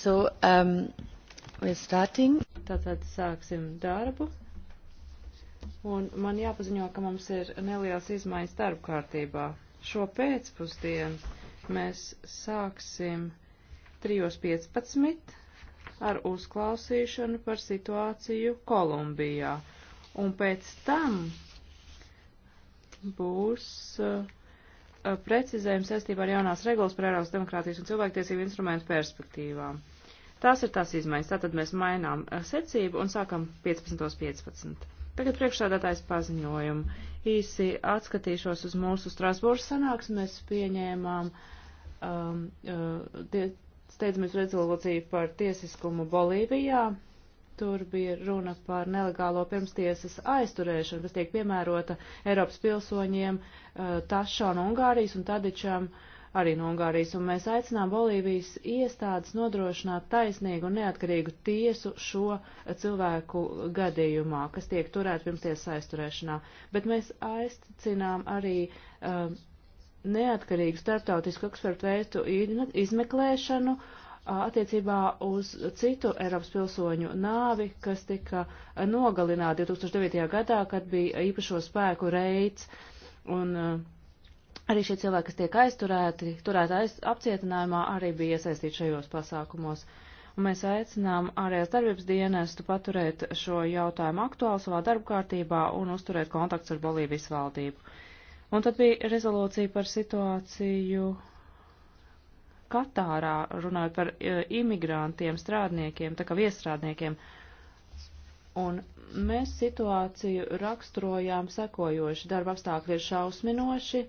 So, um, we're starting. Tātad sāksim darbu. Un man jāpaziņo, ka mums ir nelielas izmaiņas darba kārtībā. Šo pēcpusdienu mēs sāksim 3.15 ar uzklausīšanu par situāciju Kolumbijā. Un pēc tam būs uh, precizējums saistībā ar jaunās regulas par Eiropas demokrātijas un cilvēktiesību instrumentu perspektīvām. Tās ir tās izmaiņas. Tātad mēs mainām eh, secību un sākam 15.15. 15. Tagad priekšsādātājs paziņojumu. Īsi atskatīšos uz mūsu Strasbūras sanāksmi. Mēs pieņēmām um, uh, steidzamies rezolūciju par tiesiskumu Bolīvijā. Tur bija runa par nelegālo pirmstiesas aizturēšanu, kas tiek piemērota Eiropas pilsoņiem uh, Tašona Ungārijas un Tadičam uh, arī no Ungārijas, un mēs aicinām Bolīvijas iestādes nodrošināt taisnīgu un neatkarīgu tiesu šo cilvēku gadījumā, kas tiek turēti pirmsties aizturēšanā. Bet mēs aicinām arī uh, neatkarīgu starptautisku ekspertu veistu izmeklēšanu uh, attiecībā uz citu Eiropas pilsoņu nāvi, kas tika nogalināti 2009. gadā, kad bija īpašo spēku reids. Un, uh, Arī šie cilvēki, kas tiek aizturēti, turēti aiz, apcietinājumā, arī bija iesaistīti šajos pasākumos. Un mēs aicinām ārējās darbības dienestu paturēt šo jautājumu aktuālu savā darba kārtībā un uzturēt kontakts ar Bolīvijas valdību. Un tad bija rezolūcija par situāciju Katārā, runājot par e, imigrantiem, strādniekiem, tā kā viestrādniekiem. Un mēs situāciju raksturojām sekojoši. Darba apstākļi ir šausminoši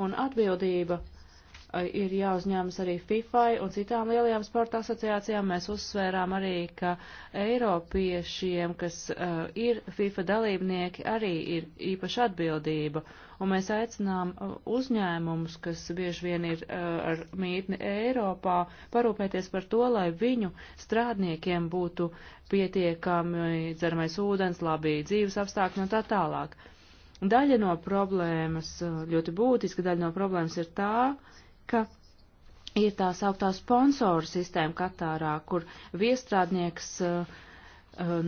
Un atbildība eh, ir jāuzņemas arī FIFA un citām lielajām sporta asociācijām. Mēs uzsvērām arī, ka Eiropiešiem, kas uh, ir FIFA dalībnieki, arī ir īpaša atbildība. Un mēs aicinām eh, uzņēmumus, kas bieži vien ir uh, ar mītni Eiropā, parūpēties par to, lai viņu strādniekiem būtu pietiekami dzeramais ūdens, labi dzīves apstākļi un tā tālāk. Uh, Daļa no problēmas, eh, ļoti būtiska daļa no problēmas ir tā, ka ir tā sauktā sponsoru sistēma Katārā, kur viestrādnieks uh,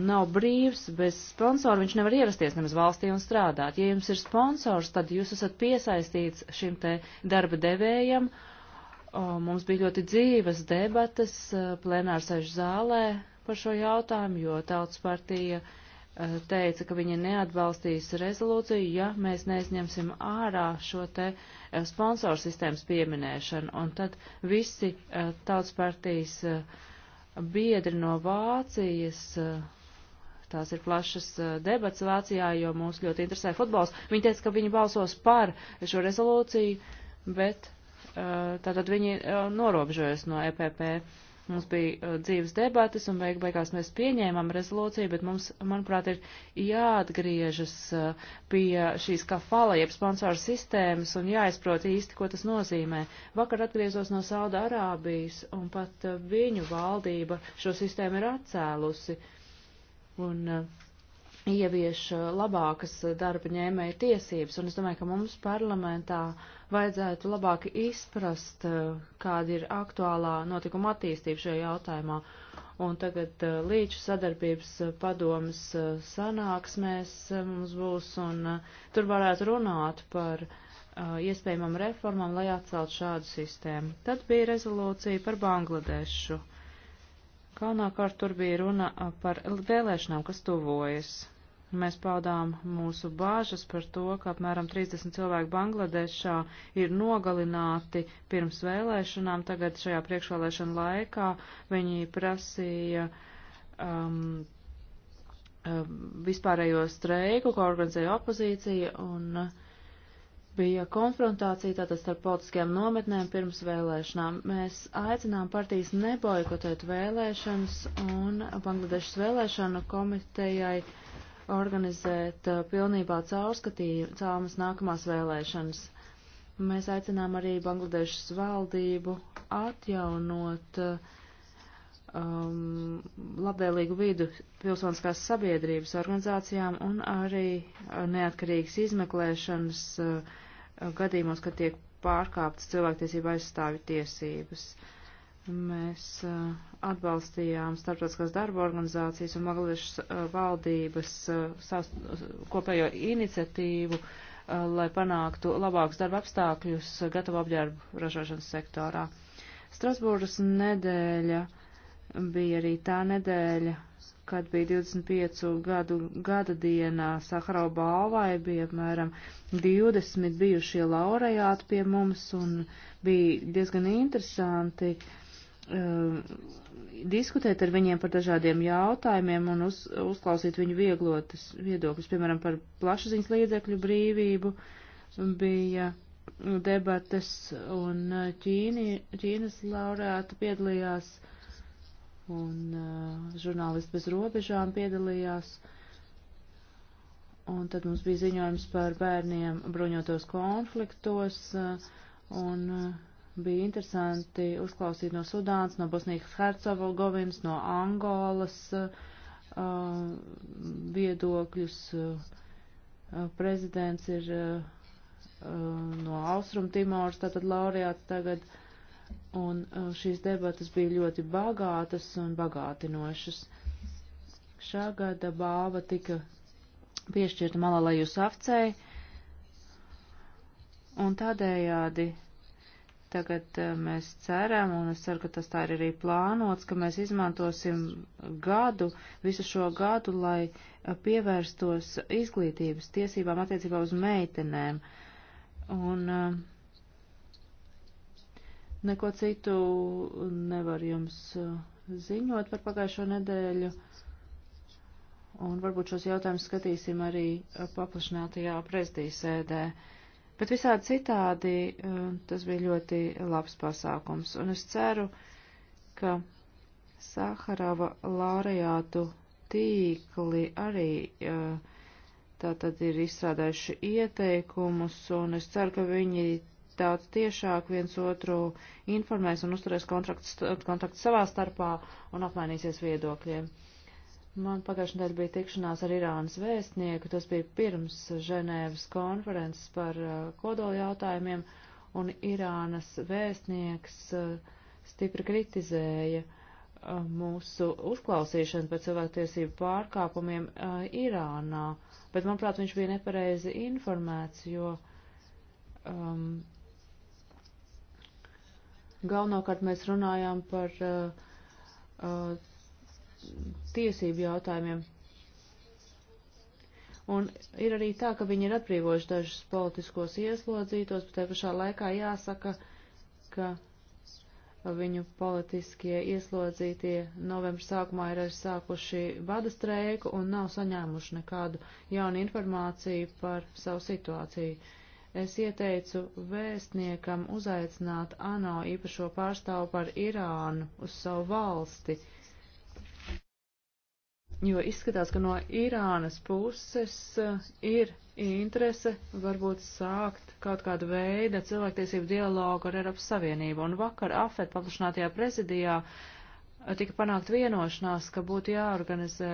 nav brīvs, bez sponsora viņš nevar ierasties nemaz valstī un strādāt. Ja jums ir sponsors, tad jūs esat piesaistīts šim te darba devējam. Mums bija ļoti dzīves debatas plenārsēžu zālē par šo jautājumu, jo tautas partija uh, teica, ka viņa neatbalstīs rezolūciju, ja mēs neizņemsim ārā šo te eh, sponsoru sistēmas pieminēšanu. Un tad visi eh, tautas partijas eh, biedri no Vācijas, tās ir plašas debats Vācijā, jo mūs ļoti interesē futbols, viņi teica, ka viņi balsos par šo rezolūciju, bet tātad viņi norobžojas no EPP. Mums bija uh, dzīves debatas un beig beigās mēs pieņēmām rezolūciju, bet mums, manuprāt, ir jāatgriežas uh, pie šīs kafala, jeb sponsoru sistēmas un jāizprot īsti, ko tas nozīmē. Vakar atgriezos no Sauda Arābijas un pat uh, viņu valdība šo sistēmu ir atcēlusi. Un, uh, ievieš eh, labākas eh, darba ņēmēja tiesības, un es domāju, ka mums parlamentā vajadzētu labāk izprast, eh, kāda ir aktuālā notikuma attīstība šajā jautājumā. Un tagad līču sadarbības padomas sanāksmēs mums būs, un tur varētu runāt par iespējamam reformam, lai atcelt šādu sistēmu. Tad bija rezolūcija par Bangladešu. Galvenokārt tur bija runa par vēlēšanām, kas tuvojas. Mēs paudām mūsu bāžas par to, ka apmēram 30 cilvēki Bangladešā ir nogalināti pirms vēlēšanām. Tagad šajā priekšvēlēšana laikā viņi prasīja um, um vispārējo streiku, ko organizēja opozīcija, un bija konfrontācija tātad starp politiskajām nometnēm pirms vēlēšanām. Mēs aicinām partijas nebojkotēt vēlēšanas, un Bangladešas vēlēšanu komitejai organizēt uh, pilnībā caurskatāmas nākamās vēlēšanas. Mēs aicinām arī Bangladešas valdību atjaunot uh, um, labvēlīgu vidu pilsoniskās sabiedrības organizācijām un arī uh, neatkarīgas izmeklēšanas uh, gadījumos, kad tiek pārkāptas cilvēktiesība aizstāvi tiesības. Mēs uh, atbalstījām starptautiskās darba organizācijas un Magaliešas uh, valdības uh, savs, uh, kopējo iniciatīvu, lai panāktu labākus darba apstākļus gatavo apģērbu ražošanas sektorā. Strasbūras nedēļa bija arī tā nedēļa, kad bija 25 gadu gada dienā Saharau balvai, bija apmēram 20 bijušie laureāti pie mums un bija diezgan interesanti uh, diskutēt ar viņiem par dažādiem jautājumiem un uz, uzklausīt viņu vieglotas viedokļus, piemēram, par plašsaziņas līdzekļu brīvību bija debates un eh, Ķīni, Ķīnas laurēta piedalījās un uh, žurnālisti bez robežām piedalījās. Un tad mums bija ziņojums par bērniem bruņotos konfliktos uh, un uh, Bija interesanti uzklausīt no Sudāns, no Bosnijas Hercegovinas, no Angolas uh, viedokļus. Uh, prezidents ir uh, uh no Austrum Timoras, tātad laureāts tagad. Un uh, šīs debatas bija ļoti bagātas un bagātinošas. Šā gada bāva tika piešķirta Malalaju Savcei, un tādējādi Tagad eh, mēs ceram, un es ceru, ka tas tā ir arī plānots, ka mēs izmantosim gadu, visu šo gadu, lai eh, pievērstos izglītības tiesībām attiecībā uz meitenēm. Un eh, neko citu nevar jums ziņot par pagājušo nedēļu. Un varbūt šos jautājumus skatīsim arī paplašinātajā prezidijas sēdē. Bet visādi citādi eh, tas bija ļoti labs pasākums, un es ceru, ka Saharava laureātu tīkli arī eh, tātad ir izstrādājuši ieteikumus, un es ceru, ka viņi daudz tiešāk viens otru informēs un uzturēs kontaktus kontaktu savā starpā un apmainīsies viedokļiem. Uh, Man pagājušajā nedēļā bija tikšanās ar Irānas vēstnieku, tas bija pirms Ženēvas konferences par uh, kodoli jautājumiem, un Irānas vēstnieks uh, stipri kritizēja uh, mūsu uzklausīšanu par cilvēktiesību pārkāpumiem Irānā, bet, manuprāt, viņš bija nepareizi informēts, jo um, galvenokārt mēs runājām par uh, uh, tiesību jautājumiem. Un ir arī tā, ka viņi ir atbrīvojuši dažus politiskos ieslodzītos, bet te pašā laikā jāsaka, ka viņu politiskie ieslodzītie novembra sākumā ir arī sākuši bada streiku un nav saņēmuši nekādu jaunu informāciju par savu situāciju. Es ieteicu vēstniekam uzaicināt ANO īpašo pārstāvu par Irānu uz savu valsti, uh, jo izskatās, ka no Irānas puses eh, ir interese varbūt sākt kaut kādu veidu cilvēktiesību dialogu ar Eiropas Savienību. Un vakar AFET paplašinātajā prezidijā eh, tika panākt vienošanās, ka būtu jāorganizē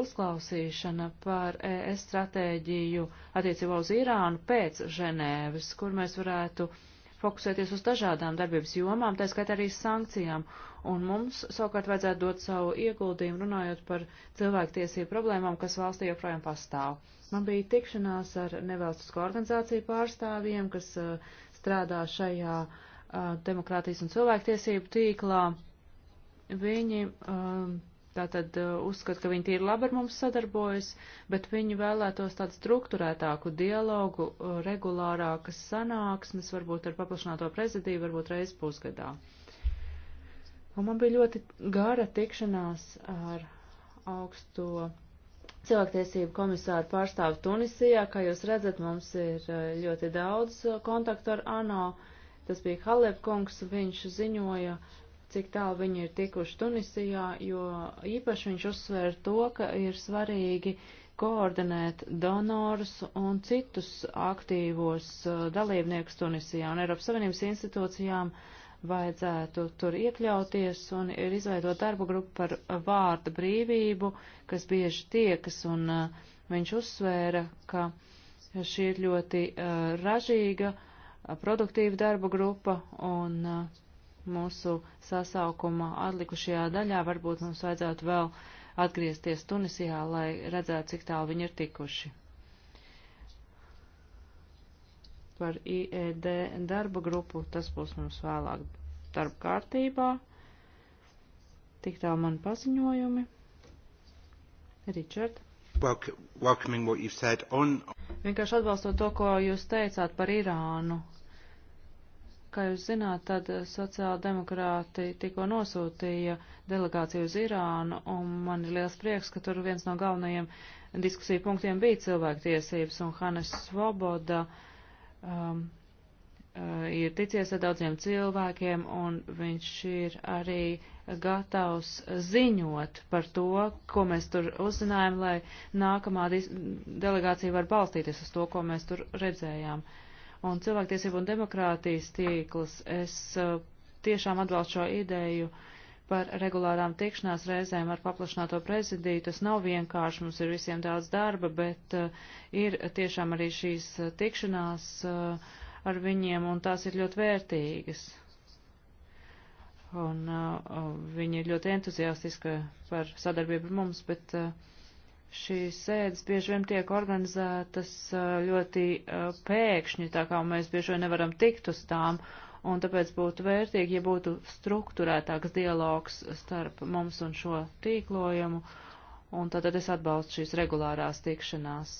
uzklausīšana par ES stratēģiju attiecībā uz Irānu pēc Ženēvis, kur mēs varētu uh, fokusēties uz dažādām darbības jomām, tā skaitā arī sankcijām, un mums savukārt vajadzētu dot savu ieguldījumu runājot par cilvēktiesību problēmām, kas valstī joprojām pastāv. Man bija tikšanās ar nevalstisko organizāciju pārstāvjiem, kas uh, strādā šajā uh, demokrātijas un cilvēktiesību tīklā. Viņi um, uh, Tātad uh, uzskat, ka viņi tīri labi ar mums sadarbojas, bet viņi vēlētos tādu struktūrētāku dialogu, uh, regulārākas sanāksmes, varbūt ar paplašināto prezidiju, varbūt reiz pusgadā. Un man bija ļoti gara tikšanās ar augsto cilvēktiesību komisāru pārstāvu Tunisijā. Kā jūs redzat, mums ir uh, ļoti daudz kontaktu ar ANO. Tas bija Halep kungs, viņš ziņoja cik tālu viņi ir tikuši Tunisijā, jo īpaši viņš uzsver to, ka ir svarīgi koordinēt donorus un citus aktīvos uh, dalībniekus Tunisijā un Eiropas Savienības institūcijām vajadzētu tur iekļauties un ir izveidot darba grupu par vārdu brīvību, kas bieži tiekas un uh, viņš uzsvēra, ka šī ir ļoti uh, ražīga, produktīva darba grupa un uh, mūsu sasaukuma atlikušajā daļā. Varbūt mums vajadzētu vēl atgriezties Tunisijā, lai redzētu, cik tālu viņi ir tikuši. Par IED darba grupu tas būs mums vēlāk darba kārtībā. Tik tālu man paziņojumi. Richard. Welcoming what you said on. Vienkārši atbalstot to, ko jūs teicāt par Irānu Kā jūs zināt, tad sociāldemokrāti tikko nosūtīja delegāciju uz Irānu, un man ir liels prieks, ka tur viens no galvenajiem diskusiju punktiem bija cilvēktiesības, un Hannes Svoboda um, uh, ir ticies ar daudziem cilvēkiem, un viņš ir arī gatavs ziņot par to, ko mēs tur uzzinājām, lai nākamā delegācija var balstīties uz to, ko mēs tur redzējām. Uh, un cilvēktiesību un demokrātijas tīkls. Es eh, tiešām atbalstu šo ideju par regulārām tikšanās reizēm ar paplašināto prezidiju. Tas nav vienkārši, mums ir visiem daudz darba, bet eh, ir tiešām arī šīs eh, tikšanās ar viņiem, un tās ir ļoti vērtīgas. Un uh, viņi ir ļoti entuziastiski par sadarbību ar mums, bet uh, šīs sēdes bieži vien tiek organizētas ļoti pēkšņi, tā kā mēs bieži vien nevaram tikt uz tām, un tāpēc būtu vērtīgi, ja būtu struktūrētāks dialogs starp mums un šo tīklojumu, un tad es atbalstu šīs regulārās tikšanās,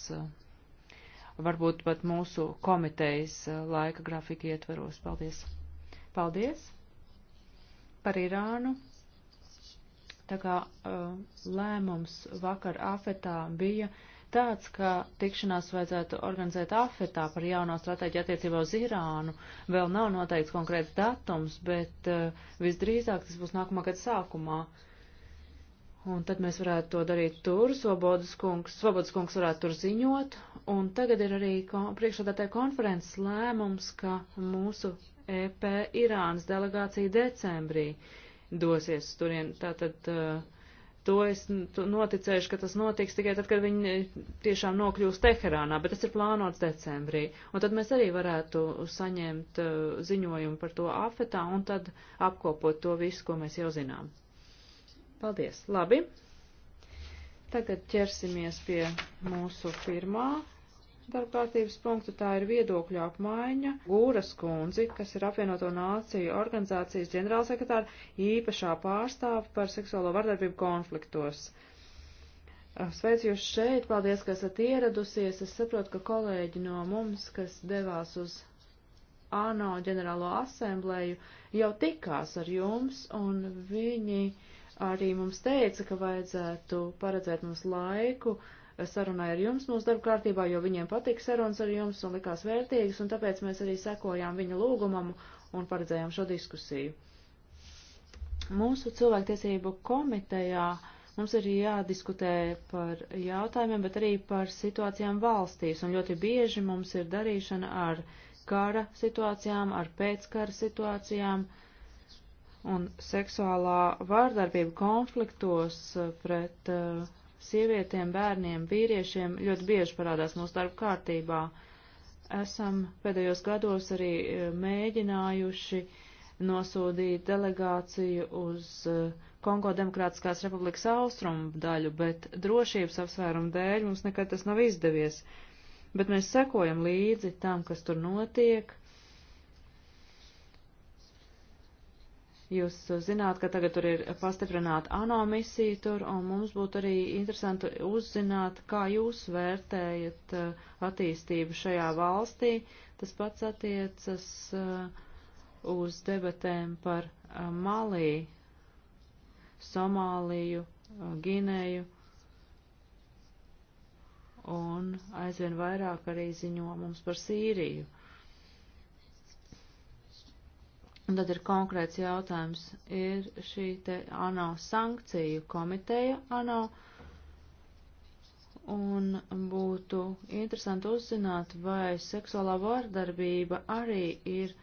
varbūt pat mūsu komitejas laika grafika ietveros. Paldies! Paldies par Irānu! Tā kā uh, lēmums vakar afetā bija tāds, ka tikšanās vajadzētu organizēt afetā par jauno stratēģiju attiecībā uz Irānu. Vēl nav noteikts konkrēts datums, bet uh, visdrīzāk tas būs nākamā gada sākumā. Un tad mēs varētu to darīt tur, Svobodas kungs, Svobodas kungs varētu tur ziņot, un tagad ir arī kon priekšādātāja konferences lēmums, ka mūsu EP Irānas delegācija decembrī uh, dosies turien. Tātad uh, to es noticēšu, ka tas notiks tikai tad, kad viņi eh, tiešām nokļūs Teherānā, bet tas ir plānots decembrī. Un tad mēs arī varētu saņemt uh, ziņojumu par to afetā un tad apkopot to visu, ko mēs jau zinām. Paldies! Labi! Tagad ķersimies pie mūsu pirmā darbkārtības punktu, tā ir viedokļu apmaiņa Gūras kundzi, kas ir apvienoto nāciju organizācijas ģenerālsekretāra īpašā pārstāva par seksuālo vardarbību konfliktos. Sveicu jūs šeit, paldies, ka esat ieradusies. Es saprotu, ka kolēģi no mums, kas devās uz ANO ģenerālo asemblēju, jau tikās ar jums, un viņi arī mums teica, ka vajadzētu paredzēt mums laiku uh, sarunai ar jums mūsu darba kārtībā, jo viņiem patika sarunas ar jums un likās vērtīgas, un tāpēc mēs arī sekojām viņa lūgumam un paredzējām šo diskusiju. Mūsu cilvēktiesību komitejā mums ir jādiskutē par jautājumiem, bet arī par situācijām valstīs, un ļoti bieži mums ir darīšana ar kara situācijām, ar pēckara situācijām un seksuālā vārdarbība konfliktos eh, pret uh, sievietēm, bērniem, vīriešiem ļoti bieži parādās mūsu darba kārtībā. Esam pēdējos gados arī eh, mēģinājuši nosūdīt delegāciju uz eh, Kongo Demokrātiskās republikas austrumu daļu, bet drošības apsvērumu dēļ mums nekad tas nav izdevies. Bet mēs sekojam līdzi tam, kas tur notiek, Jūs zināt, ka tagad tur ir pastiprināta ANO misija tur, un mums būtu arī interesanti uzzināt, kā jūs vērtējat uh, attīstību šajā valstī. Tas pats attiecas uh, uz debatēm par uh, Malī, Somāliju, Gineju, un aizvien vairāk arī ziņo mums par Sīriju. Un tad ir konkrēts jautājums, ir šī te ANO sankciju komiteja ANO, un būtu interesanti uzzināt, vai seksuālā vardarbība arī ir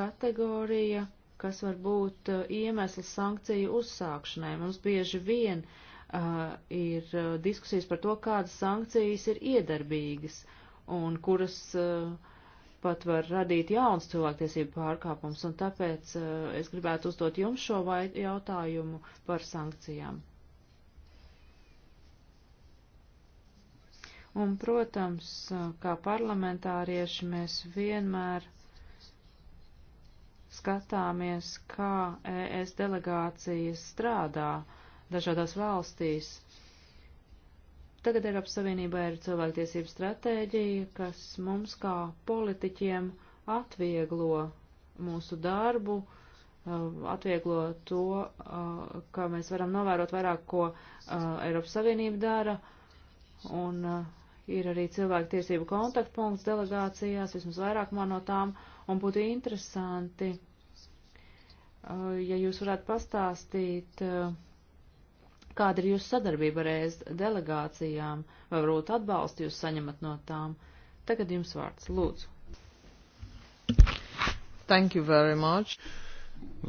kategorija, kas var būt uh, iemesls sankciju uzsākšanai. Mums bieži vien uh, ir uh, diskusijas par to, kādas sankcijas ir iedarbīgas un kuras. Uh, pat var radīt jauns cilvēktiesību pārkāpums, un tāpēc eh, es gribētu uzdot jums šo jautājumu par sankcijām. Un, protams, eh, kā parlamentārieši mēs vienmēr skatāmies, kā ES delegācijas strādā dažādās valstīs Tagad Eiropas Savienībā ir cilvēktiesība stratēģija, kas mums kā politiķiem atvieglo mūsu darbu, uh, atvieglo to, uh, ka mēs varam novērot vairāk, ko uh, Eiropas Savienība dara, un ir arī cilvēktiesību kontaktpunkts delegācijās, vismaz vairākumā no tām, un būtu interesanti, ja jūs varētu pastāstīt, Kāda ir jūsu sadarbība ar ES delegācijām, vai varbūt atbalstu jūs saņemat no tām? Tagad jums vārds, lūdzu. Thank you very much.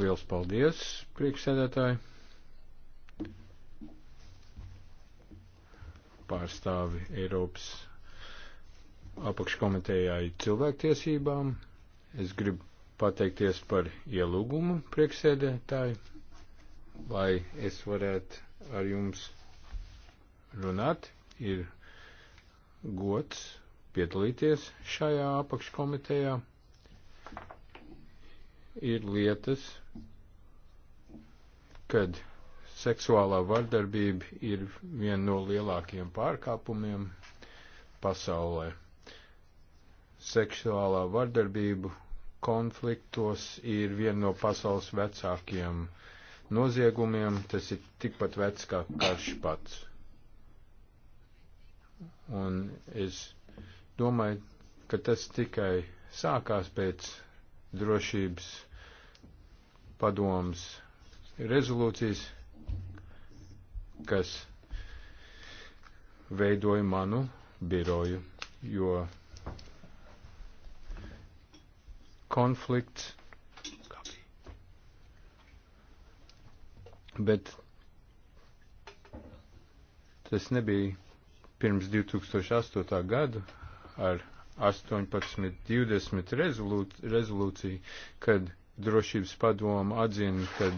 Liels paldies, priekšsēdētāji. Pārstāvi Eiropas apakškomitējai cilvēktiesībām. Es gribu pateikties par ielūgumu priekšsēdētāji, lai es varētu ar jums runāt. Ir gods piedalīties šajā apakškomitejā. Ir lietas, kad seksuālā vardarbība ir viena no lielākajiem pārkāpumiem pasaulē. Seksuālā vardarbība konfliktos ir viena no pasaules vecākajiem uh, noziegumiem, tas ir tikpat vecs kā karš pats. Un es domāju, ka tas tikai sākās pēc drošības padomas rezolūcijas, kas veidoja manu biroju, jo konflikts bet tas nebija pirms 2008. gadu ar 18.20 rezolūciju, rezolūciju, kad drošības padoma atzina, ka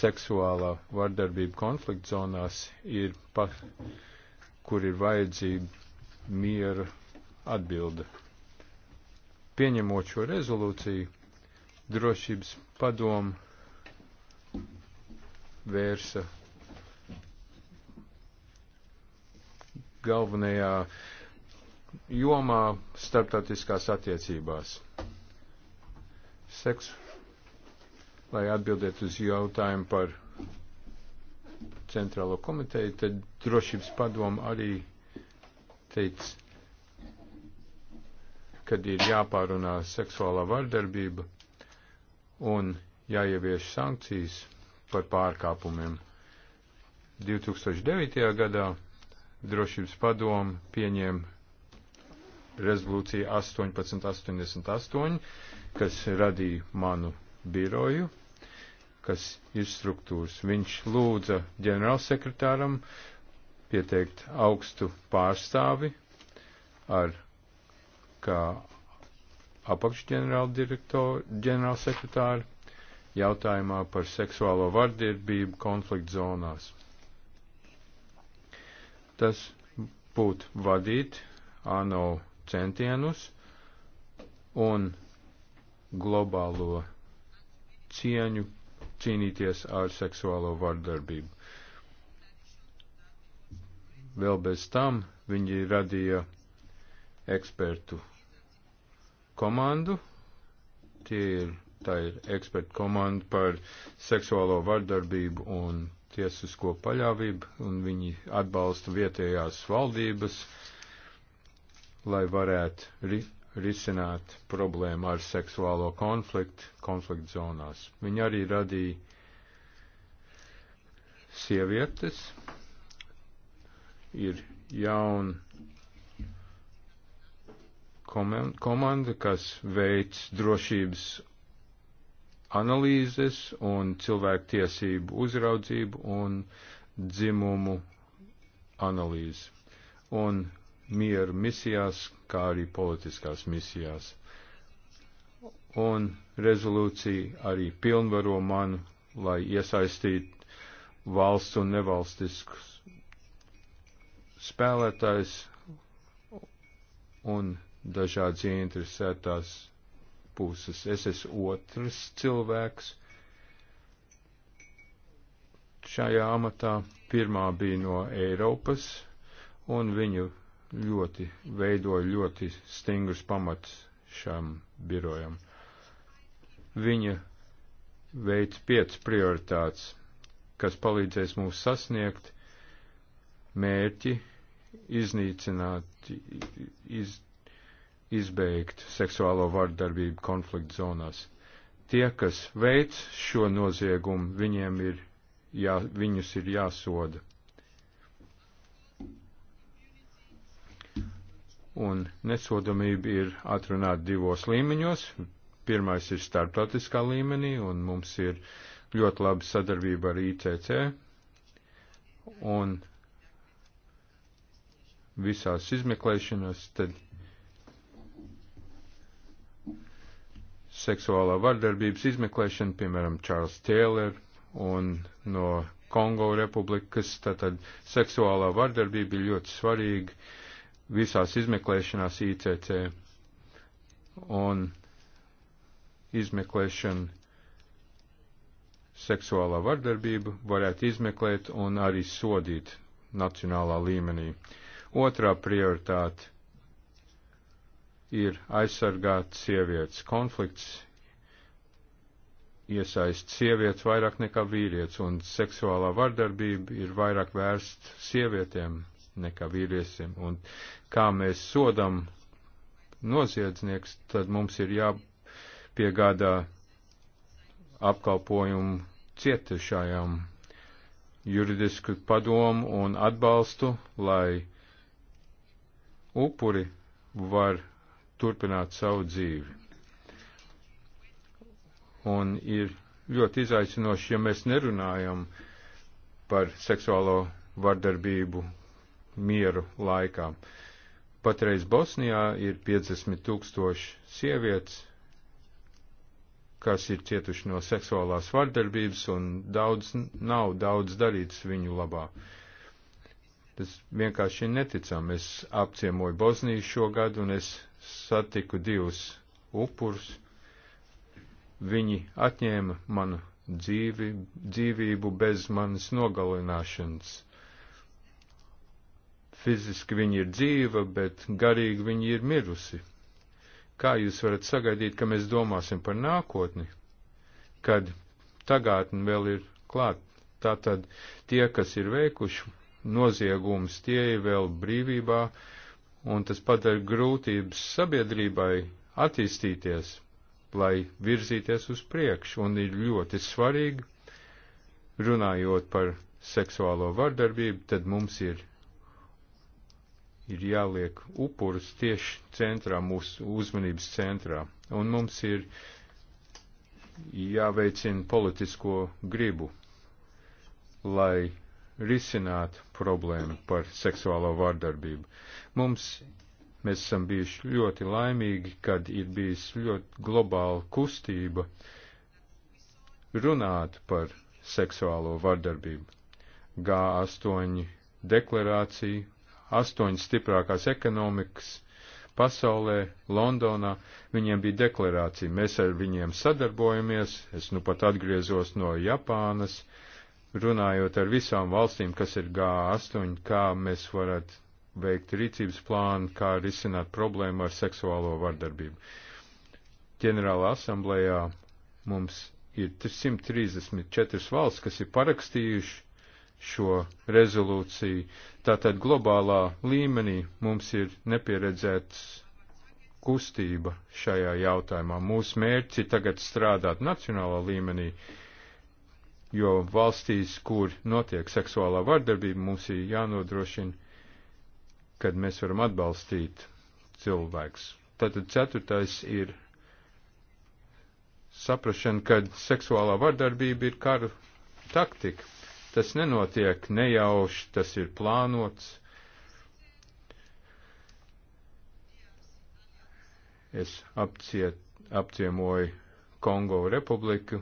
seksuālā vardarbība konflikt zonās ir, pa, kur ir vajadzība miera atbilde. Pieņemot šo rezolūciju, drošības padoma vērsa galvenajā jomā starptautiskās attiecībās. Seks, lai atbildētu uz jautājumu par centrālo komiteju, tad drošības padoma arī teica, kad ir jāpārunā seksuālā vardarbība un jāievieš sankcijas par pārkāpumiem. 2009. gadā Drošības padomu pieņēma rezolūciju 1888, kas radīja manu biroju, kas ir struktūras. Viņš lūdza ģenerālsekretāram pieteikt augstu pārstāvi ar kā apakšģenerāla direktoru, ģenerālsekretāru, jautājumā par seksuālo vardarbību konflikt zonās. Tas būtu vadīt ANO centienus un globālo cieņu cīnīties ar seksuālo vardarbību. Vēl bez tam viņi radīja ekspertu komandu. Tie ir Tā ir eksperta komanda par seksuālo vardarbību un tiesisko paļāvību, un viņi atbalsta vietējās valdības, lai varētu ri risināt problēmu ar seksuālo konfliktu konfliktu zonās. Viņi arī radīja sievietes, ir jauna komanda, kas veids drošības analīzes un cilvēktiesību uzraudzību un dzimumu analīzi. Un mieru misijās, kā arī politiskās misijās. Un rezolūcija arī pilnvaro manu, lai iesaistītu valsts un nevalstiskus spēlētājs un dažādas interesētās puses. Es esmu otrs cilvēks šajā amatā. Pirmā bija no Eiropas, un viņu ļoti veidoja ļoti stingrus pamats šam birojam. Viņa veids piecas prioritātes, kas palīdzēs mums sasniegt mērķi, iznīcināt, iz, izbeigt seksuālo vardarbību konflikta zonās. Tie, kas veic šo noziegumu, viņiem ir jā, viņus ir jāsoda. Un nesodamība ir atrunāta divos līmeņos. Pirmais ir starptautiskā līmenī, un mums ir ļoti laba sadarbība ar ICC. Un visās izmeklēšanas tad seksuālā vardarbības izmeklēšana, piemēram, Čārls Tēler un no Kongo republikas, tātad seksuālā vardarbība ir ļoti svarīga visās izmeklēšanās ICC un izmeklēšana seksuālā vardarbība varētu izmeklēt un arī sodīt nacionālā līmenī. Otrā prioritāte ir aizsargāt sievietes. Konflikts iesaist sievietes vairāk nekā vīrietis, un seksuālā vardarbība ir vairāk vērst sievietēm nekā vīriešiem. Un kā mēs sodam noziedznieks, tad mums ir jāpiegādā apkalpojumu cietušajām juridisku padomu un atbalstu, lai upuri var turpināt savu dzīvi. Un ir ļoti izaicinoši, ja mēs nerunājam par seksuālo vardarbību mieru laikā. Patreiz Bosnijā ir 50 tūkstoši sievietes, kas ir cietuši no seksuālās vardarbības, un daudz nav daudz darīts viņu labā. Tas vienkārši neticam. Es apciemoju Bosniju šogad, un es satiku divus upurus. Viņi atņēma manu dzīvi, dzīvību bez manas nogalināšanas. Fiziski viņa ir dzīva, bet garīgi viņa ir mirusi. Kā jūs varat sagaidīt, ka mēs domāsim par nākotni, kad tagadni vēl ir klāt? Tātad tie, kas ir veikuši noziegums, tie ir vēl brīvībā, uh, un tas padara grūtības sabiedrībai attīstīties, lai virzīties uz priekšu, un ir ļoti svarīgi, runājot par seksuālo vardarbību, tad mums ir, ir jāliek upurus tieši centrā, mūsu uzmanības centrā, un mums ir jāveicina politisko gribu, lai risināt problēmu par seksuālo vardarbību. Mums mēs esam bijuši ļoti laimīgi, kad ir bijis ļoti globāla kustība runāt par seksuālo vardarbību. G8 deklarācija, astoņas stiprākās ekonomikas pasaulē, Londonā, viņiem bija deklarācija, mēs ar viņiem sadarbojamies, es nu pat atgriezos no Japānas, uh, runājot ar visām valstīm, kas ir G8, kā mēs varētu veikt rīcības plānu, kā risināt problēmu ar seksuālo vardarbību. Ģenerāla asamblējā mums ir 134 valsts, kas ir parakstījuši šo rezolūciju. Tātad globālā līmenī mums ir nepieredzēts kustība šajā jautājumā. Mūsu mērķi tagad strādāt nacionālā līmenī, uh, jo valstīs, kur notiek seksuālā vardarbība, mums ir jānodrošina, kad mēs varam atbalstīt cilvēks. Tātad ceturtais ir saprašana, ka seksuālā vardarbība ir kara taktika. Tas nenotiek nejauši, tas ir plānots. Es apciet, apciemoju Kongo republiku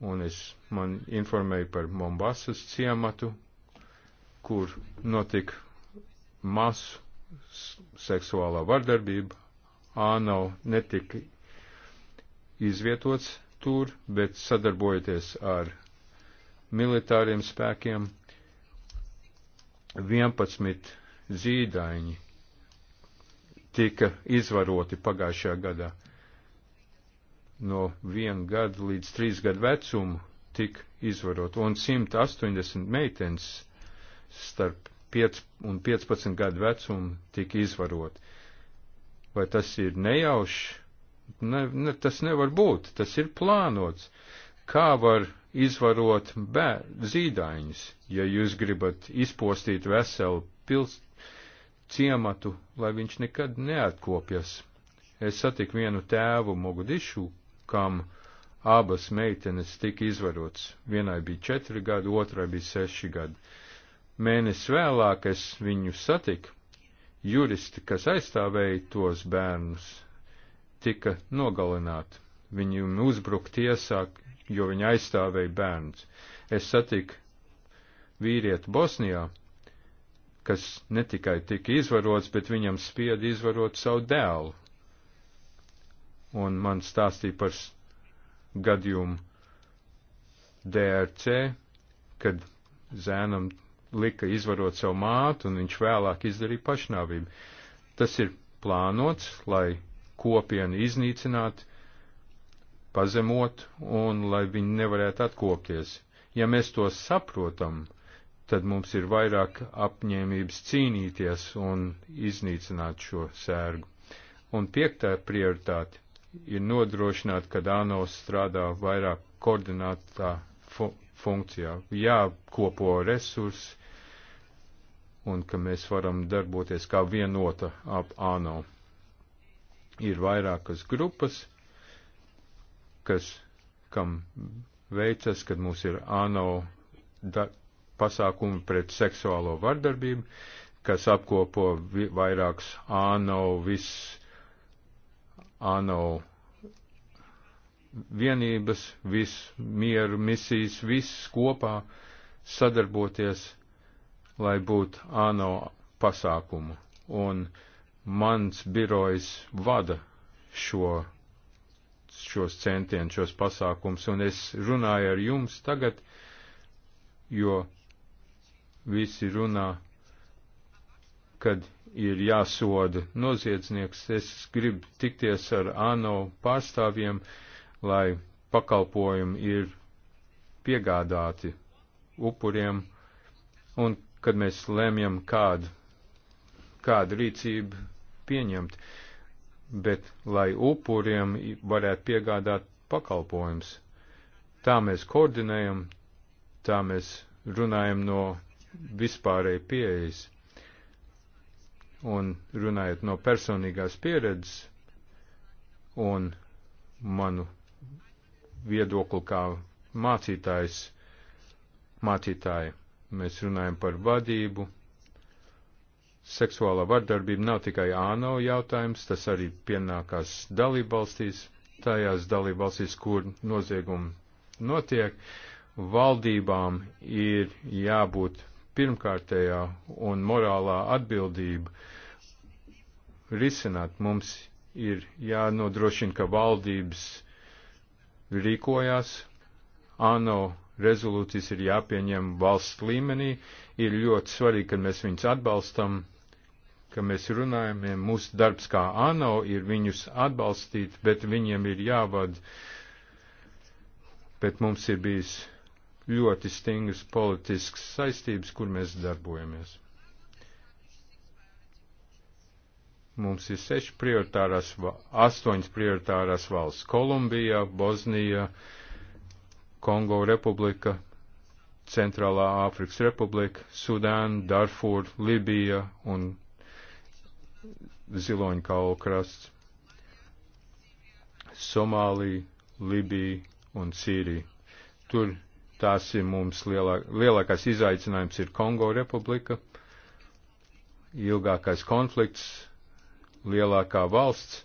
un es man informēju par Mombasas ciematu, kur notika masu seksuālā vardarbība. Ānau netika izvietots tur, bet sadarbojoties ar militāriem spēkiem, 11 zīdaiņi tika izvaroti pagājušajā gadā no viena gada līdz trīs gadu vecumu tik izvarot, un 180 meitenes starp 5 un 15 gadu vecumu tika izvarot. Vai tas ir nejauši? Ne, ne, tas nevar būt, tas ir plānots. Kā var izvarot bēr, zīdaiņus, ja jūs gribat izpostīt veselu pils, ciematu, lai viņš nekad neatkopjas? Es satiku vienu tēvu Mogudišu, kam abas meitenes tika izvarots. Vienai bija četri gadi, otrai bija seši gadi. Mēnesi vēlāk es viņu satiku. Juristi, kas aizstāvēja tos bērnus, tika nogalināti. Viņiem uzbruka tiesā, jo viņi aizstāvēja bērnus. Es satiku vīrieti Bosnijā, kas ne tikai tika izvarots, bet viņam spieda izvarot savu dēlu, un man stāstīja par gadījumu DRC, kad zēnam lika izvarot savu mātu, un viņš vēlāk izdarīja pašnāvību. Tas ir plānots, lai kopienu iznīcinātu, pazemot, un lai viņi nevarētu atkopties. Ja mēs to saprotam, tad mums ir vairāk apņēmības cīnīties un iznīcināt šo sērgu. Un piektā prioritāte ir nodrošināt, ka ANO strādā vairāk koordinātā fu funkcijā, jākopo resursi un ka mēs varam darboties kā vienota ap ANO. Ir vairākas grupas, kas, kam veicas, kad mums ir ANO pasākumi pret seksuālo vardarbību, kas apkopo vairākas ANO viss ANO vienības, visu mieru misijas, viss kopā sadarboties, lai būtu ANO pasākumu. Un mans birojs vada šo, šos centienus, šos pasākums, un es runāju ar jums tagad, jo visi runā, kad ir jāsoda noziedznieks. Es gribu tikties ar ANO pārstāvjiem, lai pakalpojumi ir piegādāti upuriem, un kad mēs lemjam, kādu, kādu rīcību pieņemt, bet lai upuriem varētu piegādāt pakalpojums. Tā mēs koordinējam, tā mēs runājam no vispārēji pieejas Un runājot no personīgās pieredzes un manu viedokli kā mācītājs, mācītāja, mēs runājam par vadību. Seksuālā vardarbība nav tikai āno jautājums, tas arī pienākās dalībvalstīs, tajās dalībvalstīs, kur noziegumi notiek, valdībām ir jābūt pirmkārtējā un morālā atbildība risināt. Mums ir jānodrošina, ka valdības rīkojās, ANO rezolūcijas ir jāpieņem valsts līmenī, ir ļoti svarīgi, ka mēs viņus atbalstam, ka mēs runājam, ja mūsu darbs kā ANO ir viņus atbalstīt, bet viņiem ir jāvad, bet mums ir bijis ļoti stingras politiskas saistības, kur mēs darbojamies. Mums ir seši prioritārās, astoņas prioritārās valsts - Kolumbija, Bosnija, Kongo republika, Centrālā Āfrikas republika, Sudāna, Darfūra, Libija un Ziloņkalu krasts, Somālija, Libija un Sīrija. Tur Tās ir mums lielāk, lielākais izaicinājums ir Kongo republika, ilgākais konflikts, lielākā valsts.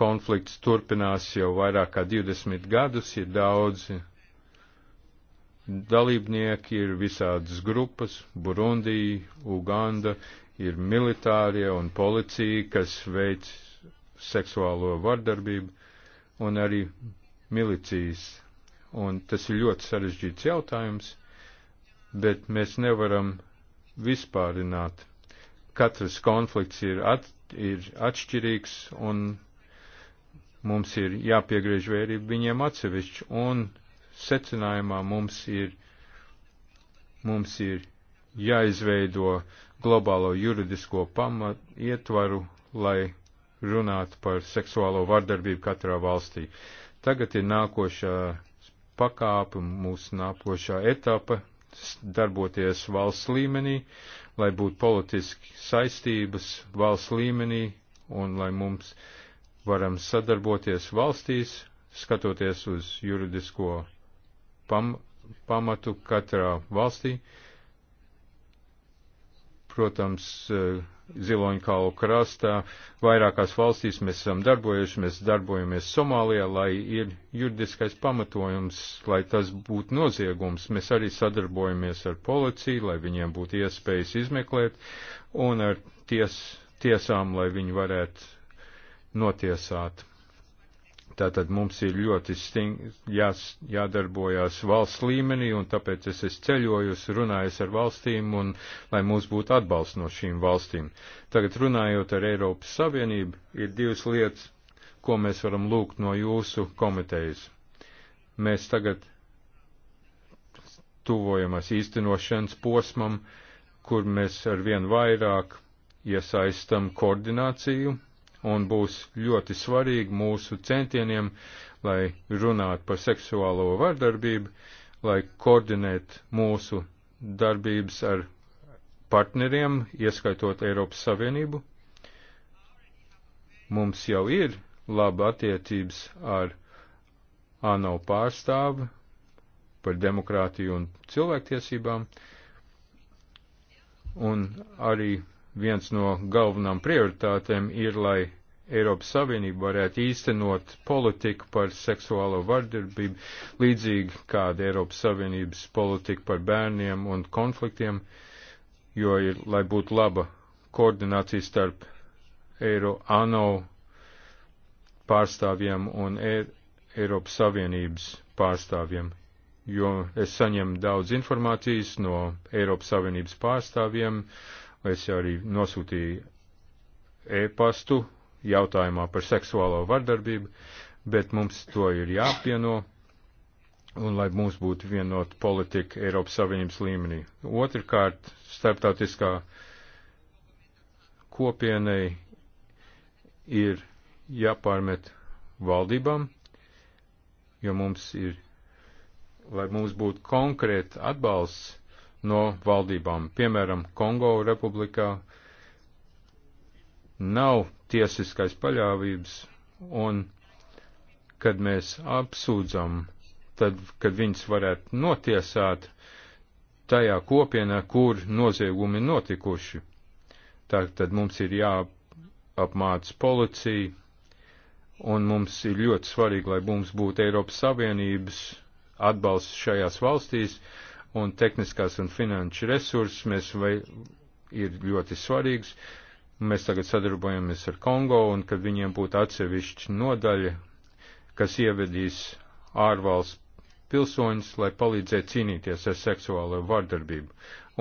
Konflikts turpinās jau vairāk kā 20 gadus, ir daudzi dalībnieki, ir visādas grupas, Burundija, Uganda, ir militārie un policija, kas veic seksuālo vardarbību, un arī milicijas un tas ir ļoti sarežģīts jautājums, bet mēs nevaram vispārināt. Katrs konflikts ir, at, ir atšķirīgs, un mums ir jāpiegriež vērība viņiem atsevišķi, un secinājumā mums ir, mums ir jāizveido globālo juridisko pamat ietvaru, lai runāt par seksuālo vardarbību katrā valstī. Tagad ir nākošā pakāpe, mūsu nākošā etapa darboties valsts līmenī, lai būtu politiski saistības valsts līmenī un lai mums varam sadarboties valstīs, skatoties uz juridisko pam pamatu katrā valstī. Protams, eh, Ziloņkalu krastā. Vairākās valstīs mēs esam darbojuši, mēs darbojamies Somālijā, lai ir juridiskais pamatojums, lai tas būtu noziegums. Mēs arī sadarbojamies ar policiju, lai viņiem būtu iespējas izmeklēt, un ar ties, tiesām, lai viņi varētu notiesāt Tātad mums ir ļoti jās, jādarbojās valsts līmenī, un tāpēc es, es ceļoju, runāju ar valstīm, un lai mums būtu atbalsts no šīm valstīm. Tagad runājot ar Eiropas Savienību, ir divas lietas, ko mēs varam lūgt no jūsu komitejas. Mēs tagad tuvojamies īstenošanas posmam, kur mēs ar vien vairāk iesaistam koordināciju un būs ļoti svarīgi mūsu centieniem, lai runātu par seksuālo vardarbību, lai koordinētu mūsu darbības ar partneriem, ieskaitot Eiropas Savienību. Mums jau ir laba attiecības ar ANO pārstāvu par demokrātiju un cilvēktiesībām, un arī viens no galvenām prioritātēm ir, lai Eiropas Savienība varētu īstenot politiku par seksuālo vardarbību, līdzīgi kāda Eiropas Savienības politika par bērniem un konfliktiem, jo ir, lai būtu laba koordinācija starp Eiro ANO pārstāvjiem un Ei Eiropas Savienības pārstāvjiem, jo es saņemu daudz informācijas no Eiropas Savienības pārstāvjiem, es arī nosūtīju e-pastu jautājumā par seksuālo vardarbību, bet mums to ir jāpieno, un lai mums būtu vienota politika Eiropas Savienības līmenī. Otrkārt, starptautiskā kopienai ir jāpārmet valdībām, jo mums ir, lai mums būtu konkrēta atbalsts no valdībām, piemēram, Kongo republikā nav tiesiskais paļāvības, un kad mēs apsūdzam, tad, kad viņas varētu notiesāt tajā kopienā, kur noziegumi notikuši. Tā tad mums ir jāapmāc policija, un mums ir ļoti svarīgi, lai mums būtu Eiropas Savienības atbalsts šajās valstīs, un tehniskās un finanšu resursi mēs vai ir ļoti svarīgs, Mēs tagad sadarbojamies ar Kongo un ka viņiem būtu atsevišķa nodaļa, kas ievedīs ārvalsts pilsoņus, lai palīdzētu cīnīties ar seksuālo vardarbību.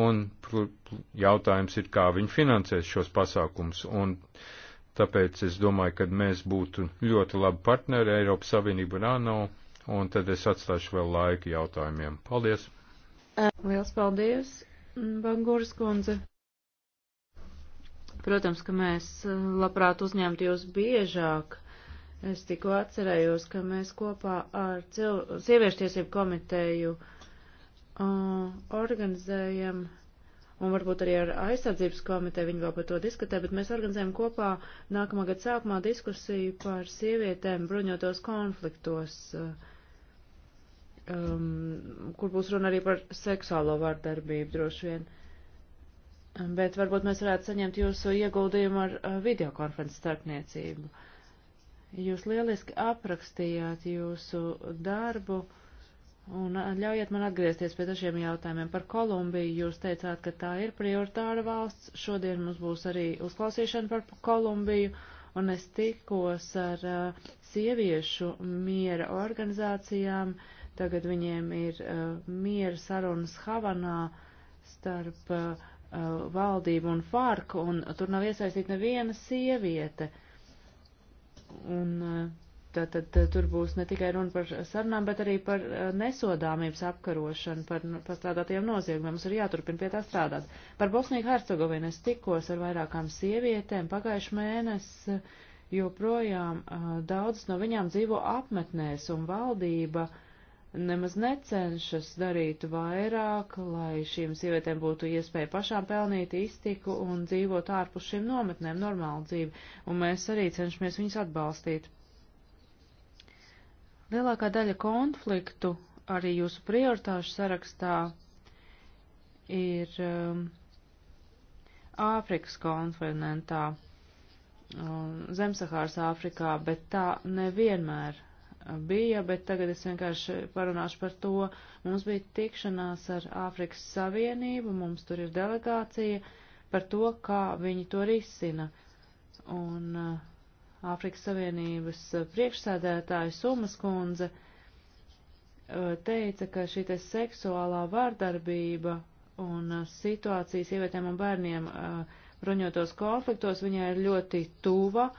Un pr, pr, jautājums ir, kā viņi finansēs šos pasākums. Un tāpēc es domāju, ka mēs būtu ļoti labi partneri Eiropas Savienību un ANO, un tad es atstāšu vēl laiku jautājumiem. Paldies! Liels paldies, Bangūras kundze! Protams, ka mēs eh, labprāt uzņemtu jūs biežāk. Es tikko atcerējos, ka mēs kopā ar cil... sieviešu tiesību komiteju uh, organizējam, un varbūt arī ar aizsardzības komiteju viņi vēl par to diskutē, bet mēs organizējam kopā nākamā gada sākumā diskusiju par sievietēm bruņotos konfliktos, eh, um, kur būs runa arī par seksuālo vārdarbību droši vien. Uh, bet varbūt mēs varētu saņemt jūsu ieguldījumu ar videokonferences starpniecību. Jūs lieliski aprakstījāt jūsu darbu un ļaujiet man atgriezties pie dažiem jautājumiem par Kolumbiju. Jūs teicāt, ka tā ir prioritāra valsts. Šodien mums būs arī uzklausīšana par Kolumbiju un es tikos ar uh, sieviešu miera organizācijām. Tagad viņiem ir uh, miera sarunas Havanā starp uh, Uh, valdību un farku, un tur nav iesaistīta neviena sieviete. Un uh, tātad tur būs ne tikai runa par sarunām, bet arī par uh, nesodāmības apkarošanu, par nu, pastrādātiem noziegumiem. Mums ir jāturpina pie tā strādāt. Par Bosniju Hercegovinu es tikos ar vairākām sievietēm pagājuši mēnesi, joprojām daudzas no viņām dzīvo apmetnēs, un valdība uh, nemaz necenšas darīt vairāk, lai šīm sievietēm būtu iespēja pašām pelnīt iztiku un dzīvot ārpus šīm nometnēm normālu dzīvi, un mēs arī cenšamies viņus atbalstīt. Lielākā daļa konfliktu arī jūsu prioritāšu sarakstā ir um, Āfrikas kontinentā, um, Zemsahāras Āfrikā, bet tā nevienmēr bija, bet tagad es vienkārši parunāšu par to. Mums bija tikšanās ar Āfrikas Savienību, mums tur ir delegācija par to, kā viņi to risina. Un uh, Āfrikas Savienības priekšsēdētāja Sumas kundze uh, teica, ka šī te seksuālā vārdarbība un uh, situācija sievietēm un bērniem bruņotos konfliktos viņai ir ļoti tuva.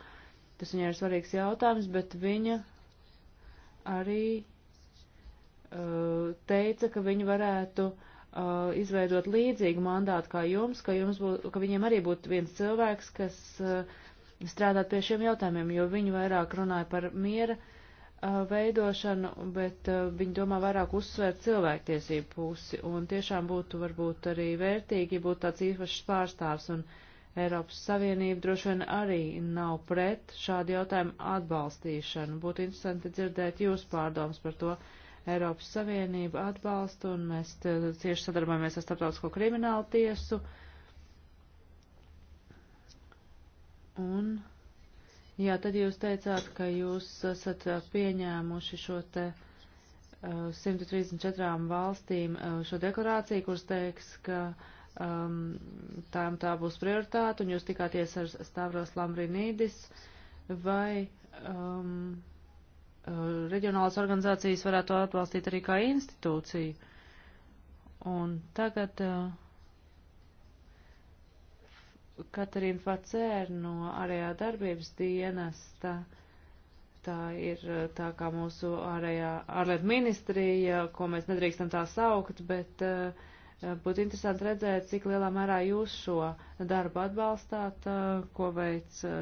Tas viņai ir svarīgs jautājums, bet viņa arī uh, teica, ka viņi varētu uh, izveidot līdzīgu mandātu kā jums, ka, jums būtu, ka viņiem arī būtu viens cilvēks, kas uh, strādāt pie šiem jautājumiem, jo viņi vairāk runāja par miera uh, veidošanu, bet uh, viņi domā vairāk uzsvērt cilvēktiesību pusi, un tiešām būtu varbūt arī vērtīgi būt tāds īpašs pārstāvs, un uh, Eiropas Savienība droši vien arī nav pret šādu jautājumu atbalstīšanu. Būtu interesanti dzirdēt jūsu pārdomas par to. Eiropas Savienība atbalsta un mēs cieši sadarbojamies ar Starptautisko kriminālu tiesu. Un, jā, tad jūs teicāt, ka jūs esat pieņēmuši šo te uh, 134 valstīm uh, šo deklarāciju, kuras teiks, ka uh, um, tām tā būs prioritāte, un jūs tikāties ar Stavros Lambrinīdis, vai um, uh, reģionālas organizācijas varētu atbalstīt arī kā institūciju. Un tagad uh, Katarīna Facēra no ārējā darbības dienesta. Tā ir uh, tā kā mūsu ārējā ārlietu ministrija, ko mēs nedrīkstam tā saukt, bet uh, Eh, būtu interesanti redzēt, cik lielā mērā jūs šo darbu atbalstāt, eh, ko veic eh,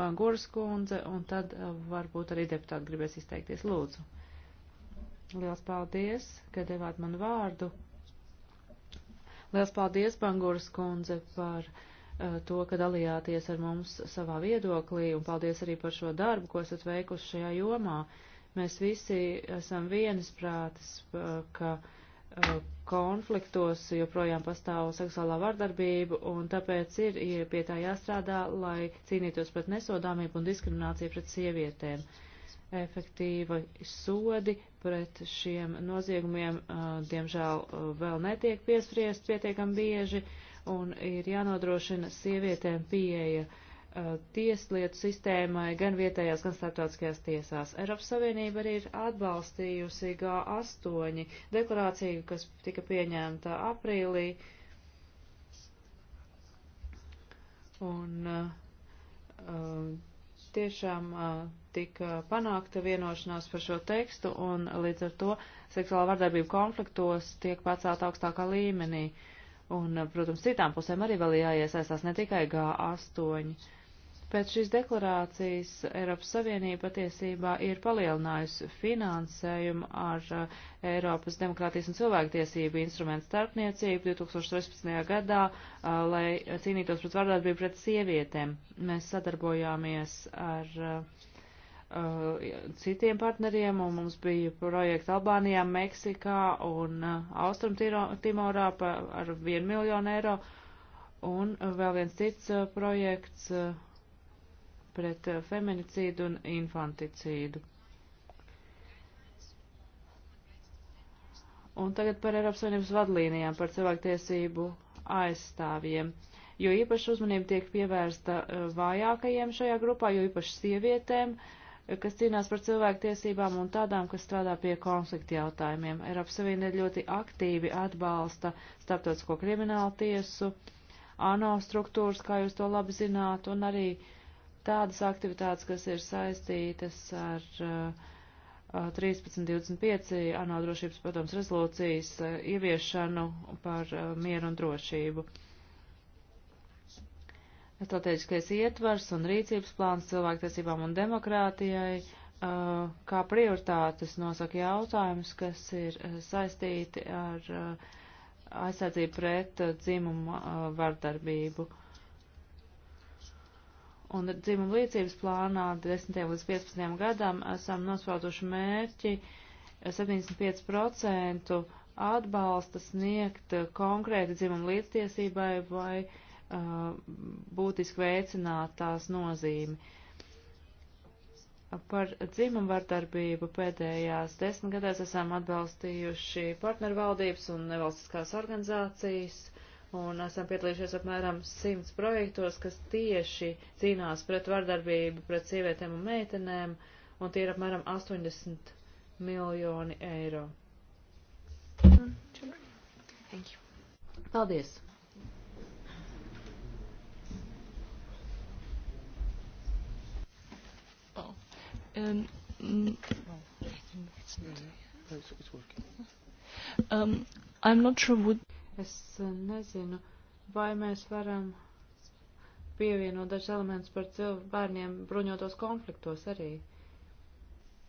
Banguras kundze, un tad varbūt arī deputāti gribēs izteikties. Lūdzu. Liels paldies, ka devāt man vārdu. Liels paldies, Banguras kundze, par to, ka dalījāties ar mums savā viedoklī, un paldies arī par šo darbu, ko esat veikuši šajā jomā. Mēs visi esam vienisprātis, ka. Uh, Uh, konfliktos joprojām pastāv seksuālā vardarbība, un tāpēc ir, ir pie tā jāstrādā, lai cīnītos pret nesodāmību un diskrimināciju pret sievietēm. Efektīva sodi pret šiem noziegumiem, uh, diemžēl, uh, vēl netiek piespriest pietiekam bieži, un ir jānodrošina sievietēm pieeja uh, Uh, tieslietu sistēmai gan vietējās, gan starptautiskajās tiesās. Eiropas Savienība arī ir atbalstījusi G8 deklarāciju, kas tika pieņemta aprīlī. Un uh, uh, tiešām uh, tika panākta vienošanās par šo tekstu, un līdz ar to seksuāla vardarbība konfliktos tiek pacelt augstākā līmenī. Un, uh, protams, citām pusēm arī vēl jāiesaistās ne tikai G8. Pēc šīs deklarācijas Eiropas Savienība patiesībā ir palielinājusi finansējumu ar eh, Eiropas demokrātijas un cilvēktiesību instrumentu starpniecību 2016. gadā, eh, lai cīnītos pret vardarbību pret sievietēm. Mēs sadarbojāmies ar eh, citiem partneriem, un mums bija projekti Albānijā, Meksikā un Austrumtimorā ar 1 miljonu eiro, un vēl viens cits projekts pret eh, feminicīdu un infanticīdu. Un tagad par Eiropas Savienības vadlīnijām par cilvēktiesību aizstāvjiem, jo īpaši uzmanība tiek pievērsta eh, vājākajiem šajā grupā, jo īpaši sievietēm, eh, kas cīnās par cilvēktiesībām un tādām, kas strādā pie konflikta jautājumiem. Eiropas Savienība ļoti aktīvi atbalsta starptautisko kriminālu tiesu, ANO struktūras, kā jūs to labi zināt, un arī uh, tādas aktivitātes, kas ir saistītas ar uh, 1325 uh, ANO drošības padomas rezolūcijas uh, ieviešanu par uh, mieru un drošību. Strateģiskais ietvars un rīcības plāns cilvēktiesībām un demokrātijai uh, kā prioritātes nosaka jautājumus, kas ir uh, saistīti ar aizsardzību pret dzimumu vardarbību. Uh, Un dzimuma līdzības plānā 10. līdz 15. gadam esam nosprauduši mērķi 75% atbalsta sniegt konkrēti dzimuma līdztiesībai vai uh, būtiski veicināt tās nozīmi. Par dzimumu vardarbību pēdējās desmit gadās esam atbalstījuši partnervaldības un nevalstiskās organizācijas uh, un esam piedalījušies apmēram simts projektos, kas tieši cīnās pret vardarbību, pret sievietēm un meitenēm, un tie ir apmēram 80 miljoni eiro. Paldies! Oh. Um, mm, no, it's, it's working. Um, I'm not sure would. What... Es eh, nezinu, vai mēs varam pievienot dažus elementus par bērniem bruņotos konfliktos arī.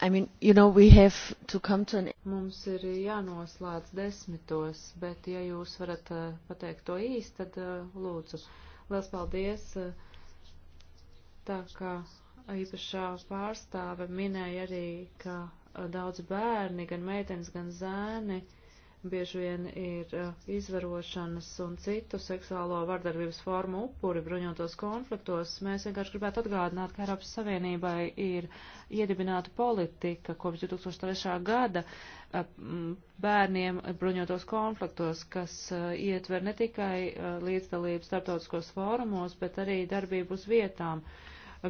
I mean, you know, we have to come to an... Mums ir jānoslēdz desmitos, bet ja jūs varat uh, pateikt to īsti, tad uh, lūdzu. Lielas paldies. Uh, tā kā īpašā pārstāve minēja arī, ka uh, daudz bērni, gan meitenes, gan zēni uh, bieži vien ir eh, izvarošanas un citu seksuālo vardarbības formu upuri bruņotos konfliktos. Mēs vienkārši gribētu atgādināt, ka Eiropas Savienībai ir iedibināta politika kopš 2003. gada eh, bērniem bruņotos konfliktos, kas eh, ietver ne tikai līdzdalību starptautiskos fórumos, bet arī darbību uz vietām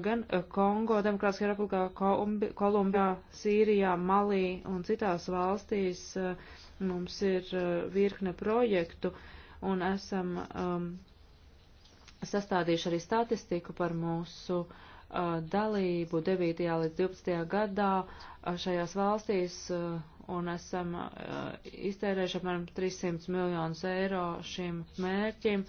gan Kongo, Demokrātiskajā republikā, Kolumbijā, Sīrijā, Malī un citās valstīs uh, Mums ir uh, virkne projektu un esam um, sastādījuši arī statistiku par mūsu uh, dalību 9. līdz 12. gadā uh, šajās valstīs uh, un esam iztērējuši apmēram 300 miljonus eiro šim mērķim.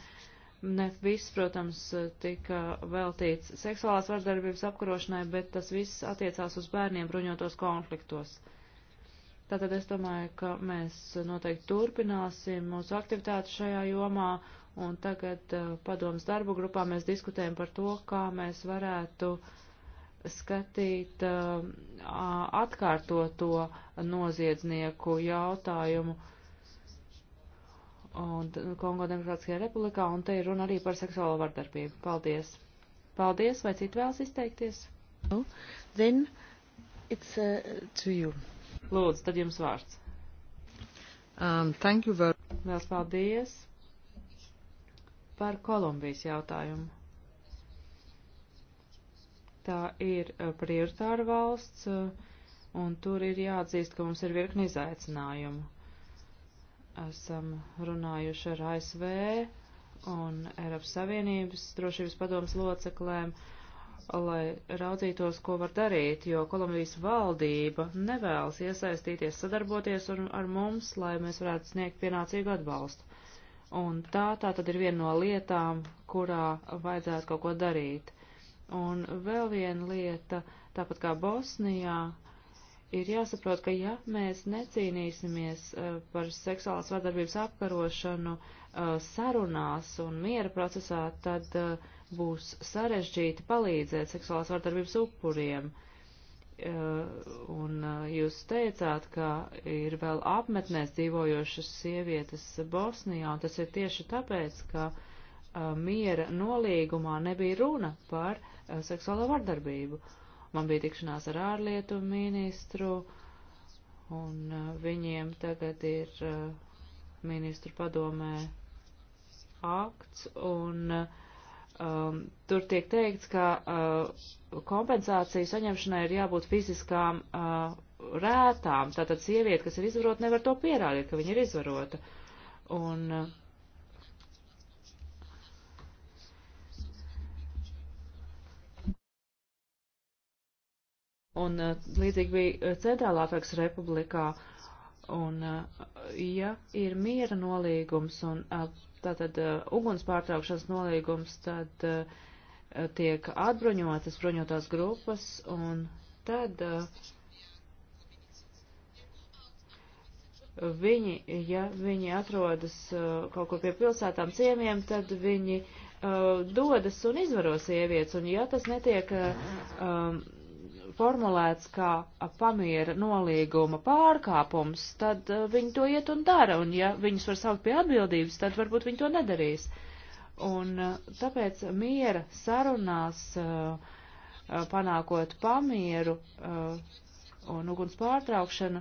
Ne viss, protams, tika veltīts seksuālās vardarbības apkarošanai, bet tas viss attiecās uz bērniem bruņotos konfliktos. Uh, Tātad es domāju, ka mēs noteikti turpināsim mūsu aktivitāti šajā jomā, un tagad uh, padomas darbu grupā mēs diskutējam par to, kā mēs varētu skatīt uh, atkārtoto noziedznieku jautājumu un Kongo Demokrātiskajā republikā, un te ir runa arī par seksuālo vardarbību. Paldies! Paldies, vai citi vēlas izteikties? No, then it's uh, to you. Lūdzu, tad jums vārds. Um, thank you very much. Vēl paldies par Kolumbijas jautājumu. Tā ir uh, prioritāra valsts, uh, un tur ir jāatzīst, ka mums ir virkni izaicinājumu. Esam runājuši ar ASV un Eiropas Savienības drošības padomas loceklēm. Uh, lai raudzītos, ko var darīt, jo Kolumbijas valdība nevēlas iesaistīties, sadarboties ar, ar mums, lai mēs varētu sniegt pienācīgu atbalstu. Un tā, tā tad ir viena no lietām, kurā vajadzētu kaut ko darīt. Un vēl viena lieta, tāpat kā Bosnijā, ir jāsaprot, ka ja mēs necīnīsimies uh, par seksuālās vardarbības apkarošanu uh, sarunās un miera procesā, tad uh, būs sarežģīti palīdzēt seksuālās vardarbības upuriem. Eh, un eh, jūs teicāt, ka ir vēl apmetnēs dzīvojošas sievietes Bosnijā, un tas ir tieši tāpēc, ka eh, miera nolīgumā nebija runa par seksuālo vardarbību. Man bija tikšanās ar ārlietu ministru, un viņiem tagad ir ministru padomē akts, un uh, um, tur tiek teikts, ka uh, kompensāciju saņemšanai ir jābūt fiziskām uh, rētām. Tātad sieviete, kas ir izvarota, nevar to pierādīt, ka viņa ir izvarota. Un, uh, Un uh, līdzīgi bija Centrālāfrikas republikā. Un, uh, ja ir miera nolīgums un uh, tātad uh, uguns pārtraukšanas nolīgums, tad uh, tiek atbruņotas bruņotās grupas, un tad uh, viņi, ja viņi atrodas uh, kaut kur pie pilsētām ciemiem, tad viņi uh, dodas un izvaro sievietes, un ja tas netiek uh, um, formulēts kā pamiera nolīguma pārkāpums, tad eh, viņi to iet un dara, un ja viņus var saukt pie atbildības, tad varbūt viņi to nedarīs. Un eh, tāpēc miera sarunās, eh, panākot pamieru un uguns pārtraukšanu,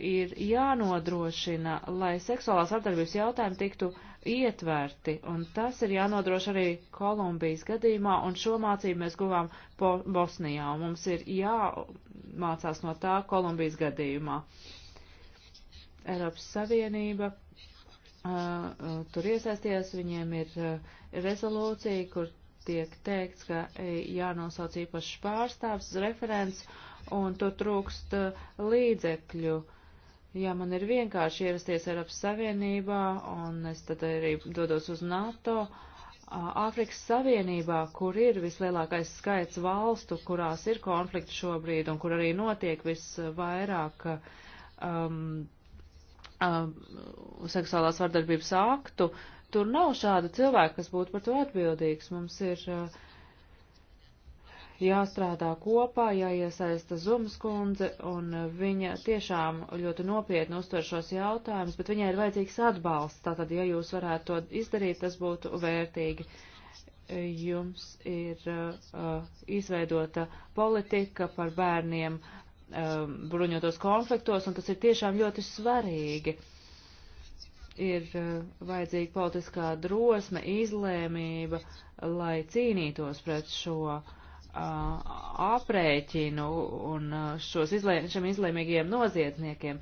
ir jānodrošina, lai seksuālās atdarbības jautājumi tiktu ietverti, un tas ir jānodrošina arī Kolumbijas gadījumā, un šo mācību mēs guvām Bosnijā, un mums ir jāmācās no tā Kolumbijas gadījumā. Eiropas Savienība uh, tur iesaisties, viņiem ir uh, rezolūcija, kur tiek teikts, ka jānosauc īpašs pārstāvs, referents, uh, un tur trūkst uh, līdzekļu. Ja man ir vienkārši ierasties Eiropas Savienībā, un es tad arī dodos uz NATO, uh, Āfrikas Savienībā, kur ir vislielākais skaits valstu, kurās ir konflikti šobrīd un kur arī notiek visvairāk um, um, seksuālās vardarbības aktu, tur nav šāda cilvēka, kas būtu par to atbildīgs. Mums ir uh, jāstrādā kopā, jāiesaista Zums kundze, un viņa tiešām ļoti nopietni uztver šos jautājumus, bet viņai ir vajadzīgs atbalsts. Tātad, ja jūs varētu to izdarīt, tas būtu vērtīgi. Jums ir uh, izveidota politika par bērniem uh, bruņotos konfliktos, un tas ir tiešām ļoti svarīgi. Ir uh, vajadzīga politiskā drosme, izlēmība, lai cīnītos pret šo uh, aprēķinu un šos izlē, šiem izlēmīgiem noziedzniekiem,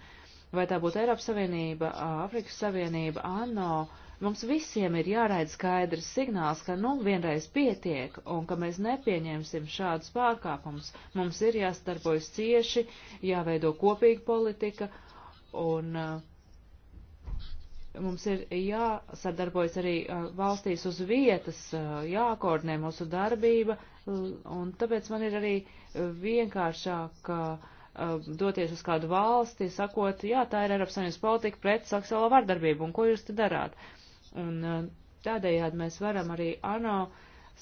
vai tā būtu Eiropas Savienība, Afrikas Savienība, ANO, mums visiem ir jāraida skaidrs signāls, ka nu vienreiz pietiek un ka mēs nepieņemsim šādus pārkāpumus. Mums ir jāstarbojas cieši, jāveido kopīga politika un mums ir jāsadarbojas arī valstīs uz vietas, jākoordinē mūsu darbība un tāpēc man ir arī vienkāršāk uh, um, doties uz kādu valsti, sakot, jā, tā ir Eiropas Savienības politika pret seksuālo vardarbību, un ko jūs te darāt? Un uh, tādējādi mēs varam arī ANO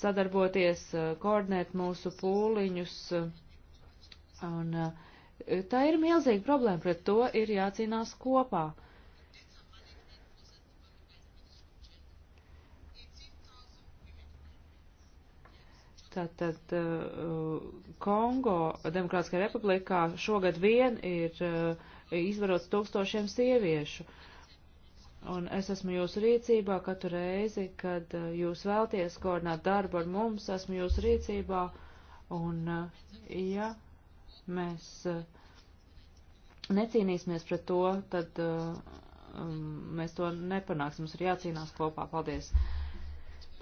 sadarboties, uh, koordinēt mūsu pūliņus, un tā ir milzīga problēma, pret to ir jācīnās kopā. Uh, Tātad uh, Kongo Demokrātiskajā republikā šogad vien ir uh, izvarots tūkstošiem sieviešu. Un es esmu jūsu rīcībā katru reizi, kad uh, jūs vēlties koordināt darbu ar mums, esmu jūsu rīcībā. Un uh, ja mēs uh, necīnīsimies pret to, tad uh, um, mēs to nepanāksim. Mums ir jācīnās kopā. Paldies!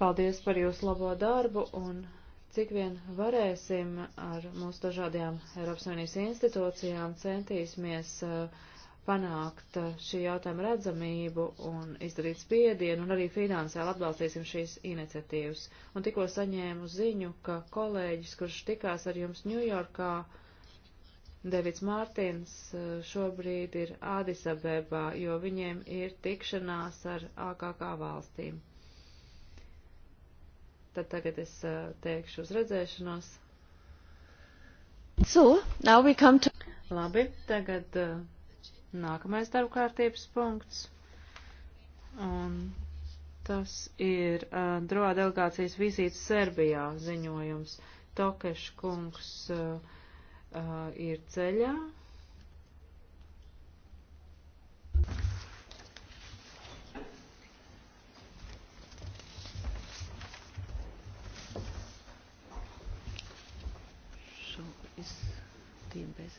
Paldies par jūsu labo darbu! Un... Cik vien varēsim ar mūsu dažādajām Eiropas Savienības institūcijām centīsimies uh, panākt uh, šī jautājuma redzamību un izdarīt spiedienu, un arī finansiāli atbalstīsim šīs iniciatīvas. Un tikko saņēmu ziņu, ka kolēģis, kurš tikās ar jums Ņujorkā, Devits Mārtins uh, šobrīd ir Ādisabebā, jo viņiem ir tikšanās ar AKK valstīm. Tad tagad es uh, teikšu uz redzēšanos. So, now we come to... Labi, tagad uh, nākamais darba kārtības punkts. Un tas ir uh, droā delegācijas vizītes Serbijā ziņojums. Tokeš kungs uh, uh, ir ceļā.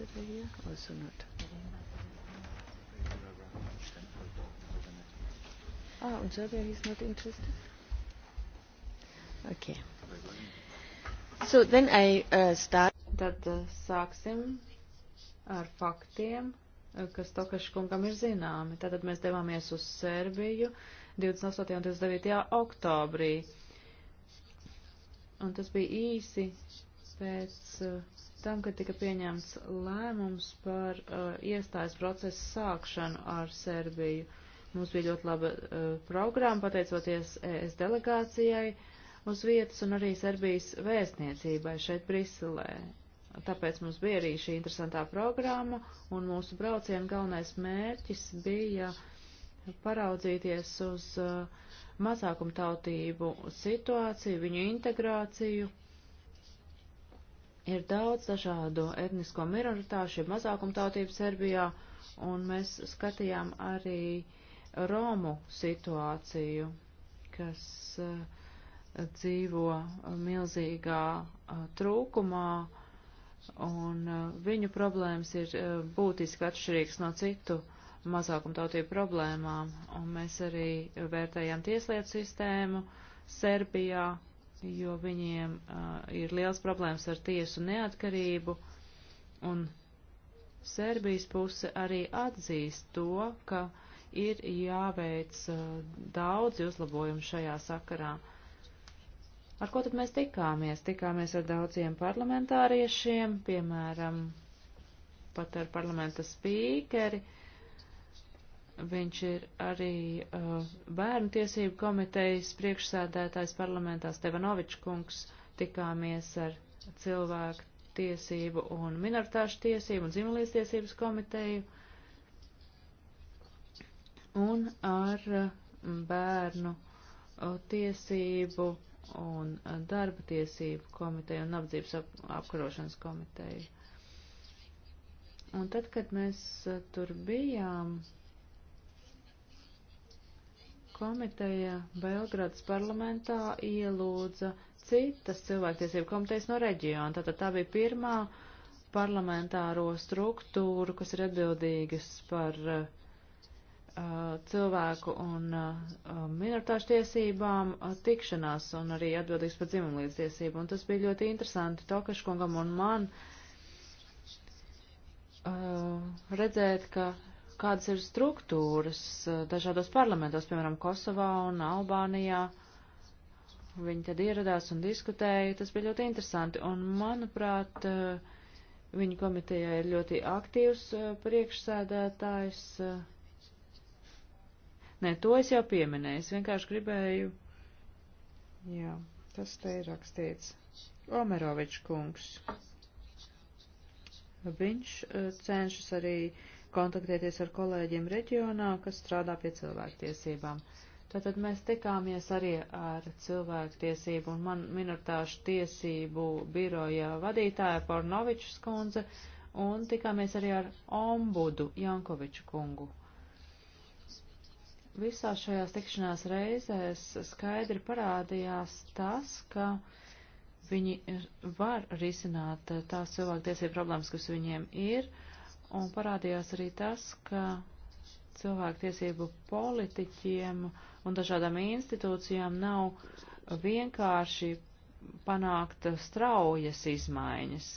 it Lydia? Also not. Ah, on Serbia he's not interested? Okay. So then I uh, start. Tad uh, sāksim ar faktiem, uh, kas Tokaškungam ir zināmi. Tātad mēs devāmies uz Serbiju 28. un 29. oktobrī. Un tas bija īsi pēc uh, tam, kad tika pieņemts lēmums par uh, iestājas procesu sākšanu ar Serbiju. Mums bija ļoti laba uh, programma, pateicoties ES delegācijai uz vietas un arī Serbijas vēstniecībai šeit Briselē. Tāpēc mums bija arī šī interesantā programma, un mūsu brauciena galvenais mērķis bija paraudzīties uz uh, mazākumtautību situāciju, viņu integrāciju Ir daudz dažādu etnisko minoritāšu, ir mazākumtautību Serbijā, un mēs skatījām arī Romu situāciju, kas uh, dzīvo eh, milzīgā uh, trūkumā, un uh, viņu problēmas ir būtiski atšķirīgas no citu mazākumtautību problēmām, un mēs arī vērtējām tieslietu sistēmu Serbijā, jo viņiem uh, ir liels problēmas ar tiesu neatkarību, un Serbijas puse arī atzīst to, ka ir jāveic uh, daudzi uzlabojumi šajā sakarā. Ar ko tad mēs tikāmies? Tikāmies ar daudziem parlamentāriešiem, piemēram, pat ar parlamenta spīkeri. Uh, Viņš ir arī uh, bērnu tiesību komitejas priekšsēdētājs parlamentā Stevanovičs kungs. Tikāmies ar cilvēku tiesību un minoritāšu tiesību un dzimumlīs tiesības komiteju un ar uh, bērnu uh, tiesību un uh, darba tiesību komiteju un apdzības ap apkarošanas komiteju. Un tad, kad mēs uh, tur bijām, komiteja Belgradas parlamentā ielūdza citas cilvēktiesību komitejas no reģiona. Tātad tā bija pirmā parlamentāro struktūru, kas ir atbildīgas par uh, cilvēku un uh, minoritāšu tiesībām uh, tikšanās un arī atbildīgs par dzimumlīdztiesību. Un tas bija ļoti interesanti Tokaškungam un man uh, redzēt, ka kādas ir struktūras eh, dažādos parlamentos, piemēram, Kosovā un Albānijā. Viņi tad ieradās un diskutēja, tas bija ļoti interesanti, un manuprāt, eh, viņa komitejā ir ļoti aktīvs eh, priekšsēdētājs. Nē, to es jau pieminēju, es vienkārši gribēju. Jā, tas te ir rakstīts. Omerovičs kungs. Viņš cenšas arī uh, kontaktēties ar kolēģiem reģionā, kas strādā pie cilvēktiesībām. Tātad mēs tikāmies arī ar cilvēktiesību un man minoritāšu tiesību biroja vadītāja Pornovičs kundze un tikāmies arī ar ombudu Jankoviču kungu. Visās šajās tikšanās reizēs skaidri parādījās tas, ka viņi var risināt tās cilvēktiesību problēmas, kas viņiem ir, uh, un parādījās arī tas, ka cilvēktiesību politiķiem un dažādām institūcijām nav vienkārši panākt straujas izmaiņas.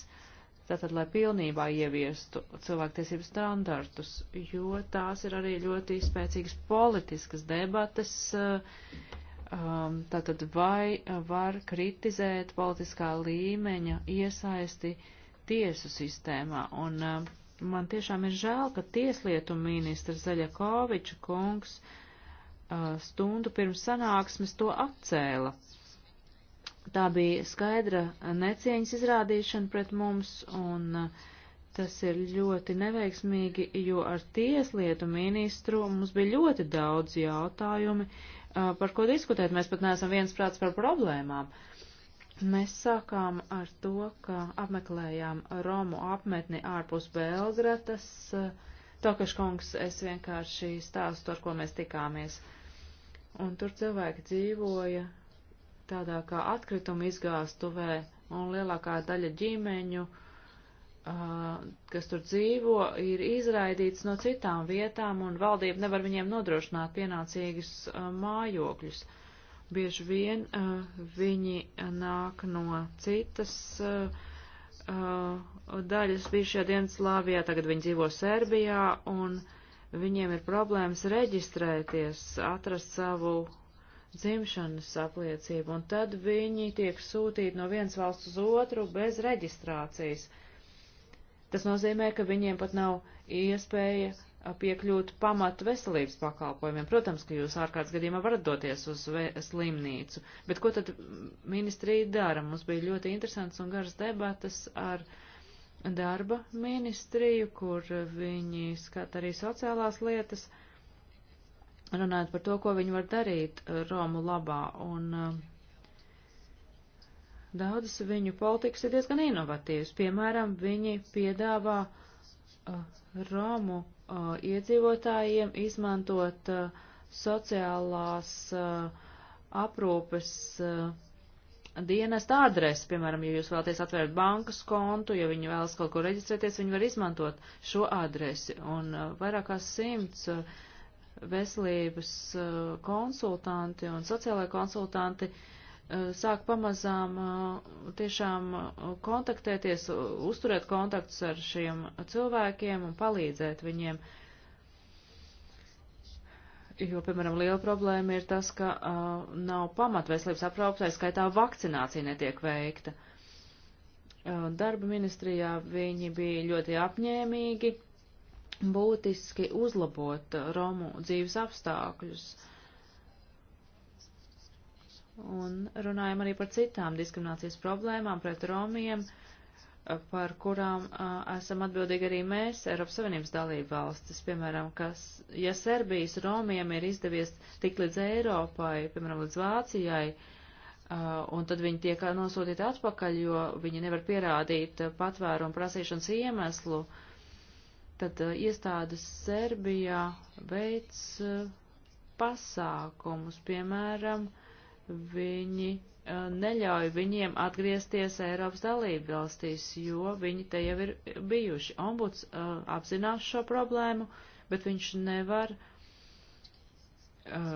Tātad, lai pilnībā ieviestu cilvēktiesību standartus, jo tās ir arī ļoti spēcīgas politiskas debates, um, tātad vai var kritizēt politiskā līmeņa iesaisti tiesu sistēmā. Un, uh, Man tiešām ir žēl, ka tieslietu ministrs Zaļakoviča kungs stundu pirms sanāksmes to atcēla. Tā bija skaidra necieņas izrādīšana pret mums, un tas ir ļoti neveiksmīgi, jo ar tieslietu ministru mums bija ļoti daudz jautājumi, par ko diskutēt. Mēs pat neesam viensprāts par problēmām. Uh, Mēs sākām ar to, ka apmeklējām Romu apmetni ārpus Belgratas. Tokaškungs, es vienkārši stāstu, ar ko mēs tikāmies. Un tur cilvēki dzīvoja tādā kā atkrituma izgāstuvē, un lielākā daļa ģimeņu, uh, kas tur dzīvo, ir izraidīts no citām vietām, un valdība nevar viņiem nodrošināt pienācīgus uh, mājokļus. Uh, Bieži vien uh, viņi nāk no citas uh, daļas bijušajā Dienaslāvijā, tagad viņi dzīvo Serbijā, un viņiem ir problēmas reģistrēties, atrast savu dzimšanas apliecību, un tad viņi tiek sūtīti no vienas valsts uz otru bez reģistrācijas. Tas nozīmē, ka viņiem pat nav iespēja piekļūt pamat veselības pakalpojumiem. Protams, ka jūs ārkārtas gadījumā varat doties uz slimnīcu, bet ko tad ministrija dara? Mums bija ļoti interesants un garas debatas ar darba ministriju, kur viņi skata arī sociālās lietas, runājot par to, ko viņi var darīt Romu labā. Un eh, daudzas viņu politikas ir diezgan inovatīvas. Piemēram, viņi piedāvā eh, Romu uh, iedzīvotājiem izmantot uh, sociālās uh, aprūpes uh, dienesta adresi. Piemēram, ja jūs vēlaties atvērt bankas kontu, ja viņi vēlas kaut ko reģistrēties, viņi var izmantot šo adresi. Un uh, vairākās simts uh, veselības konsultanti un sociālai konsultanti uh, Eh, sāk pamazām eh, tiešām eh, kontaktēties, uzturēt kontaktus ar šiem cilvēkiem un palīdzēt viņiem. Jo, piemēram, liela problēma ir tas, ka uh, nav pamatveselības aprūpē, skaitā vakcinācija netiek veikta. Uh, darba ministrijā viņi bija ļoti apņēmīgi būtiski uzlabot Romu dzīves apstākļus. Uh, un runājam arī par citām diskriminācijas problēmām pret romiem, par kurām a, esam atbildīgi arī mēs, Eiropas Savienības dalība valstis, piemēram, kas, ja Serbijas romiem ir izdevies tikt līdz Eiropai, piemēram, līdz Vācijai, a, un tad viņi tiek nosūtīti atpakaļ, jo viņi nevar pierādīt patvērumu prasīšanas iemeslu, tad a, iestādes Serbijā veids pasākumus, piemēram, uh, viņi uh, neļauj viņiem atgriezties Eiropas dalību valstīs, jo viņi te jau ir bijuši. Ombuds uh, apzinās šo problēmu, bet viņš nevar uh,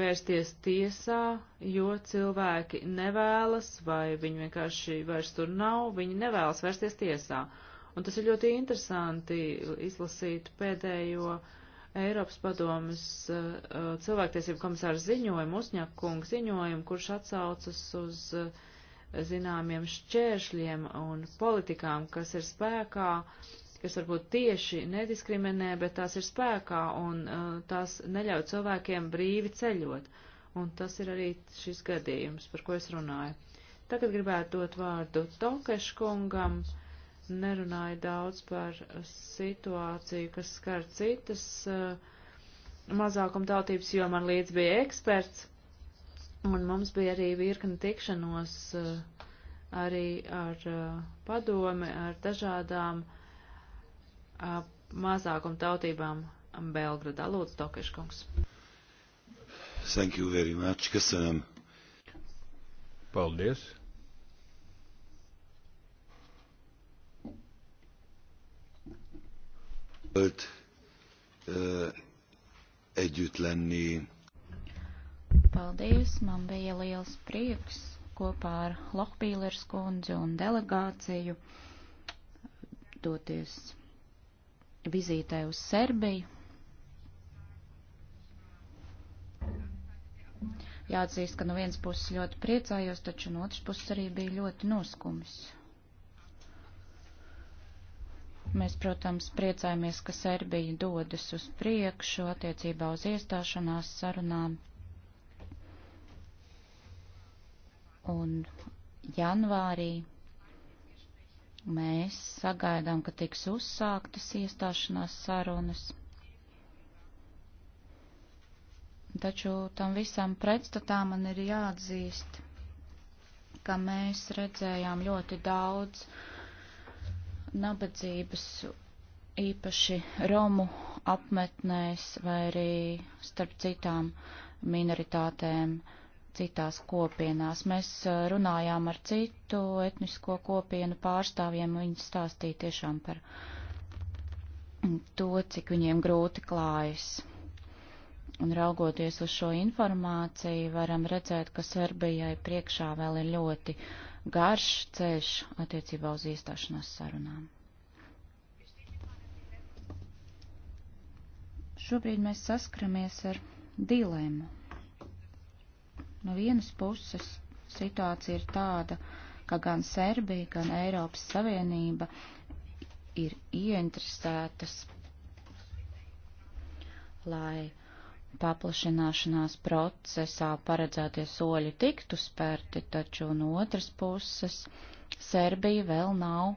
vērsties tiesā, jo cilvēki nevēlas vai viņi vienkārši vairs tur nav, viņi nevēlas vērsties tiesā. Un tas ir ļoti interesanti izlasīt pēdējo uh, Eiropas padomas uh, uh, cilvēktiesību komisāra ziņojumu, uzņakungu ziņojumu, kurš atsaucas uz uh, zināmiem šķēršļiem un politikām, kas ir spēkā, kas varbūt tieši nediskriminē, bet tās ir spēkā un tās neļauj cilvēkiem brīvi ceļot. Un tas ir arī šis gadījums, par ko es runāju. Tagad gribētu dot vārdu Tokeškungam. kungam nerunāja daudz par situāciju, kas skar citas uh, mazākumtautības, jo man līdz bija eksperts, un mums bija arī virkni tikšanos uh, arī ar uh, padomi, ar dažādām mazākumtautībām Belgradā. Lūdzu, Tokiškungs. Thank you very much. Kas, um... Paldies. Ölt ö, együtt lenni. Paldies, man bija liels prieks kopā ar Lohpīlers kundzi un delegāciju doties vizītē uz Serbiju. Jāatzīst, ka no vienas puses ļoti priecājos, taču no otras puses arī bija ļoti noskumis. Mēs, protams, priecājamies, ka Serbija dodas uz priekšu attiecībā uz iestāšanās sarunām. Un janvārī mēs sagaidām, ka tiks uzsāktas iestāšanās sarunas. Taču tam visam pretstatā man ir jāatzīst, ka mēs redzējām ļoti daudz uh, nabadzības īpaši Romu apmetnēs vai arī starp citām minoritātēm citās kopienās. Mēs runājām ar citu etnisko kopienu pārstāvjiem, viņi stāstīja tiešām par to, cik viņiem grūti klājas. Un raugoties uz šo informāciju, varam redzēt, ka Serbijai priekšā vēl ir ļoti uh, garš ceļš attiecībā uz iestāšanās sarunām. Šobrīd mēs saskaramies ar dilēmu. No vienas puses situācija ir tāda, ka gan Serbija, gan Eiropas Savienība ir ieinteresētas, lai paplašināšanās procesā paredzētie soļi tiktu spērti, taču no otras puses Serbija vēl nav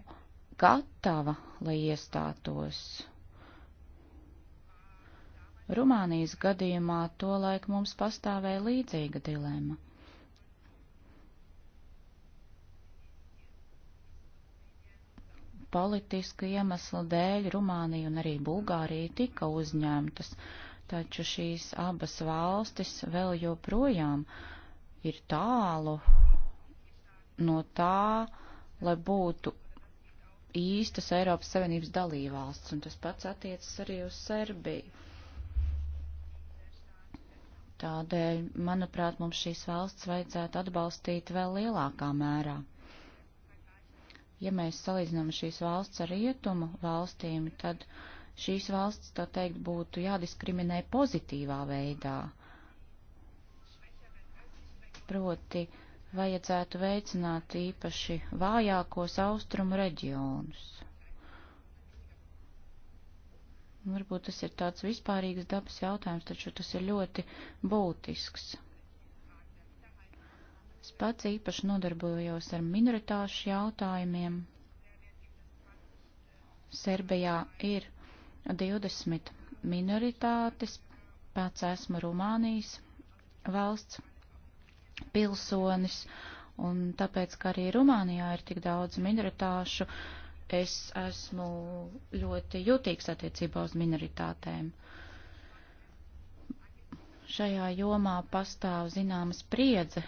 gatava, lai iestātos. Rumānijas gadījumā tolaik mums pastāvēja līdzīga dilema. Politiska iemesla dēļ Rumānija un arī Bulgārija tika uzņemtas taču šīs abas valstis vēl joprojām ir tālu no tā, lai būtu īstas Eiropas Savienības dalībvalsts, un tas pats attiecas arī uz Serbiju. Tādēļ, manuprāt, mums šīs valsts vajadzētu atbalstīt vēl lielākā mērā. Ja mēs salīdzinām šīs valsts ar rietumu valstīm, tad uh, šīs valsts, tā teikt, būtu jādiskriminē pozitīvā veidā. Proti, vajadzētu veicināt īpaši vājākos austrumu reģionus. Varbūt tas ir tāds vispārīgs dabas jautājums, taču tas ir ļoti būtisks. Es pats īpaši nodarbojos ar minoritāšu jautājumiem. Serbijā ir 20 minoritātes, pats esmu Rumānijas valsts pilsonis, un tāpēc, ka arī Rumānijā ir tik daudz minoritāšu, es esmu ļoti jūtīgs attiecībā uz minoritātēm. Šajā jomā pastāv zināma spriedze,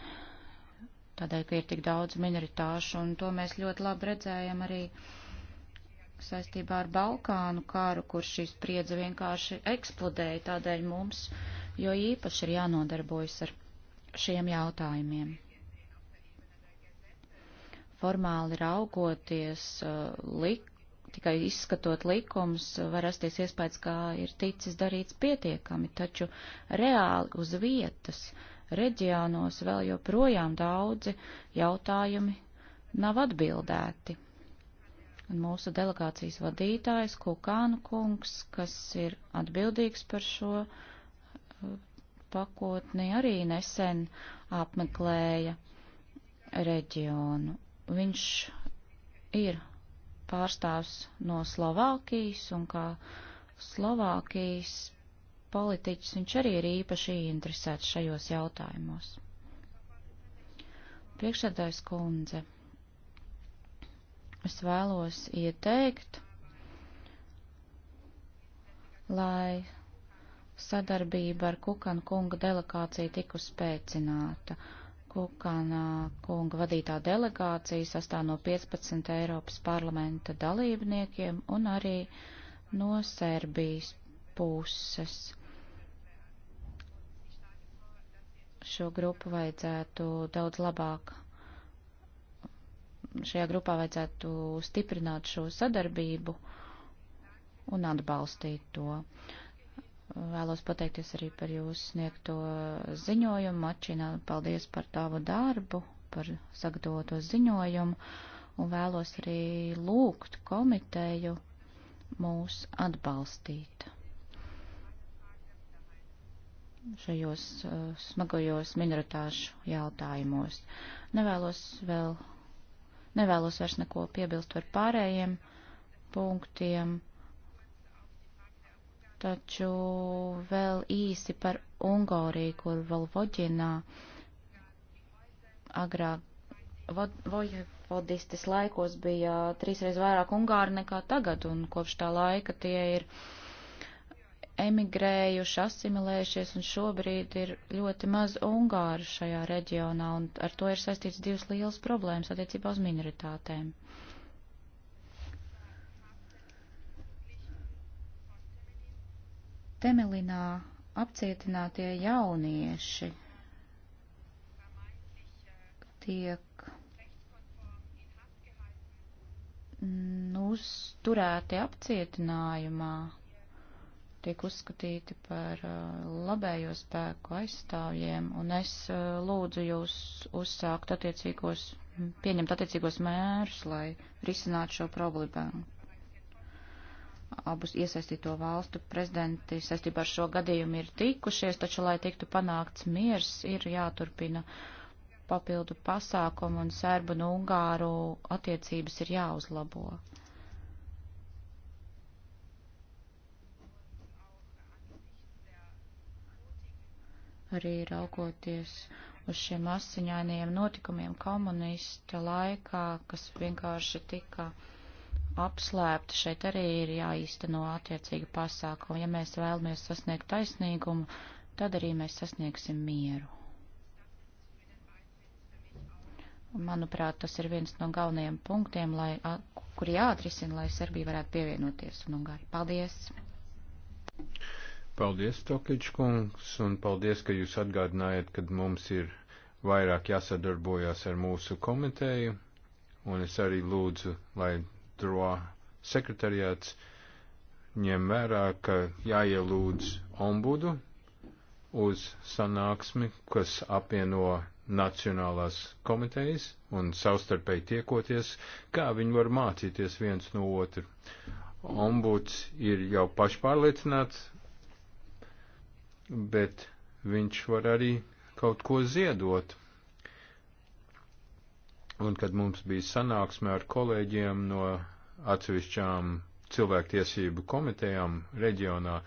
tādēļ, ka ir tik daudz minoritāšu, un to mēs ļoti labi redzējam arī uh, saistībā ar Balkānu kāru, kur šī spriedze vienkārši eksplodēja, tādēļ mums jo īpaši ir jānodarbojas ar šiem jautājumiem. Formāli raugoties, uh, lik, tikai izskatot likums, var rasties iespējas, kā ir ticis darīts pietiekami, taču reāli uz vietas reģionos vēl joprojām daudzi jautājumi nav atbildēti. Un mūsu delegācijas vadītājs Kukānu kungs, kas ir atbildīgs par šo uh, pakotni, arī nesen apmeklēja reģionu. Viņš ir pārstāvs no Slovākijas un kā Slovākijas politiķis viņš arī ir īpaši interesēts šajos jautājumos. Priekšsēdājs kundze es vēlos ieteikt, lai sadarbība ar Kukana kunga delegāciju tiku spēcināta. Kukana kunga vadītā delegācija sastāv no 15 Eiropas parlamenta dalībniekiem un arī no Serbijas puses. Šo grupu vajadzētu daudz labāk šajā grupā vajadzētu stiprināt šo sadarbību un atbalstīt to. Vēlos pateikties arī par jūsu sniegto ziņojumu. Mačina, paldies par tavu darbu, par sagatavoto ziņojumu. Un vēlos arī lūgt komiteju mūs atbalstīt šajos uh, smagajos minoritāšu jautājumos. Nevēlos vēl Nevēlos vairs neko piebilst par pārējiem punktiem, taču vēl īsi par Ungāriju, kur vēl Voģinā agrāk vojvodistes laikos bija trīsreiz vairāk Ungāri nekā tagad, un kopš tā laika tie ir emigrējuši, asimilējušies, un šobrīd ir ļoti maz ungāru šajā reģionā, un ar to ir saistīts divas lielas problēmas attiecībā uz minoritātēm. Temelinā apcietinātie jaunieši tiek mm, uzturēti apcietinājumā, tiek uzskatīti par uh, labējo spēku aizstāvjiem, un es uh, lūdzu jūs uzsākt attiecīgos, pieņemt attiecīgos mērus, lai risinātu šo problēmu. Abus iesaistīto valstu prezidenti saistībā ar šo gadījumu ir tikušies, taču, lai tiktu panākts miers, ir jāturpina papildu pasākumu un sērbu un ungāru attiecības ir jāuzlabo. arī raugoties uz šiem asiņainajiem notikumiem komunista laikā, kas vienkārši tika apslēpti, šeit arī ir jāīsteno attiecīga pasākuma. Ja mēs vēlamies sasniegt taisnīgumu, tad arī mēs sasniegsim mieru. Manuprāt, tas ir viens no galvenajiem punktiem, lai, kur jāatrisina, lai Serbija varētu pievienoties un Ungārija. Paldies! Paldies, Tokiņš kungs, un paldies, ka jūs atgādinājat, kad mums ir vairāk jāsadarbojās ar mūsu komiteju, un es arī lūdzu, lai droā sekretariāts ņem vērā, ka jāielūdz ombudu uz sanāksmi, kas apvieno nacionālās komitejas un savstarpēji tiekoties, kā viņi var mācīties viens no otru. Ombuds ir jau pašpārliecināts, bet viņš var arī kaut ko ziedot. Un kad mums bija sanāksme ar kolēģiem no atsevišķām cilvēktiesību komitejām reģionā,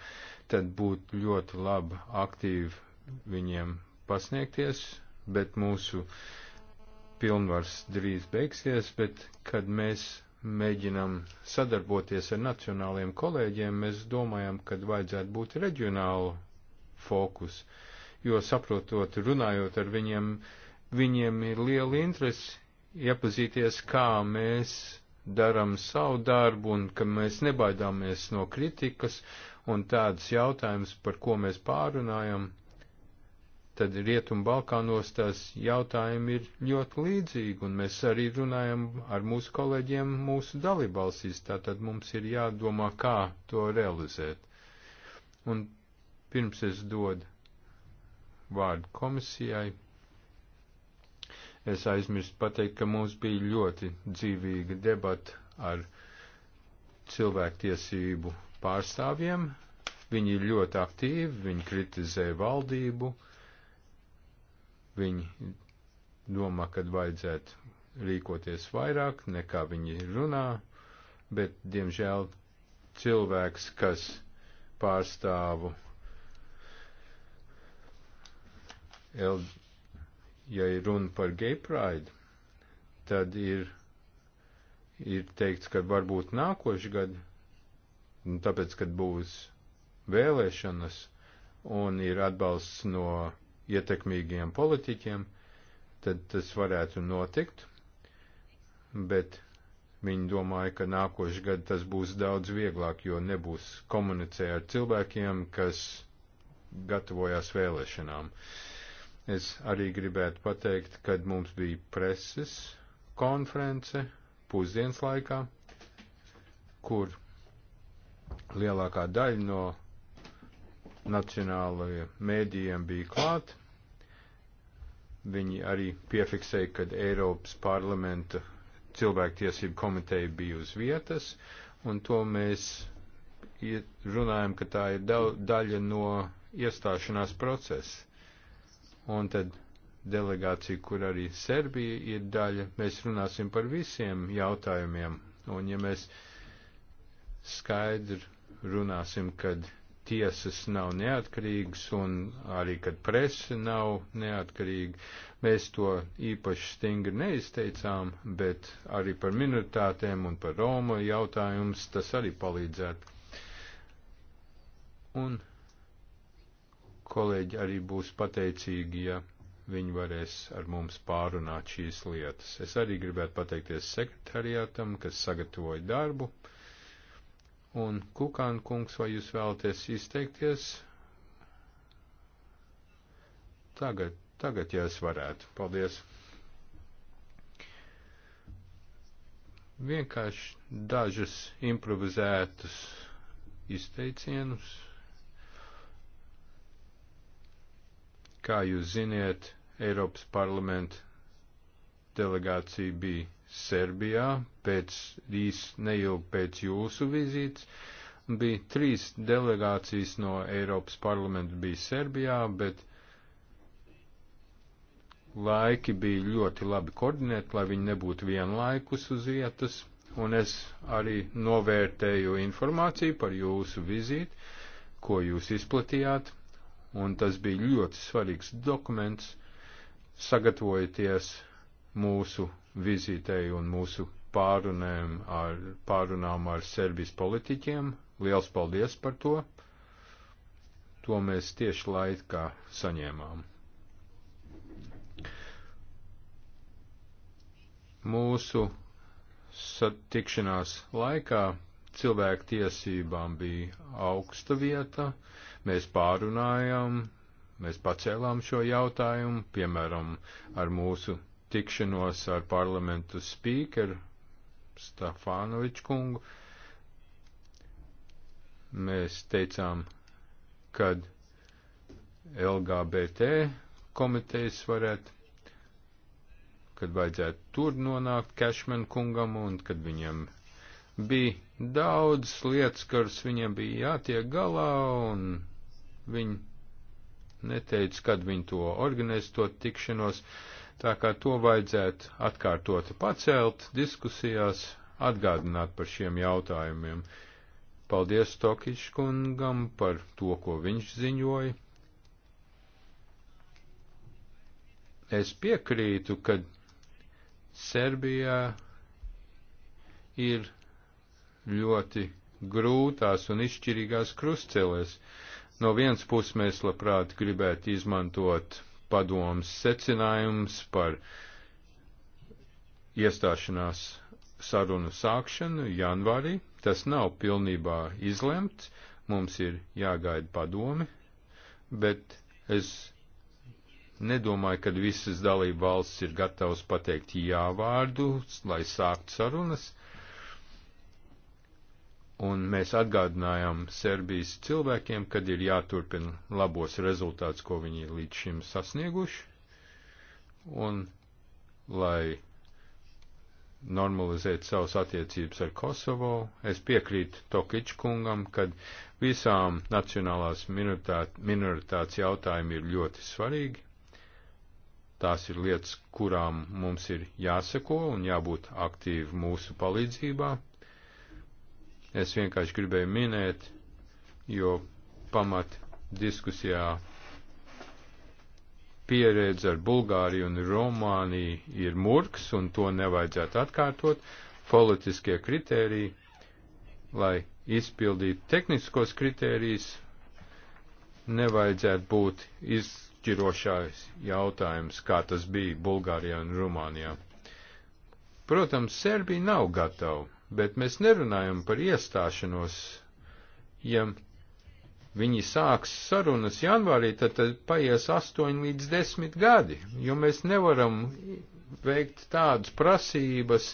tad būtu ļoti labi aktīvi viņiem pasniegties, bet mūsu pilnvars drīz beigsies, bet kad mēs mēģinam sadarboties ar nacionāliem kolēģiem, mēs domājam, kad vajadzētu būt reģionālu fokus, jo saprotot, runājot ar viņiem, viņiem ir liela interese iepazīties, kā mēs daram savu darbu un ka mēs nebaidāmies no kritikas un tādas jautājumas, par ko mēs pārunājam, tad Rietumu Balkānos tās jautājumi ir ļoti līdzīgi, un mēs arī runājam ar mūsu kolēģiem mūsu dalībvalstīs, tātad mums ir jādomā, kā to realizēt. Un Pirms es dodu vārdu komisijai, es aizmirstu pateikt, ka mums bija ļoti dzīvīga debata ar cilvēktiesību pārstāvjiem. Viņi ir ļoti aktīvi, viņi kritizē valdību, viņi domā, kad vajadzētu rīkoties vairāk nekā viņi runā, bet, diemžēl, cilvēks, kas pārstāvu ja ir runa par gay pride, tad ir, ir teikts, ka varbūt nākošu gadu, nu, tāpēc, kad būs vēlēšanas un ir atbalsts no ietekmīgiem politiķiem, tad tas varētu notikt, bet viņi domāja, ka nākošu gadu tas būs daudz vieglāk, jo nebūs komunicē ar cilvēkiem, kas gatavojās vēlēšanām. Uh, Es arī gribētu pateikt, kad mums bija preses konference pusdienas laikā, kur lielākā daļa no nacionālajiem mēdījiem bija klāt. Viņi arī piefiksēja, kad Eiropas parlamenta cilvēktiesību komiteja bija uz vietas, un to mēs runājam, ka tā ir daļa no iestāšanās procesa un tad delegācija, kur arī Serbija ir daļa, mēs runāsim par visiem jautājumiem. Un ja mēs skaidri runāsim, kad tiesas nav neatkarīgas un arī, kad presa nav neatkarīga, mēs to īpaši stingri neizteicām, bet arī par minoritātēm un par Roma jautājums tas arī palīdzētu. Un kolēģi arī būs pateicīgi, ja viņi varēs ar mums pārunāt šīs lietas. Es arī gribētu pateikties sekretariātam, kas sagatavoja darbu. Un Kukāna kungs, vai jūs vēlaties izteikties? Tagad, tagad, ja es varētu. Paldies. Vienkārši dažas improvizētas izteicienus. Kā jūs ziniet, Eiropas parlamenta delegācija bija Serbijā pēc īs neilgi pēc jūsu vizītes. Bija trīs delegācijas no Eiropas parlamenta bija Serbijā, bet laiki bija ļoti labi koordinēti, lai viņi nebūtu vienlaikus uz vietas, un es arī novērtēju informāciju par jūsu vizīti, ko jūs izplatījāt un tas bija ļoti svarīgs dokuments, sagatavojoties mūsu vizītei un mūsu pārunēm ar, pārunām ar Serbijas politiķiem. Liels paldies par to! To mēs tieši laikā saņēmām. Mūsu satikšanās laikā cilvēku tiesībām bija augsta vieta, uh, Mēs pārunājām, mēs pacēlām šo jautājumu, piemēram, ar mūsu tikšanos ar parlamentu spīkeru Stefanoviču kungu. Mēs teicām, kad LGBT komitejas varētu, kad vajadzētu tur nonākt Cashman kungam un kad viņam bija daudz lietas, kuras viņam bija jātiek galā un Viņi neteica, kad viņi to organizēs, to tikšanos, tā kā to vajadzētu atkārtot pacelt diskusijās, atgādināt par šiem jautājumiem. Paldies Tokiškungam par to, ko viņš ziņoja. Es piekrītu, ka Serbijā ir ļoti grūtās un izšķirīgās krustcelēs. No vienas puses mēs labprāt gribētu izmantot padomus secinājums par iestāšanās sarunu sākšanu janvārī. Tas nav pilnībā izlemts, mums ir jāgaida padomi, bet es nedomāju, ka visas dalība valsts ir gatavas pateikt jā vārdu, lai sākt sarunas un mēs atgādinājām Serbijas cilvēkiem, kad ir jāturpina labos rezultāts, ko viņi ir līdz šim sasnieguši, un lai normalizēt savas attiecības ar Kosovo, es piekrītu Tokič kungam, kad visām nacionālās minoritāt, minoritātes jautājumi ir ļoti svarīgi. Tās ir lietas, kurām mums ir jāseko un jābūt aktīvi mūsu palīdzībā Es vienkārši gribēju minēt, jo pamat diskusijā pieredze ar Bulgāriju un Romāniju ir murgs, un to nevajadzētu atkārtot. Politiskie kritēriji, lai izpildītu tehniskos kritērijus, nevajadzētu būt izšķirošais jautājums, kā tas bija Bulgārijā un Rumānijā. Protams, Serbija nav gatava bet mēs nerunājam par iestāšanos. Ja viņi sāks sarunas janvārī, tad, tad paies 8 līdz 10 gadi, jo mēs nevaram veikt tādas prasības,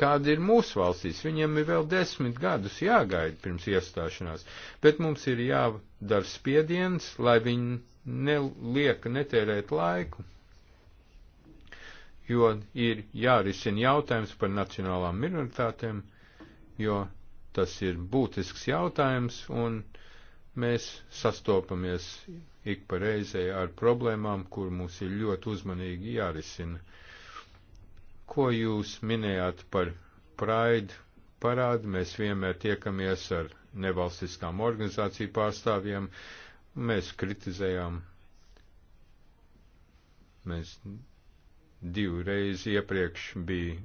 kāda ir mūsu valstīs. Viņiem ir vēl desmit gadus jāgaida pirms iestāšanās, bet mums ir jādara spiediens, lai viņi neliek netērēt laiku, jo ir jārisina jautājums par nacionālām minoritātēm jo tas ir būtisks jautājums un mēs sastopamies ik pa reizē ar problēmām, kur mums ir ļoti uzmanīgi jārisina. Ko jūs minējāt par Pride parādu? Mēs vienmēr tiekamies ar nevalstiskām organizāciju pārstāvjiem, mēs kritizējām, mēs divreiz iepriekš bija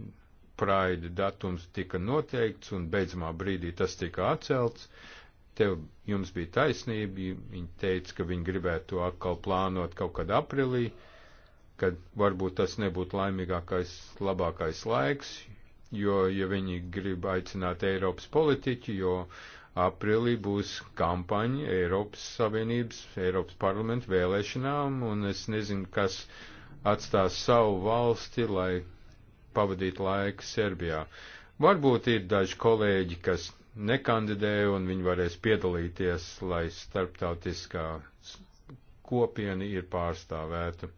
Pride datums tika noteikts un beidzamā brīdī tas tika atcelts. Tev jums bija taisnība, viņi teica, ka viņi gribētu to atkal plānot kaut kad aprilī, kad varbūt tas nebūtu laimīgākais, labākais laiks, jo, ja viņi grib aicināt Eiropas politiķi, jo aprīlī būs kampaņa Eiropas Savienības, Eiropas parlamentu vēlēšanām, un es nezinu, kas atstās savu valsti, lai pavadīt laiku Serbijā. Varbūt ir daži kolēģi, kas nekandidē un viņi varēs piedalīties, lai starptautiskā kopiena ir pārstāvēta.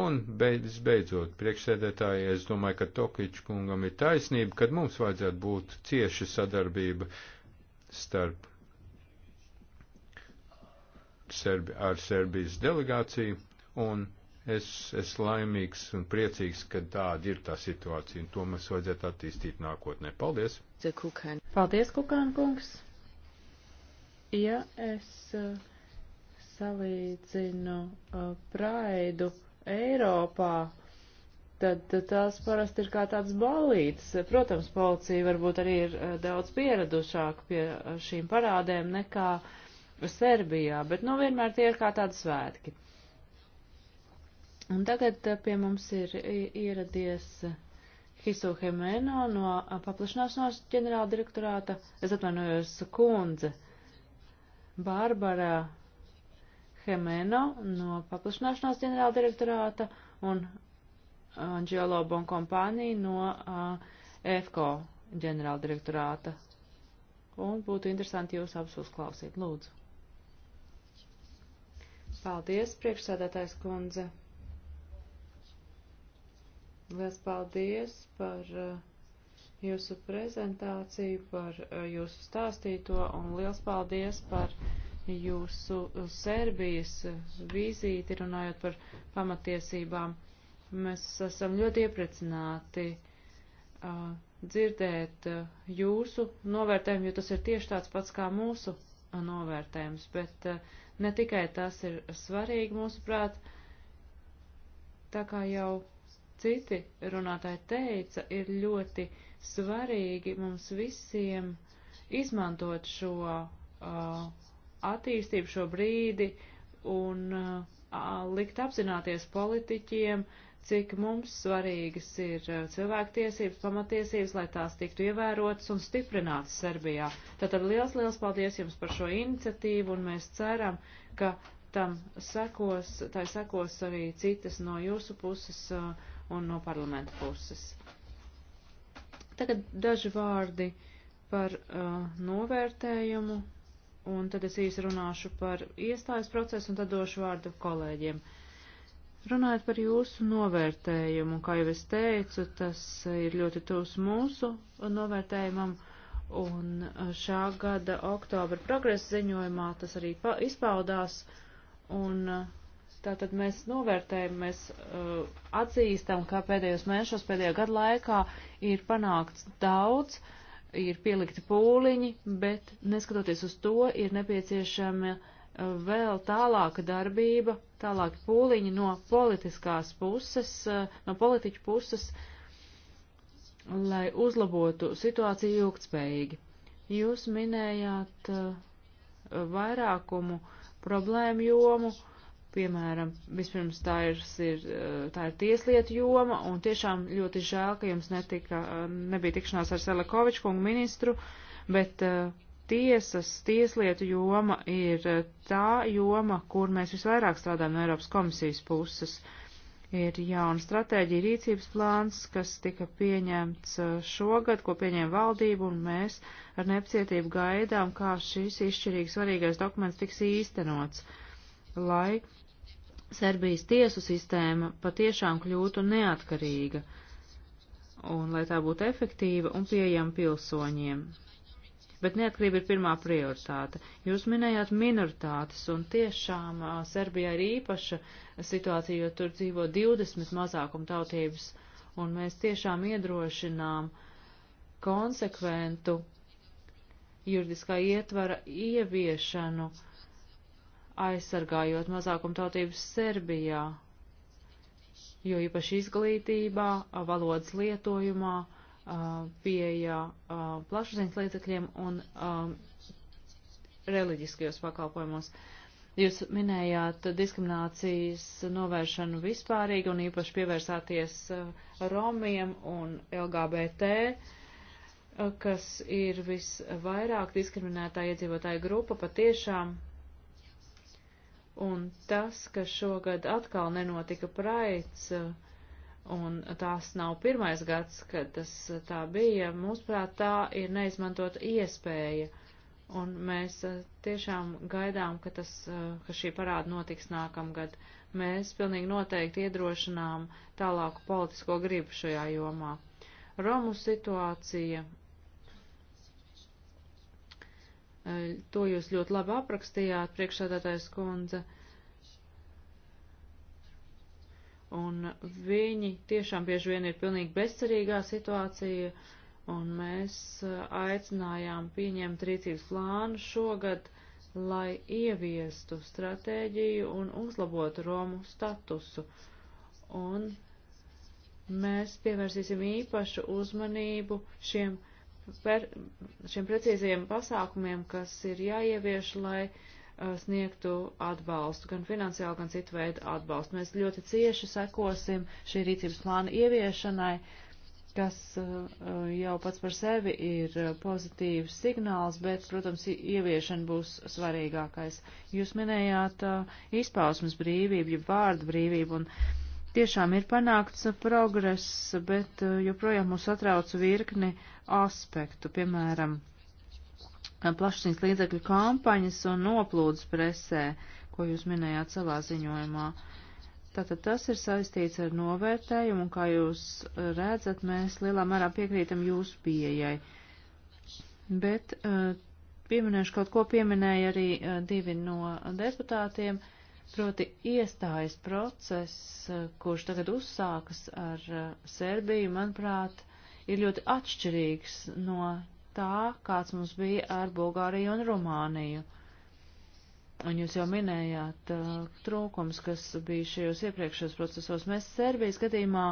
Un beidz, beidzot, priekšsēdētāji, es domāju, ka Tokiču kungam ir taisnība, kad mums vajadzētu būt cieši sadarbība starp Serbi, ar Serbijas delegāciju un Es esmu laimīgs un priecīgs, ka tāda ir tā situācija, un to mums vajadzētu attīstīt nākotnē. Paldies! Paldies, Kukāna kungs! Ja es uh, salīdzinu uh, praidu Eiropā, tad tās parasti ir kā tāds balīts. Protams, policija varbūt arī ir uh, daudz pieradušāk pie uh, šīm parādēm nekā Serbijā, bet nu vienmēr tie ir kā tādi svētki. Uh, Un tagad eh, pie mums ir ieradies Hisu Hemeno no paplašināšanās ģenerāla direktorāta. Es atvainojos kundze Bārbara Hemeno no paplašināšanās ģenerāla direktorāta un Anģelo Bonkompānī no EFCO ģenerāla direktorāta. Un būtu interesanti jūs abus uzklausīt. Lūdzu. Paldies, priekšsēdētājs kundze. Liels paldies par uh, jūsu prezentāciju, par uh, jūsu stāstīto un liels paldies par jūsu uh, Serbijas vizīti runājot par pamatiesībām. Mēs esam ļoti iepriecināti uh, dzirdēt uh, jūsu novērtējumu, jo tas ir tieši tāds pats kā mūsu novērtējums, bet uh, ne tikai tas ir svarīgi mūsuprāt, tā kā jau citi runātāji teica, ir ļoti svarīgi mums visiem izmantot šo uh, attīstību, šo brīdi un uh, likt apzināties politiķiem, cik mums svarīgas ir uh, cilvēktiesības, pamatiesības, lai tās tiktu ievērotas un stiprinātas Serbijā. Tātad liels, liels paldies jums par šo iniciatīvu un mēs ceram, ka tam sekos, tai sekos arī citas no jūsu puses. Uh, un no parlamenta puses. Tagad daži vārdi par uh, novērtējumu, un tad es īsi runāšu par iestājas procesu, un tad došu vārdu kolēģiem. Runājot par jūsu novērtējumu, kā jau es teicu, tas ir ļoti tūs mūsu novērtējumam, un uh, šā gada oktobra progresa ziņojumā tas arī izpaudās, un uh, Tātad mēs novērtējam, mēs uh, atzīstam, ka pēdējos mēnešos, pēdējā gada laikā ir panākts daudz, ir pielikti pūliņi, bet neskatoties uz to, ir nepieciešama uh, vēl tālāka darbība, tālāki pūliņi no politiskās puses, uh, no politiķu puses, lai uzlabotu situāciju ilgtspējīgi. Jūs minējāt uh, vairākumu problēmu jomu. Uh, Piemēram, vispirms tā ir, ir, tā ir tieslietu joma, un tiešām ļoti žēl, ka jums netika, nebija tikšanās ar Selakoviču kungu ministru, bet tiesas, tieslietu joma ir tā joma, kur mēs visvairāk strādājam no Eiropas komisijas puses. Ir jauna stratēģija rīcības plāns, kas tika pieņemts uh, šogad, ko pieņēma valdība, un mēs ar nepacietību gaidām, kā šis izšķirīgi svarīgais dokuments tiks īstenots, lai uh, Serbijas tiesu sistēma patiešām kļūtu neatkarīga un lai tā būtu efektīva un pieejama pilsoņiem. Bet neatkarība ir pirmā prioritāte. Jūs minējāt minoritātes, un tiešām uh, Serbijā ir īpaša situācija, jo tur dzīvo 20 mazākuma tautības, un mēs tiešām iedrošinām konsekventu juridiskā ietvara ieviešanu uh, aizsargājot mazākumtautības Serbijā, jo īpaši izglītībā, valodas lietojumā, pieejā plašsaziņas līdzekļiem un reliģiskajos pakalpojumos. Jūs minējāt diskriminācijas novēršanu vispārīgi un īpaši pievērsāties Romiem un LGBT, kas ir visvairāk diskriminētā iedzīvotāja grupa patiešām Un tas, ka šogad atkal nenotika praids, uh, un tās nav pirmais gads, kad tas uh, tā bija, mūsuprāt, tā ir neizmantota iespēja. Un mēs uh, tiešām gaidām, ka, tas, ka šī parāda notiks nākamgad. Mēs pilnīgi noteikti iedrošinām tālāku politisko gribu šajā jomā. Romu situācija To jūs ļoti labi aprakstījāt, priekšsādātājs kundze. Un viņi tiešām bieži vien ir pilnīgi bezcerīgā situācija, un mēs aicinājām pieņemt rīcības plānu šogad, lai ieviestu stratēģiju un uzlabotu Romu statusu. Un mēs pievērsīsim īpašu uzmanību šiem par šiem precīzajiem pasākumiem, kas ir jāievieš, lai uh, sniegtu atbalstu, gan finansiālu, gan citu veidu atbalstu. Mēs ļoti cieši sekosim šī rīcības plāna ieviešanai, kas uh, uh jau pats par sevi ir uh, pozitīvs signāls, bet, protams, ieviešana būs svarīgākais. Jūs minējāt uh, izpausmes brīvību, vārdu brīvību, un Tiešām ir panākts progress, bet eh, joprojām mūs atrauc virkni aspektu, piemēram, eh, plašsaziņas līdzekļu kampaņas un noplūdes presē, ko jūs minējāt savā ziņojumā. Tātad tas ir saistīts ar novērtējumu, un kā jūs eh, redzat, mēs lielā mērā piekrītam jūsu pieejai. Bet pieminēšu kaut ko pieminēja arī divi no deputātiem. Uh, Proti iestājas process, eh, kurš tagad uzsākas ar eh, Serbiju, manuprāt, ir ļoti atšķirīgs no tā, kāds mums bija ar Bulgāriju un Rumāniju. Un jūs jau minējāt uh, trūkums, kas bija šajos iepriekšējos procesos. Mēs Serbijas gadījumā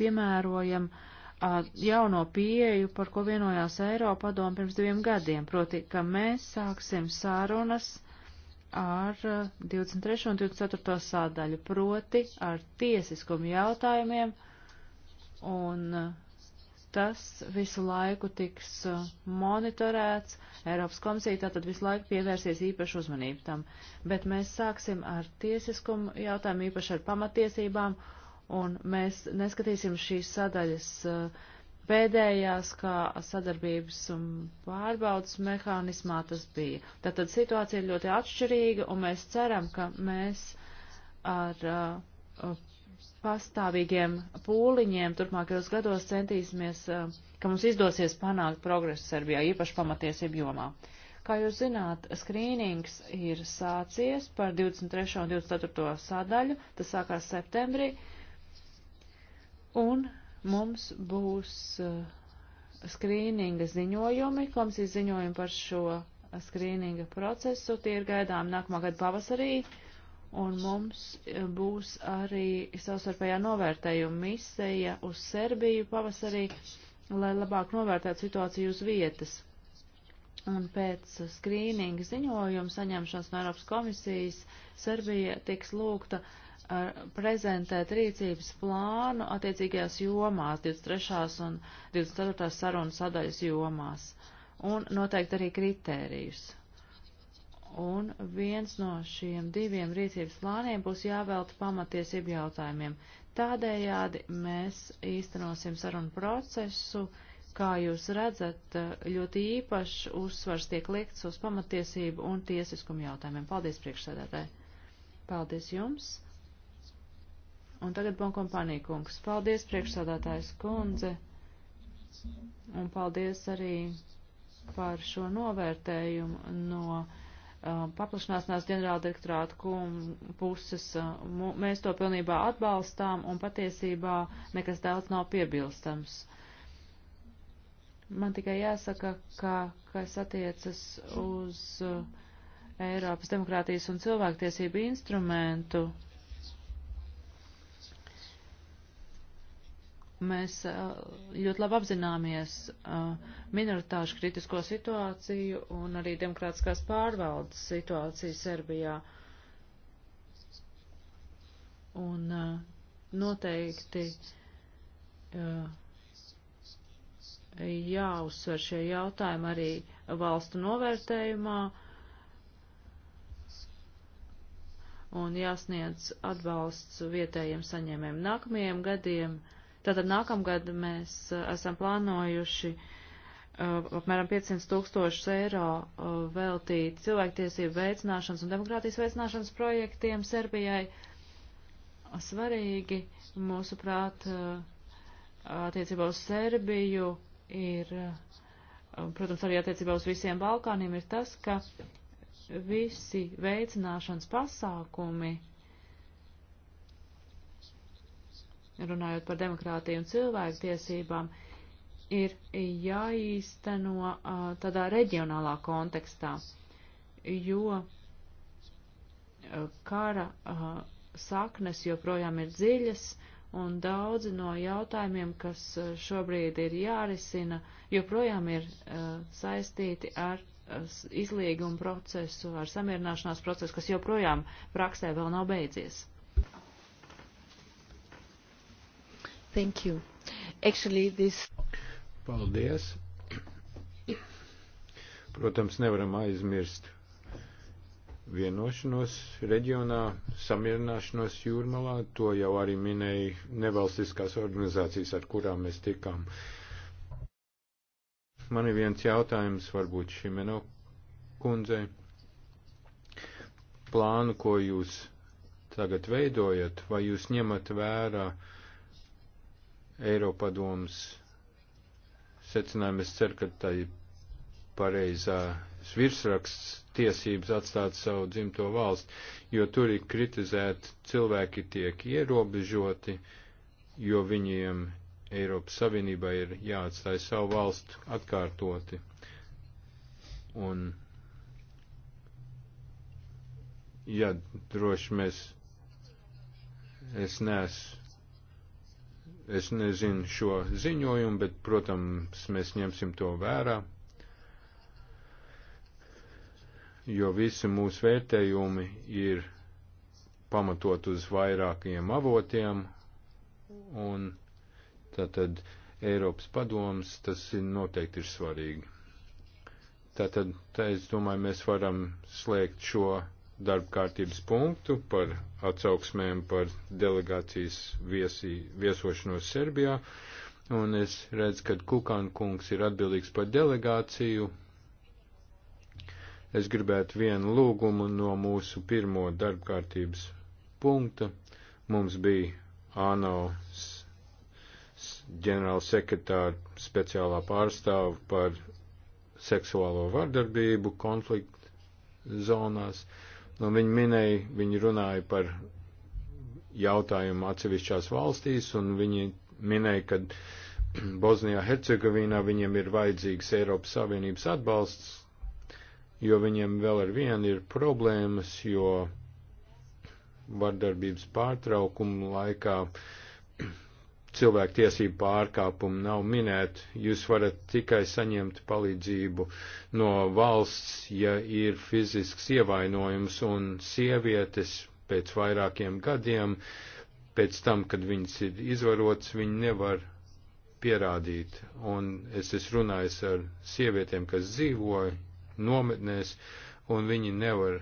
piemērojam uh, jauno pieeju, par ko vienojās Eiropa padomu pirms diviem gadiem, proti, ka mēs sāksim sārunas ar 23. Uh, un 24. sādaļu, proti ar tiesiskumu jautājumiem, un uh, tas visu laiku tiks uh, monitorēts. Eiropas komisija tātad visu laiku pievērsies īpašu uzmanību tam, bet mēs sāksim ar tiesiskumu jautājumu, īpaši ar pamatiesībām, un mēs neskatīsim šīs sadaļas uh, pēdējās, kā sadarbības un pārbaudas mehānismā tas bija. Tātad situācija ir ļoti atšķirīga, un mēs ceram, ka mēs ar uh, pastāvīgiem pūliņiem turpmākajos gados centīsimies, uh, ka mums izdosies panākt progresu Serbijā, īpaši pamatiesību jomā. Kā jūs zināt, skrīnings ir sācies par 23. un 24. sadaļu, tas sākās septembrī, un Mums būs eh, skrīninga ziņojumi, komisijas ziņojumi par šo skrīninga procesu. Tie ir gaidām nākamā gada pavasarī, un mums eh, būs arī savstarpējā novērtējuma misija uz Serbiju pavasarī, lai labāk novērtētu situāciju uz vietas. Un pēc skrīninga ziņojuma saņemšanas no Eiropas komisijas Serbija tiks lūgta uh, ar, prezentēt rīcības plānu attiecīgajās jomās, 23. un 24. sarunu sadaļas jomās, un noteikti arī kritērijus. Un viens no šiem diviem rīcības plāniem būs jāvelta pamatiesību jautājumiem. Tādējādi mēs īstenosim sarunu procesu, kā jūs redzat, ļoti īpašs uzsvars tiek liekts uz pamatiesību un tiesiskumu jautājumiem. Paldies priekšsēdētāji! Paldies jums! Un tagad Bonkompanija kungs. Paldies, priekšsādātājs kundze, un paldies arī par šo novērtējumu no uh, paplašanāsnās ģenerāldirektorāta puses. Uh, mēs to pilnībā atbalstām, un patiesībā nekas daudz nav piebilstams. Man tikai jāsaka, ka, kas attiecas uz uh, Eiropas demokrātijas un cilvēktiesību instrumentu, Mēs ļoti labi apzināmies minoritāšu kritisko situāciju un arī demokrātiskās pārvaldes situāciju Serbijā. Un noteikti jāuzsver šie jautājumi arī valstu novērtējumā un jāsniedz atbalsts vietējiem saņēmiem nākamajiem gadiem. Uh, Tātad nākamgad mēs uh, esam plānojuši uh, apmēram 500 tūkstošus eiro uh, veltīt cilvēktiesību veicināšanas un demokrātijas veicināšanas projektiem Serbijai. Svarīgi, mūsuprāt, attiecībā uz Serbiju ir, protams, arī attiecībā uz visiem Balkāniem ir tas, ka visi veicināšanas pasākumi runājot par demokrātiju un cilvēktiesībām, ir jāīsteno tādā reģionālā kontekstā, jo kara saknes joprojām ir dziļas un daudzi no jautājumiem, kas šobrīd ir jārisina, joprojām ir saistīti ar izlīguma procesu, ar samierināšanās procesu, kas joprojām praksē vēl nav beidzies. Thank you. Actually, this... Paldies. Protams, nevaram aizmirst vienošanos reģionā, samierināšanos jūrmalā, to jau arī minēja nevalstiskās organizācijas, ar kurām mēs tikām. Man ir viens jautājums, varbūt Šimeno kundzei. Plānu, ko jūs tagad veidojat, vai jūs ņemat vērā uh, Eiropadomas secinājumu. Es ceru, ka tā ir pareizā virsraksts tiesības atstāt savu dzimto valsti, jo tur ir kritizēti cilvēki tiek ierobežoti, jo viņiem Eiropas Savienībā ir jāatstāj savu valstu atkārtoti. Un, ja droši mēs, es neesmu Es nezinu šo ziņojumu, bet, protams, mēs ņemsim to vērā, jo visi mūsu vērtējumi ir pamatot uz vairākiem avotiem, un tātad Eiropas padoms tas ir noteikti ir svarīgi. Tātad, tā es domāju, mēs varam slēgt šo darba kārtības punktu par atsauksmēm par delegācijas viesī, viesošanos Serbijā, un es redzu, ka Kukan kungs ir atbildīgs par delegāciju. Es gribētu vienu lūgumu no mūsu pirmo darba kārtības punkta. Mums bija ANO ģenerāla sekretāra speciālā pārstāva par seksuālo vardarbību konfliktu zonās. Uh, Nu, viņi minēja, viņi runāja par jautājumu atsevišķās valstīs, un viņi minēja, ka Bosnijā Hercegovīnā viņiem ir vajadzīgs Eiropas Savienības atbalsts, jo viņiem vēl ar vienu ir problēmas, jo vardarbības pārtraukumu laikā cilvēku tiesību pārkāpumi nav minēti. Jūs varat tikai saņemt palīdzību no valsts, ja ir fizisks ievainojums un sievietes pēc vairākiem gadiem, pēc tam, kad viņas ir izvarots, viņi nevar pierādīt. Un es esmu runājis ar sievietēm, kas dzīvoja nometnēs, un viņi nevar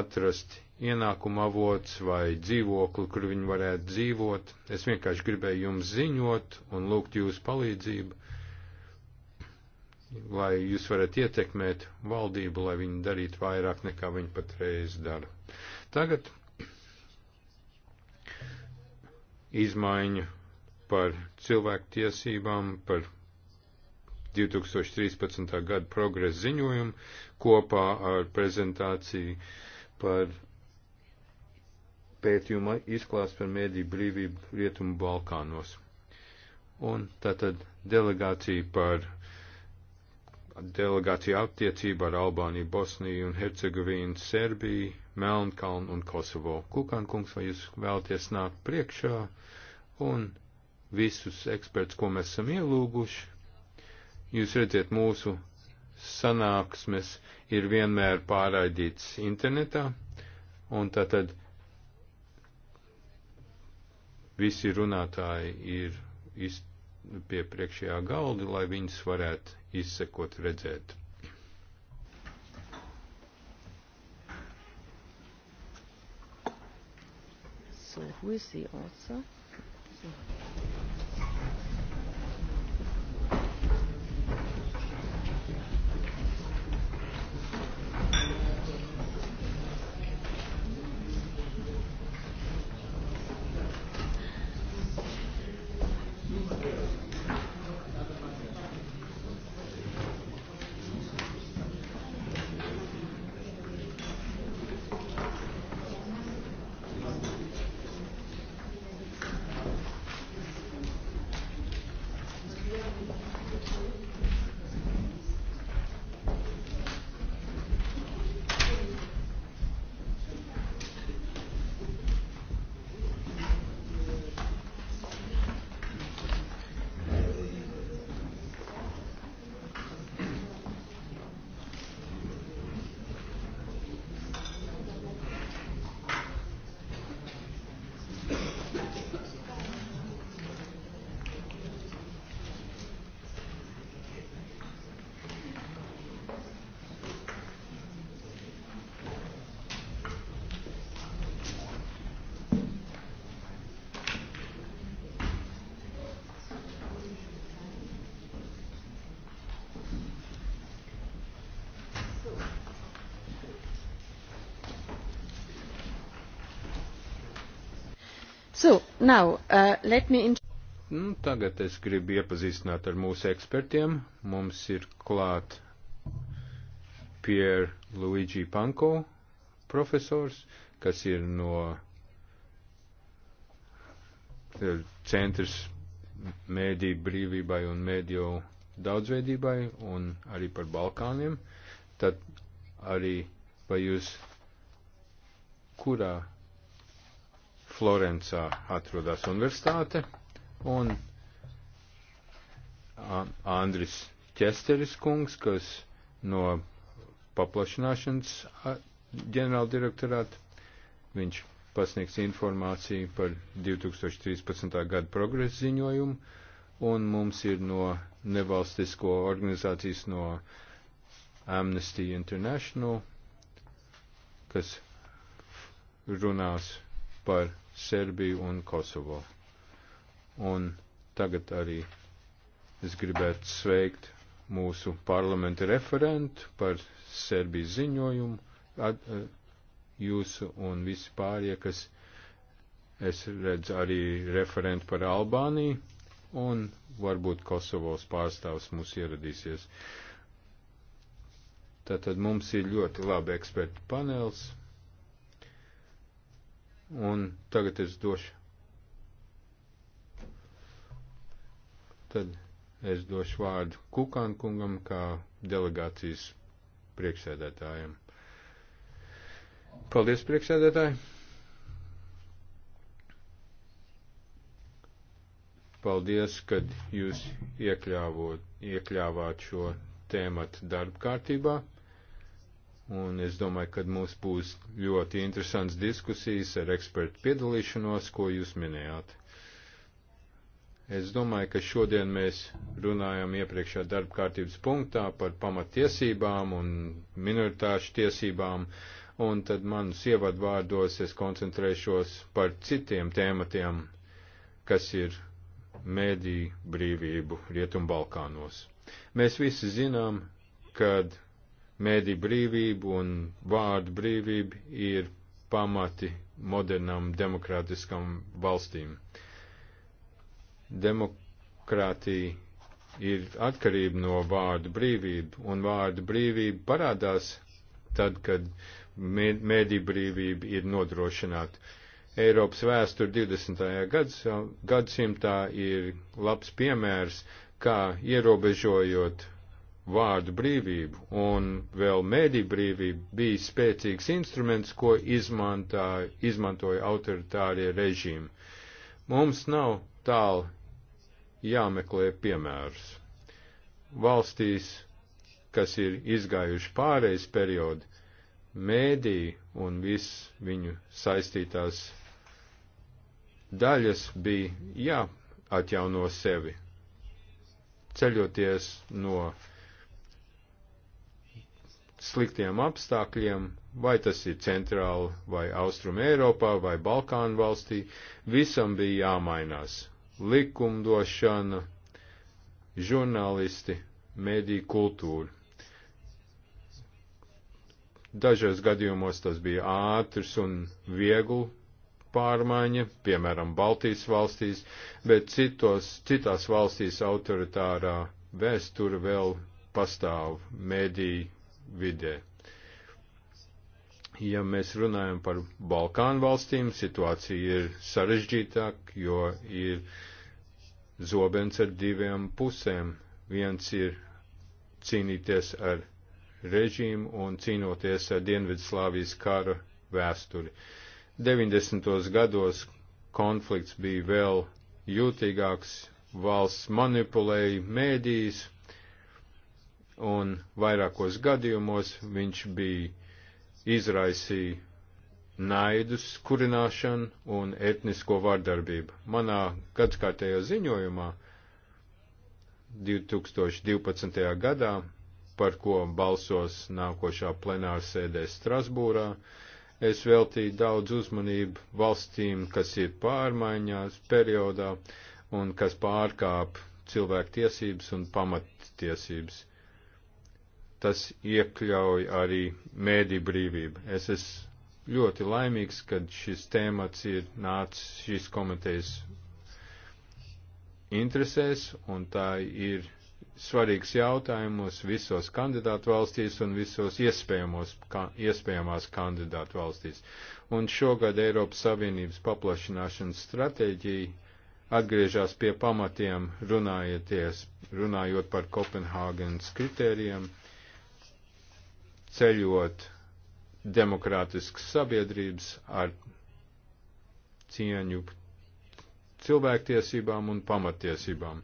atrast ienākuma avots vai dzīvokli, kur viņi varētu dzīvot. Es vienkārši gribēju jums ziņot un lūgt jūsu palīdzību, lai jūs varat ietekmēt valdību, lai viņi darītu vairāk nekā viņi patreiz dara. Tagad izmaiņu par cilvēku tiesībām, par 2013. gada progresa ziņojumu kopā ar prezentāciju par pētījuma izklāsts par mēdīju brīvību Rietumu Balkānos. Un tātad delegācija par delegāciju attiecību ar Albāniju, Bosniju un Hercegovīnu, Serbiju, Melnkalnu un Kosovo. Kukan kungs, vai jūs vēlaties nākt priekšā un visus eksperts, ko mēs esam ielūguši, jūs redziet mūsu sanāksmes ir vienmēr pārraidīts internetā, un tātad visi runātāji ir iz, pie priekšējā galda, lai viņus varētu izsekot redzēt. So, who is the author? So. Now, uh, let me nu, tagad es gribu iepazīstināt ar mūsu ekspertiem. Mums ir klāt Pierre Luigi Panko, profesors, kas ir no eh, centrs mēdī brīvībai un mēdīju daudzveidībai un arī par Balkāniem. Tad arī vai jūs kurā Florencā atrodas universitāte, un Andris Ķesteris kungs, kas no paplašināšanas ģenerāldirektorāta, viņš pasniegs informāciju par 2013. gada progresu ziņojumu, un mums ir no nevalstisko organizācijas no Amnesty International, kas runās par Serbiju un Kosovo. Un tagad arī es gribētu sveikt mūsu parlamenta referentu par Serbijas ziņojumu, at, eh, jūsu un visi pārie, kas es redzu arī referentu par Albāniju, un varbūt Kosovos pārstāvs mūs ieradīsies. Tātad mums ir ļoti labi ekspertu panels. Un tagad es došu. Tad es došu vārdu Kukankungam kā delegācijas priekšsēdētājiem. Paldies, priekšsēdētāji! Paldies, kad jūs iekļāvot, iekļāvāt šo tēmatu darba kārtībā. Un es domāju, ka mums būs ļoti interesants diskusijas ar ekspertu piedalīšanos, ko jūs minējāt. Es domāju, ka šodien mēs runājam iepriekšā darba kārtības punktā par pamatiesībām un minoritāšu tiesībām, un tad manus ievadvārdos es koncentrēšos par citiem tēmatiem, kas ir mēdī brīvību Rietumbalkānos. Mēs visi zinām, kad Mēdī brīvība un vārdu brīvība ir pamati modernām demokrātiskām valstīm. Demokrātija ir atkarība no vārdu brīvību, un vārdu brīvība parādās tad, kad mēdī brīvība ir nodrošināta. Eiropas vēsture 20. Gads, gadsimtā ir labs piemērs, kā ierobežojot vārdu brīvību, un vēl mēdī brīvība bija spēcīgs instruments, ko izmantā, izmantoja autoritārie režīmi. Mums nav tālu jāmeklē piemērus. Valstīs, kas ir izgājuši pārejas periodu, mēdī un viss viņu saistītās daļas bija jāatjauno sevi, ceļoties no sliktiem apstākļiem, vai tas ir centrāli vai austrum Eiropā vai Balkānu valstī, visam bija jāmainās. Likumdošana, žurnālisti, mediju kultūra. Dažos gadījumos tas bija ātrs un viegli pārmaiņa, piemēram, Baltijas valstīs, bet citos, citās valstīs autoritārā vēsture vēl pastāv mediju vidē. Ja mēs runājam par Balkānu valstīm, situācija ir sarežģītāk, jo ir zobens ar diviem pusēm. Viens ir cīnīties ar režīmu un cīnoties ar Dienvidslāvijas kara vēsturi. 90. gados konflikts bija vēl jūtīgāks, valsts manipulēja mēdījis, un vairākos gadījumos viņš bija izraisīja naidus, kurināšanu un etnisko vardarbību. Manā gadskārtējā ziņojumā 2012. gadā, par ko balsos nākošā plenāra sēdē Strasbūrā, es veltīju daudz uzmanību valstīm, kas ir pārmaiņās periodā un kas pārkāp cilvēku tiesības un pamattiesības tas iekļauj arī mēdī brīvību. Es esmu ļoti laimīgs, kad šis tēmats ir nācis šīs komitejas interesēs, un tā ir svarīgs jautājumos visos kandidātu valstīs un visos iespējamos, ka, iespējamās kandidātu valstīs. Un šogad Eiropas Savienības paplašināšanas stratēģija atgriežas pie pamatiem runājot par Kopenhāgenes kritērijiem ceļot demokrātiskas sabiedrības ar cieņu cilvēktiesībām un pamatiesībām.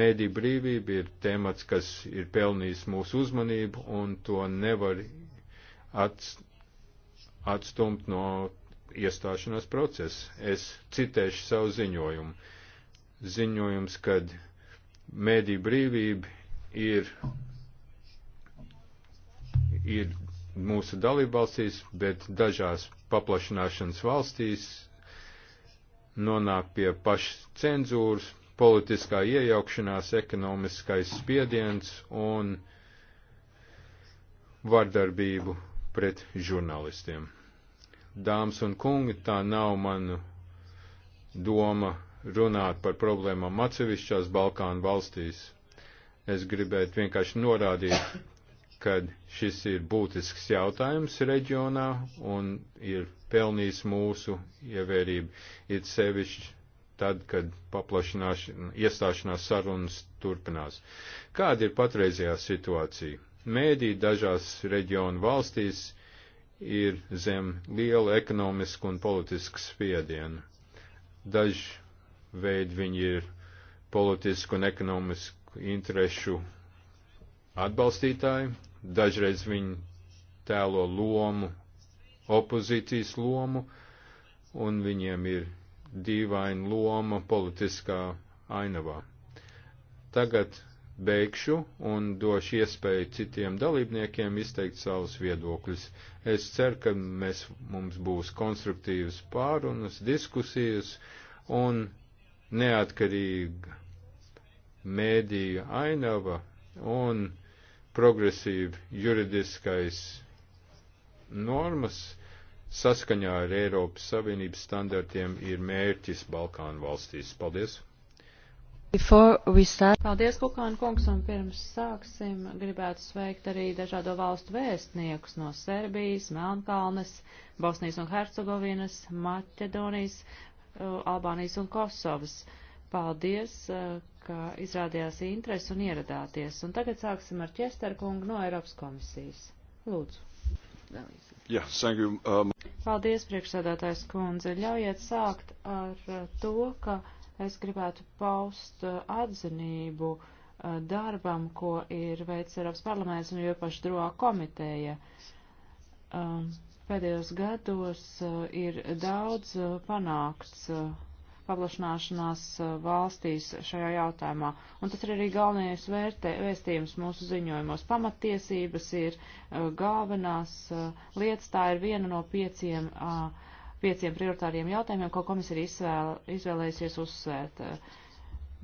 Mēdī brīvība ir temats, kas ir pelnījis mūsu uzmanību, un to nevar atstumt no iestāšanās procesa. Es citēšu savu ziņojumu. Ziņojums, kad mēdī brīvība ir ir mūsu dalībvalstīs, bet dažās paplašināšanas valstīs nonāk pie pašas cenzūras, politiskā iejaukšanās, ekonomiskais spiediens un vardarbību pret žurnālistiem. Dāmas un kungi, tā nav mana doma runāt par problēmām atsevišķās Balkānu valstīs. Es gribētu vienkārši norādīt, ka šis ir būtisks jautājums reģionā un ir pelnījis mūsu ievērību. Ir sevišķi tad, kad paplašināšana, iestāšanās sarunas turpinās. Kāda ir patreizajā situācija? Mēdī dažās reģionu valstīs ir zem liela ekonomiska un politiska spiediena. Daži veidi viņi ir politisku un ekonomisku interešu atbalstītāji, Dažreiz viņi tēlo lomu, opozīcijas lomu, un viņiem ir dīvaina loma politiskā ainavā. Tagad beigšu un došu iespēju citiem dalībniekiem izteikt savus viedokļus. Es ceru, ka mēs, mums būs konstruktīvas pārunas, diskusijas un neatkarīga mēdīja ainava un progresīvi juridiskais normas saskaņā ar Eiropas Savienības standartiem ir mērķis Balkānu valstīs. Paldies! Start... Paldies, Kukāna kungs, un pirms sāksim, gribētu sveikt arī dažādo valstu vēstniekus no Serbijas, Melnkalnes, Bosnijas un Hercegovinas, Maķedonijas, uh, Albānijas un Kosovas. Uh, Paldies, eh, ka izrādījās interesi un ieradāties. Un tagad sāksim ar Česteru kungu no Eiropas komisijas. Lūdzu. Yeah, thank you. Um... Paldies, priekšsēdētājs kundze. Ļaujiet sākt ar eh, to, ka es gribētu paust eh, atzinību darbam, ko ir veicis Eiropas parlaments un jopaši droā komiteja. Um, pēdējos gados ir daudz panākts paplašanāšanās eh, valstīs šajā jautājumā. Un tas ir arī galvenais vērtē, vēstījums mūsu ziņojumos. Pamattiesības ir eh, galvenās eh, lietas, tā ir viena no pieciem, pieciem prioritāriem jautājumiem, ko komisija ir izvēlējusies uzsvērt. Uh,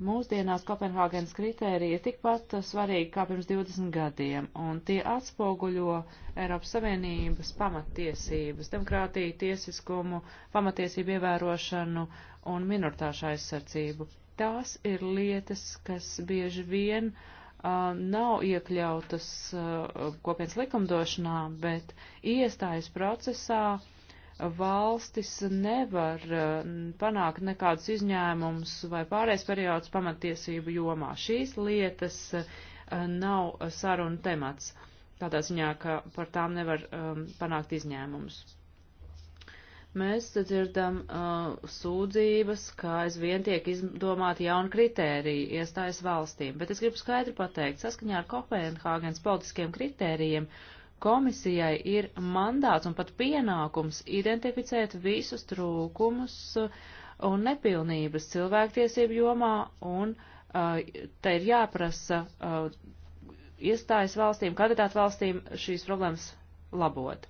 Mūsdienās Kopenhāgenes kritērija ir tikpat svarīga kā pirms 20 gadiem, un tie atspoguļo Eiropas Savienības pamattiesības, demokrātiju, tiesiskumu, pamatiesību ievērošanu un minoritāšu aizsardzību. Tās ir lietas, kas bieži vien uh, nav iekļautas uh, kopienas likumdošanā, bet iestājas procesā uh, valstis nevar eh, panākt nekādus izņēmumus vai pārējais periods pamatiesību jomā. Šīs lietas eh, nav saruna temats, tādā ziņā, ka par tām nevar um, panākt izņēmumus mēs dzirdam uh, sūdzības, ka aizvien tiek izdomāti jauni kritēriji iestājas valstīm, bet es gribu skaidri pateikt, saskaņā ar Kopenhāgens politiskiem kritērijiem komisijai ir mandāts un pat pienākums identificēt visus trūkumus uh, un nepilnības cilvēktiesību jomā, un uh, te ir jāprasa uh, iestājas valstīm, kandidātu valstīm šīs problēmas labot.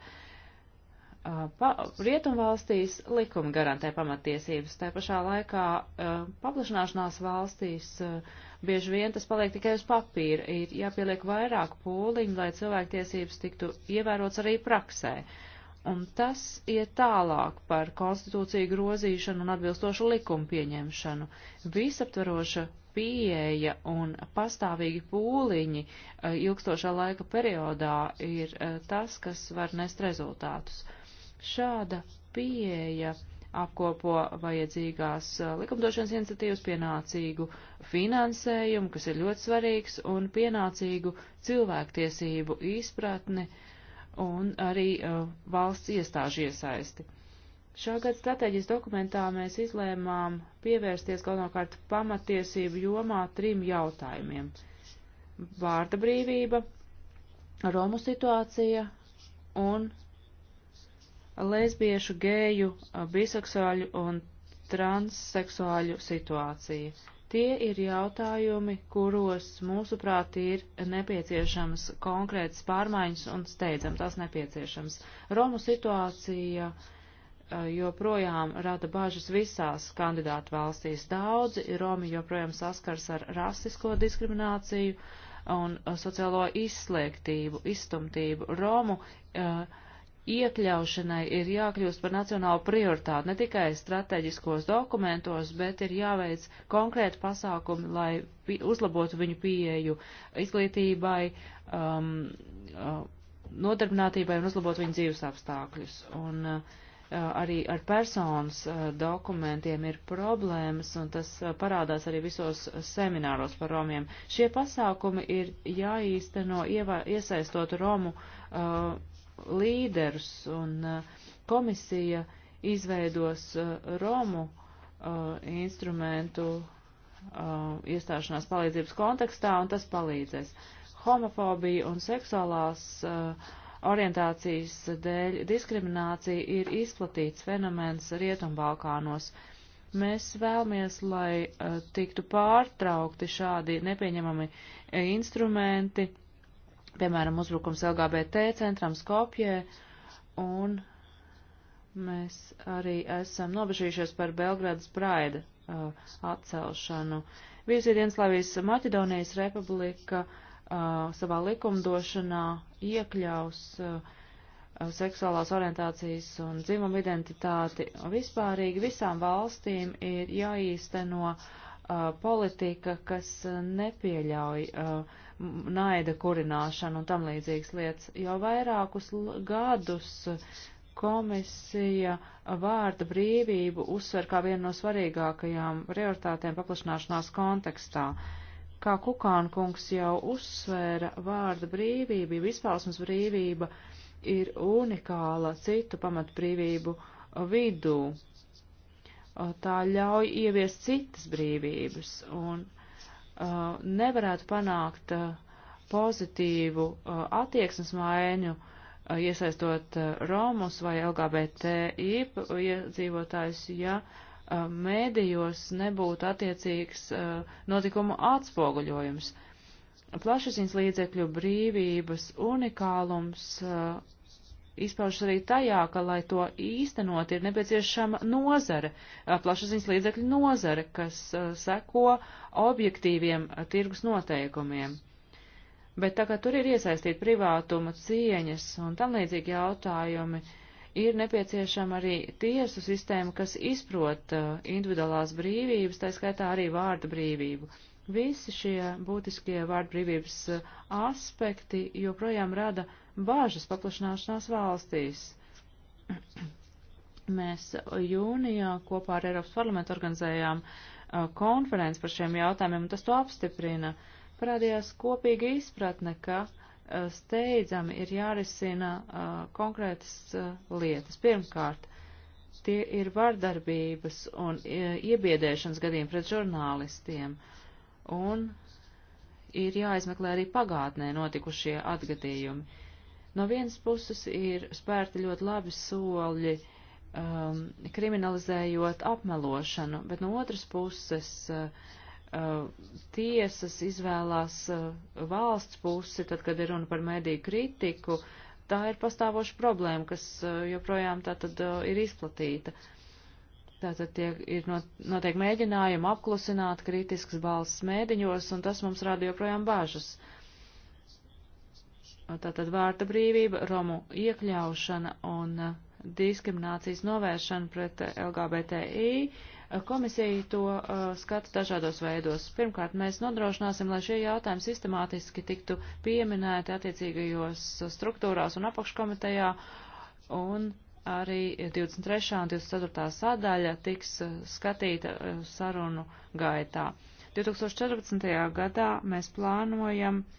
Uh, pa, Rietumvalstīs likumi garantē pamatiesības, tā pašā laikā uh, paplašanāšanās valstīs uh, bieži vien tas paliek tikai uz papīra. Ir jāpieliek vairāk pūliņu, lai cilvēktiesības tiktu ievērots arī praksē. Un tas iet tālāk par konstitūciju grozīšanu un atbilstošu likumu pieņemšanu. Visaptvaroša pieeja un pastāvīgi pūliņi eh, ilgstošā laika periodā ir eh, tas, kas var nest rezultātus. Šāda pieeja apkopo vajadzīgās eh, likumdošanas iniciatīvas, pienācīgu finansējumu, kas ir ļoti svarīgs, un pienācīgu cilvēktiesību izpratni un arī uh, valsts iestāžu iesaisti. Šā gada stratēģijas dokumentā mēs izlēmām pievērsties galvenokārt pamatiesību jomā trim jautājumiem - vārda brīvība, Romu situācija un lesbiešu, geju, biseksuāļu un transseksuāļu situācija. Tie ir jautājumi, kuros, mūsuprāt, ir nepieciešams konkrētas pārmaiņas un steidzam tās nepieciešams. Romu situācija joprojām rada bažas visās kandidātu valstīs. Daudzi Romi joprojām saskars ar rasisko diskrimināciju un sociālo izslēgtību, izstumtību. Romu uh, iekļaušanai ir jākļūst par nacionālu prioritāti ne tikai strateģiskos dokumentos, bet ir jāveic konkrēti pasākumi, lai uzlabotu viņu pieeju izglītībai, um, uh, nodarbinātībai un uzlabotu viņu dzīves apstākļus. Un, uh, arī ar personas uh, dokumentiem ir problēmas, un tas uh, parādās arī visos semināros par romiem. Šie pasākumi ir jāīsteno ieva, iesaistot romu uh, līderus, un uh, komisija izveidos uh, Romu uh, instrumentu iestāšanās palīdzības kontekstā, un tas palīdzēs. Homofobija un seksuālās orientācijas dēļ diskriminācija ir izplatīts fenomens Rietumbalkānos. Mēs vēlamies, lai tiktu pārtraukti šādi nepieņemami instrumenti, piemēram, uzbrukums LGBT centram Skopjē, un mēs arī esam nobežījušies par Belgrādas praida uh, atcelšanu. Bijusi Dienaslavijas Maķedonijas republika uh, savā likumdošanā iekļaus uh, seksuālās orientācijas un dzimuma identitāti. Vispārīgi visām valstīm ir jāīsteno uh, politika, kas nepieļauj uh, naida kurināšanu un tam līdzīgas lietas. Jau vairākus gadus komisija vārda brīvību uzsver kā vienu no svarīgākajām prioritātēm paplašanāšanās kontekstā. Kā Kukāna kungs jau uzsvēra, vārda brīvība, izpausmas brīvība ir unikāla citu pamatbrīvību vidū. Tā ļauj ieviest citas brīvības, un Uh, nevarētu panākt uh, pozitīvu uh, attieksmes maiņu, iesaistot Romus vai LGBTI iedzīvotājus, ja mēdījos nebūtu attiecīgs notikumu atspoguļojums. Plašasiņas līdzekļu brīvības unikālums izpaužas arī tajā, ka, lai to īstenot, ir nepieciešama nozare, plašsaziņas līdzekļu nozare, kas seko objektīviem tirgus noteikumiem. Bet tā kā tur ir iesaistīta privātuma cieņas un tam līdzīgi jautājumi, ir nepieciešama arī tiesu sistēma, kas izprot individuālās brīvības, tā skaitā arī vārda brīvību. Visi šie būtiskie vārda brīvības aspekti joprojām rada uh, bāžas paplašanāšanās valstīs. Mēs jūnijā kopā ar Eiropas parlamentu organizējām konferenci par šiem jautājumiem, un tas to apstiprina. Parādījās kopīga izpratne, ka steidzami ir jārisina konkrētas lietas. Pirmkārt, tie ir vardarbības un iebiedēšanas gadījumi pret žurnālistiem, un ir jāizmeklē arī pagātnē notikušie atgadījumi. No vienas puses ir spērti ļoti labi soļi um, kriminalizējot apmelošanu, bet no otras puses uh, uh, tiesas izvēlās uh, valsts pusi, tad, kad ir runa par mediju kritiku, tā ir pastāvoša problēma, kas uh, joprojām tā tad uh, ir izplatīta. Uh, Tātad tiek, ir not, notiek mēģinājumi apklusināt kritiskas balss mēdiņos, un tas mums rada joprojām bāžas. Uh, tātad vārta brīvība, romu iekļaušana un uh, diskriminācijas novēršana pret uh, LGBTI. Uh, komisija to uh, skata dažādos veidos. Pirmkārt, mēs nodrošināsim, lai šie jautājumi sistemātiski tiktu pieminēti attiecīgajos struktūrās un apakškomitejā, un arī 23. un 24. sadaļa tiks skatīta sarunu gaitā. 2014. gadā mēs plānojam uh,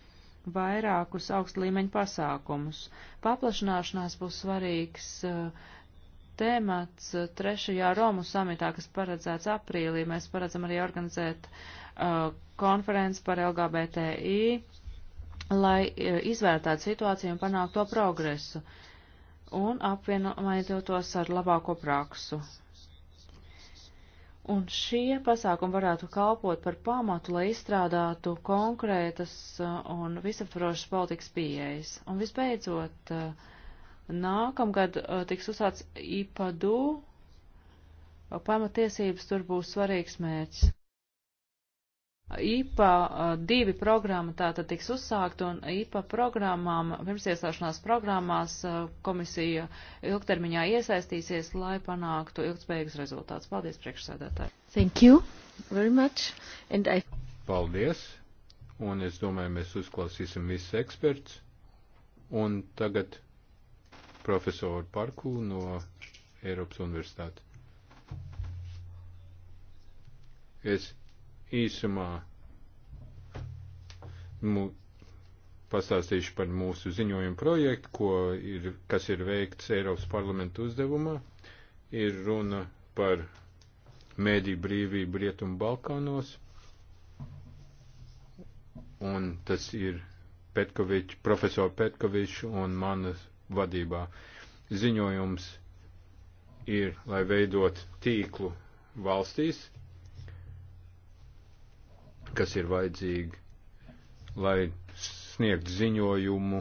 vairākus augstu līmeņu pasākumus. Paplašanāšanās būs svarīgs uh, eh, tēmats eh, trešajā Romu samitā, kas paredzēts aprīlī. Mēs paredzam arī organizēt uh, konferenci par LGBTI, lai uh, izvērtētu situāciju un panāktu to progresu un apvienotos ar labāko praksu. Un šie pasākumi varētu kalpot par pamatu, lai izstrādātu konkrētas un visaptvarošas politikas pieejas. Un visbeidzot, nākamgad tiks uzsāts IPADU, pamatiesības tur būs svarīgs mērķis. IPA divi programma tātad tiks uzsākt, un IPA programmām, pirmsiestāšanās programmās komisija ilgtermiņā iesaistīsies, lai panāktu ilgspējīgus rezultātus. Paldies, priekšsēdētāji. Thank you very much. And I... Paldies. Un es domāju, mēs uzklausīsim visus eksperts. Un tagad profesoru Parku no Eiropas Universitātes. Es īsumā mu, pastāstīšu par mūsu ziņojumu projektu, ko ir, kas ir veikts Eiropas parlamentu uzdevumā. Ir runa par mēdī brīvību Rietumu Balkānos, un tas ir Petkovič, profesora Petkoviča un manas vadībā. Ziņojums ir, lai veidot tīklu valstīs, kas ir vajadzīgi, lai sniegt ziņojumu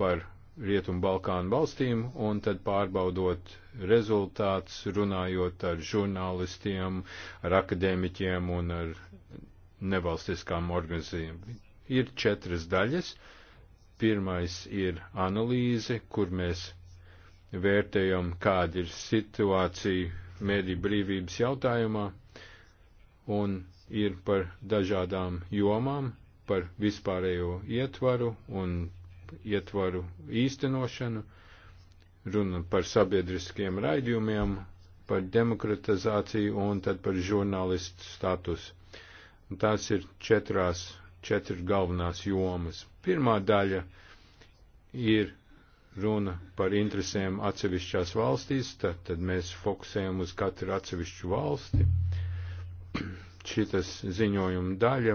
par Rietumu Balkānu valstīm un tad pārbaudot rezultāts, runājot ar žurnālistiem, ar akadēmiķiem un ar nevalstiskām organizācijām. Ir četras daļas. Pirmais ir analīze, kur mēs vērtējam, kāda ir situācija mēdī brīvības jautājumā, un ir par dažādām jomām, par vispārējo ietvaru un ietvaru īstenošanu, runa par sabiedriskiem raidījumiem, par demokratizāciju un tad par žurnālistu statusu. Tās ir četrās, četri galvenās jomas. Pirmā daļa ir runa par interesēm atsevišķās valstīs, tad, tad mēs fokusējam uz katru atsevišķu valsti šitas ziņojuma daļa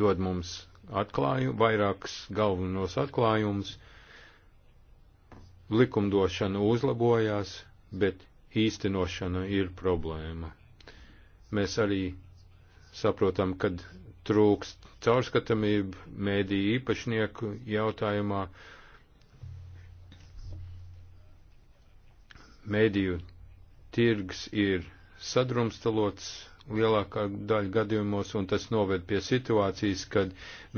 dod mums atklāju, vairākas galvenos atklājumus. Likumdošana uzlabojās, bet īstenošana ir problēma. Mēs arī saprotam, kad trūkst caurskatamība mēdī īpašnieku jautājumā, mēdīju tirgs ir sadrumstalots, lielākā daļa gadījumos, un tas noved pie situācijas, kad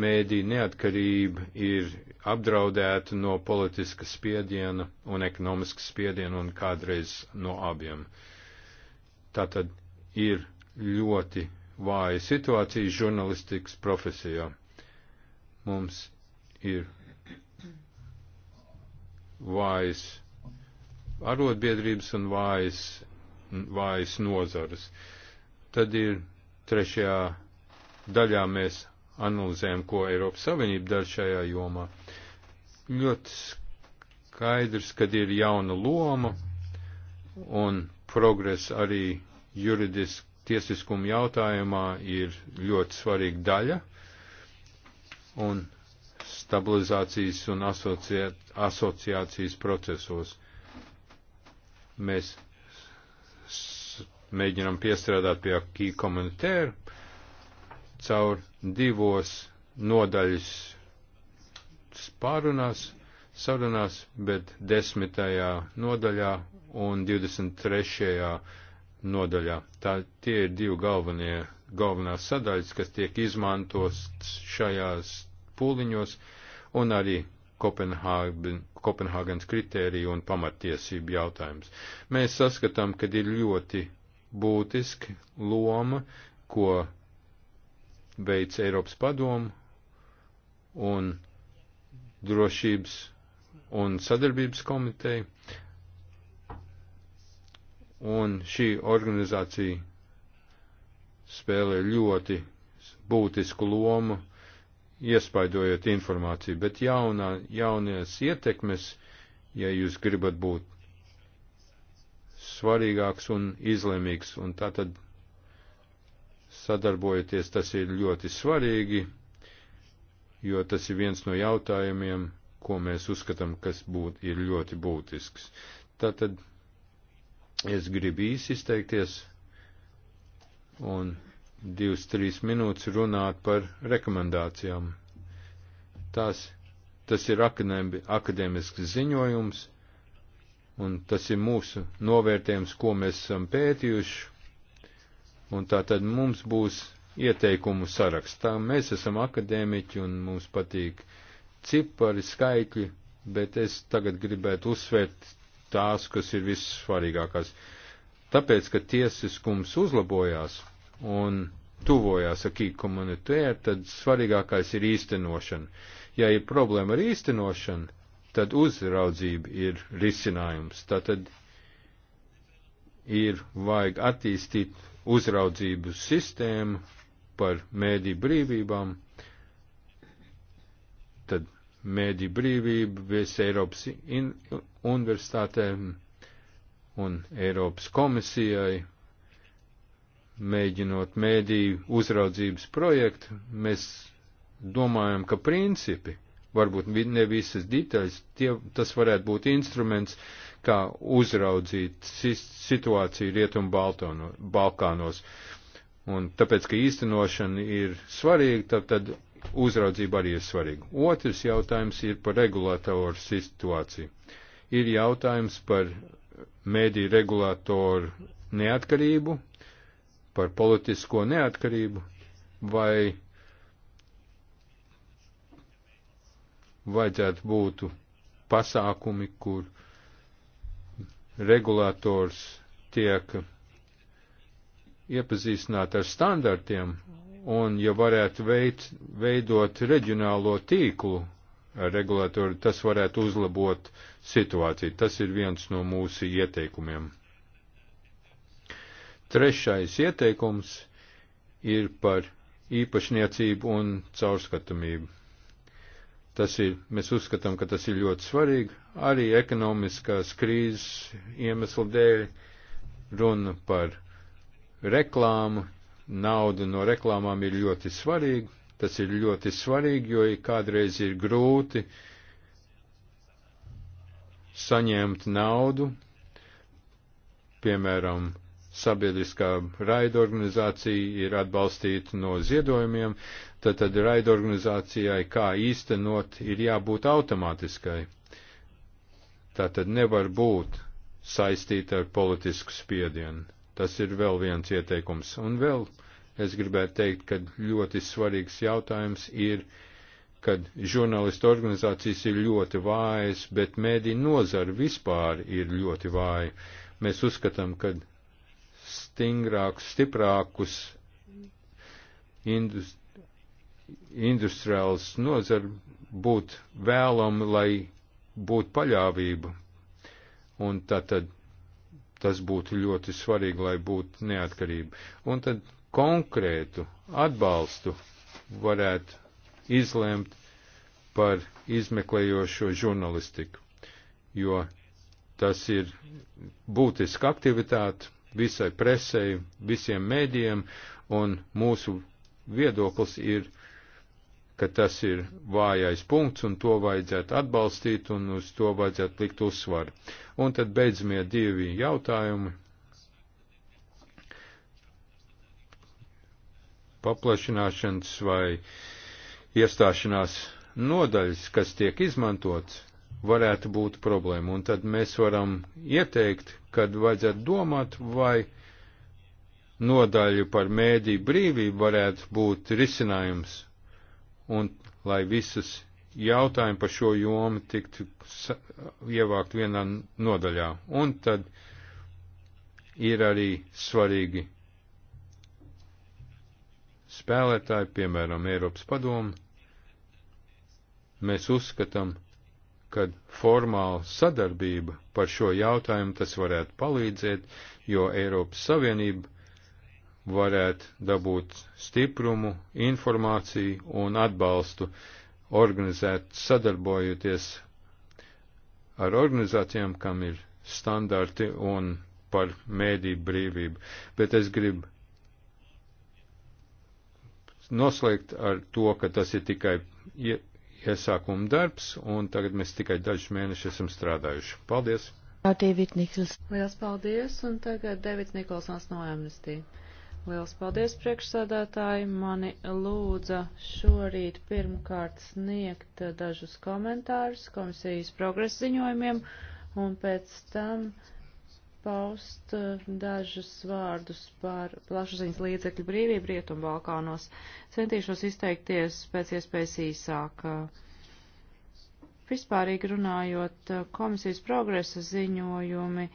mēdī neatkarība ir apdraudēta no politiska spiediena un ekonomiska spiediena un kādreiz no abiem. Tātad ir ļoti vāja situācija žurnalistikas profesijā. Mums ir vājas arotbiedrības un vājas, vājas nozares. Uh, Tad ir trešajā daļā mēs analizējam, ko Eiropas Savienība dara šajā jomā. Ļoti skaidrs, kad ir jauna loma un progress arī juridiski tiesiskuma jautājumā ir ļoti svarīga daļa. Un stabilizācijas un asociācijas procesos. Mēs mēģinam piestrādāt pie key komunitēra caur divos nodaļas pārunās, sarunās, bet desmitajā nodaļā un 23. nodaļā. Tā tie ir divi galvenie, galvenās sadaļas, kas tiek izmantos šajās pūliņos un arī Kopenhāgen, Kopenhāgens kritērija un pamatiesību jautājums. Mēs saskatām, ka ir ļoti būtiska loma, ko veic Eiropas padomu un drošības un sadarbības komiteja. Un šī organizācija spēlē ļoti būtisku lomu, iespaidojot informāciju, bet jaunā, jaunies ietekmes, ja jūs gribat būt svarīgāks un izlemīgs, un tātad sadarbojoties tas ir ļoti svarīgi, jo tas ir viens no jautājumiem, ko mēs uzskatām, kas būt, ir ļoti būtisks. Tātad es gribu īsi izteikties un divas, trīs minūtes runāt par rekomendācijām. Tās, tas ir akadēmisks ziņojums, Un tas ir mūsu novērtējums, ko mēs esam pētījuši. Un tā tad mums būs ieteikumu sarakstā. Mēs esam akadēmiķi un mums patīk cipari, skaitļi, bet es tagad gribētu uzsvērt tās, kas ir vissvarīgākās. Tāpēc, ka tiesiskums uzlabojās un tuvojās akī komunitē, tad svarīgākais ir īstenošana. Ja ir problēma ar īstenošanu, tad uzraudzība ir risinājums. Tātad ir vajag attīstīt uzraudzību sistēmu par mēdī brīvībām, tad mēdī brīvība vies Eiropas universitātēm un Eiropas komisijai, mēģinot mēdī uzraudzības projektu, mēs domājam, ka principi varbūt ne visas detaļas, tie, tas varētu būt instruments, kā uzraudzīt situāciju Rietumu Balkānos. Un tāpēc, ka īstenošana ir svarīga, tad, tad uzraudzība arī ir svarīga. Otrs jautājums ir par regulātoru situāciju. Ir jautājums par mēdī regulātoru neatkarību, par politisko neatkarību, vai vajadzētu būtu pasākumi, kur regulators tiek iepazīstināt ar standartiem un, ja varētu veid, veidot reģionālo tīklu ar regulatoru, tas varētu uzlabot situāciju. Tas ir viens no mūsu ieteikumiem. Trešais ieteikums ir par īpašniecību un caurskatamību. Tas ir, mēs uzskatām, ka tas ir ļoti svarīgi arī ekonomiskās krīzes iemeslu dēļ. Runa par reklāmu, naudu no reklāmām ir ļoti svarīga. Tas ir ļoti svarīgi, jo kādreiz ir grūti saņemt naudu, piemēram, sabiedriskā raida organizācija ir atbalstīta no ziedojumiem, tad, tad raida organizācijai, kā īstenot, ir jābūt automātiskai. Tā tad nevar būt saistīta ar politisku spiedienu. Tas ir vēl viens ieteikums. Un vēl es gribētu teikt, ka ļoti svarīgs jautājums ir, kad žurnālistu organizācijas ir ļoti vājas, bet mēdī nozara vispār ir ļoti vāja. Mēs uzskatām, ka stingrākus, stiprākus industri industriāls nozara būtu vēlama, lai būtu paļāvība. Un tātad tas būtu ļoti svarīgi, lai būtu neatkarība. Un tad konkrētu atbalstu varētu izlemt par izmeklējošo žurnalistiku, jo tas ir būtiska aktivitāte, visai presei, visiem mēdījiem, un mūsu viedoklis ir, ka tas ir vājais punkts, un to vajadzētu atbalstīt, un uz to vajadzētu likt uzsvaru. Un tad beidzamie divi jautājumi. Paplašināšanas vai iestāšanās nodaļas, kas tiek izmantots, varētu būt problēma, un tad mēs varam ieteikt, kad vajadzētu domāt, vai nodaļu par mēdī brīvību varētu būt risinājums, un lai visas jautājumi par šo jomu tiktu ievākt vienā nodaļā. Un tad ir arī svarīgi spēlētāji, piemēram, Eiropas padomu. Mēs uzskatām, kad formāla sadarbība par šo jautājumu tas varētu palīdzēt, jo Eiropas Savienība varētu dabūt stiprumu, informāciju un atbalstu, organizēt sadarbojoties ar organizācijām, kam ir standarti un par mēdību brīvību. Bet es gribu noslēgt ar to, ka tas ir tikai iesākuma darbs, un tagad mēs tikai dažus mēnešus esam strādājuši. Paldies! Dēvid Nikls. Liels paldies, un tagad Dēvids Nikolsons no Amnesty. Liels paldies, priekšsādātāji. Mani lūdza šorīt pirmkārt sniegt dažus komentārus komisijas progresa ziņojumiem, un pēc tam. Uh, paust eh, dažus vārdus par plašsaziņas līdzekļu brīvību Rietumbalkānos. Centīšos izteikties pēc iespējas īsāk. Vispārīgi runājot, eh, komisijas progresa ziņojumi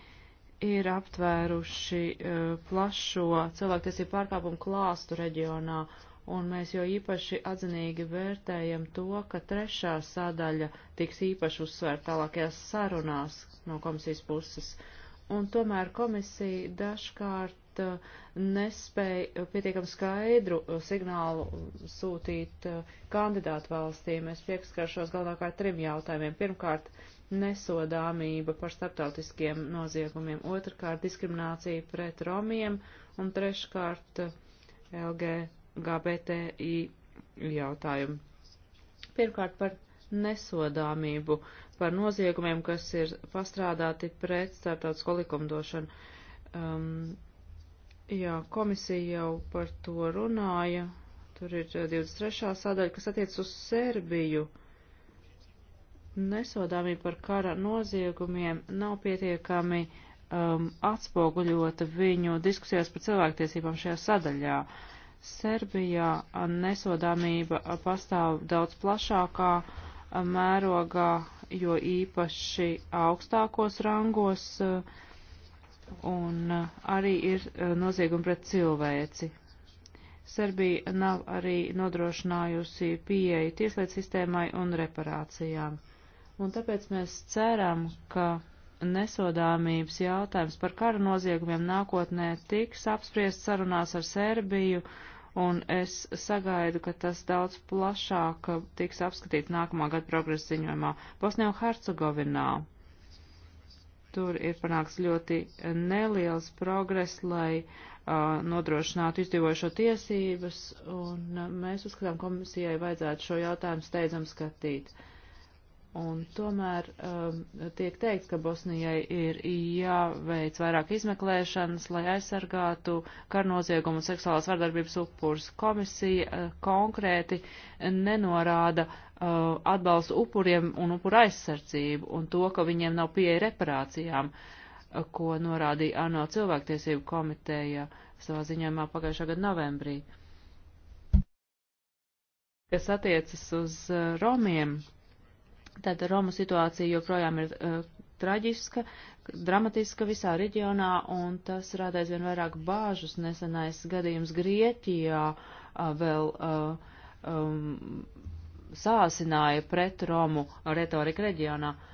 ir aptvēruši eh, plašo cilvēktiesību pārkāpumu klāstu reģionā, un mēs jau īpaši atzinīgi vērtējam to, ka trešā sadaļa tiks īpaši uzsvērta tālākajās sarunās no komisijas puses. Uh, un tomēr komisija dažkārt uh, nespēja uh, pietiekam skaidru uh, signālu sūtīt kandidātu valstīm. Es pieskaršos galvenokārt trim jautājumiem. Pirmkārt, nesodāmība par starptautiskiem noziegumiem, otrkārt, diskriminācija pret romiem un treškārt, LGBTI jautājumu. Pirmkārt, par nesodāmību par noziegumiem, kas ir pastrādāti pret starptautisko likumdošanu. Um, jā, komisija jau par to runāja. Tur ir 23. Uh, sadaļa, kas attiec uz Serbiju. Nesodāmība par kara noziegumiem nav pietiekami um, atspoguļota viņu diskusijās par cilvēktiesībām šajā sadaļā. Serbijā uh, nesodāmība uh, pastāv daudz plašākā mērogā jo īpaši augstākos rangos, eh, un eh, arī ir eh, noziegumi pret cilvēci. Serbija nav arī nodrošinājusi pieeju tieslietu sistēmai un reparācijām. Un tāpēc mēs ceram, ka nesodāmības jautājums par kara noziegumiem nākotnē tiks apspriest sarunās ar Serbiju un es sagaidu, ka tas daudz plašāk tiks apskatīts nākamā gada progresa ziņojumā Bosnijā un Hercegovinā. Tur ir panāks ļoti neliels progress, lai uh, nodrošinātu izdzīvojušo tiesības, un uh, mēs uzskatām komisijai vajadzētu šo jautājumu steidzam skatīt. Uh, Un tomēr um, tiek teikts, ka Bosnijai ir jāveic vairāk izmeklēšanas, lai aizsargātu karnoziegumu un seksuālās vardarbības upurs. Komisija uh, konkrēti nenorāda uh, atbalstu upuriem un upura aizsardzību un to, ka viņiem nav pieeja reparācijām, uh, ko norādīja ANO cilvēktiesību komiteja savā ziņojumā pagājušā gada novembrī. Kas attiecas uz uh, romiem Tad Romu situācija joprojām ir uh, traģiska, dramatiska visā reģionā, un tas rada aizvien vairāk bāžas. Nesenais gadījums Grieķijā uh, vēl uh, um, sāsināja pret Romu retoriku reģionā. Uh,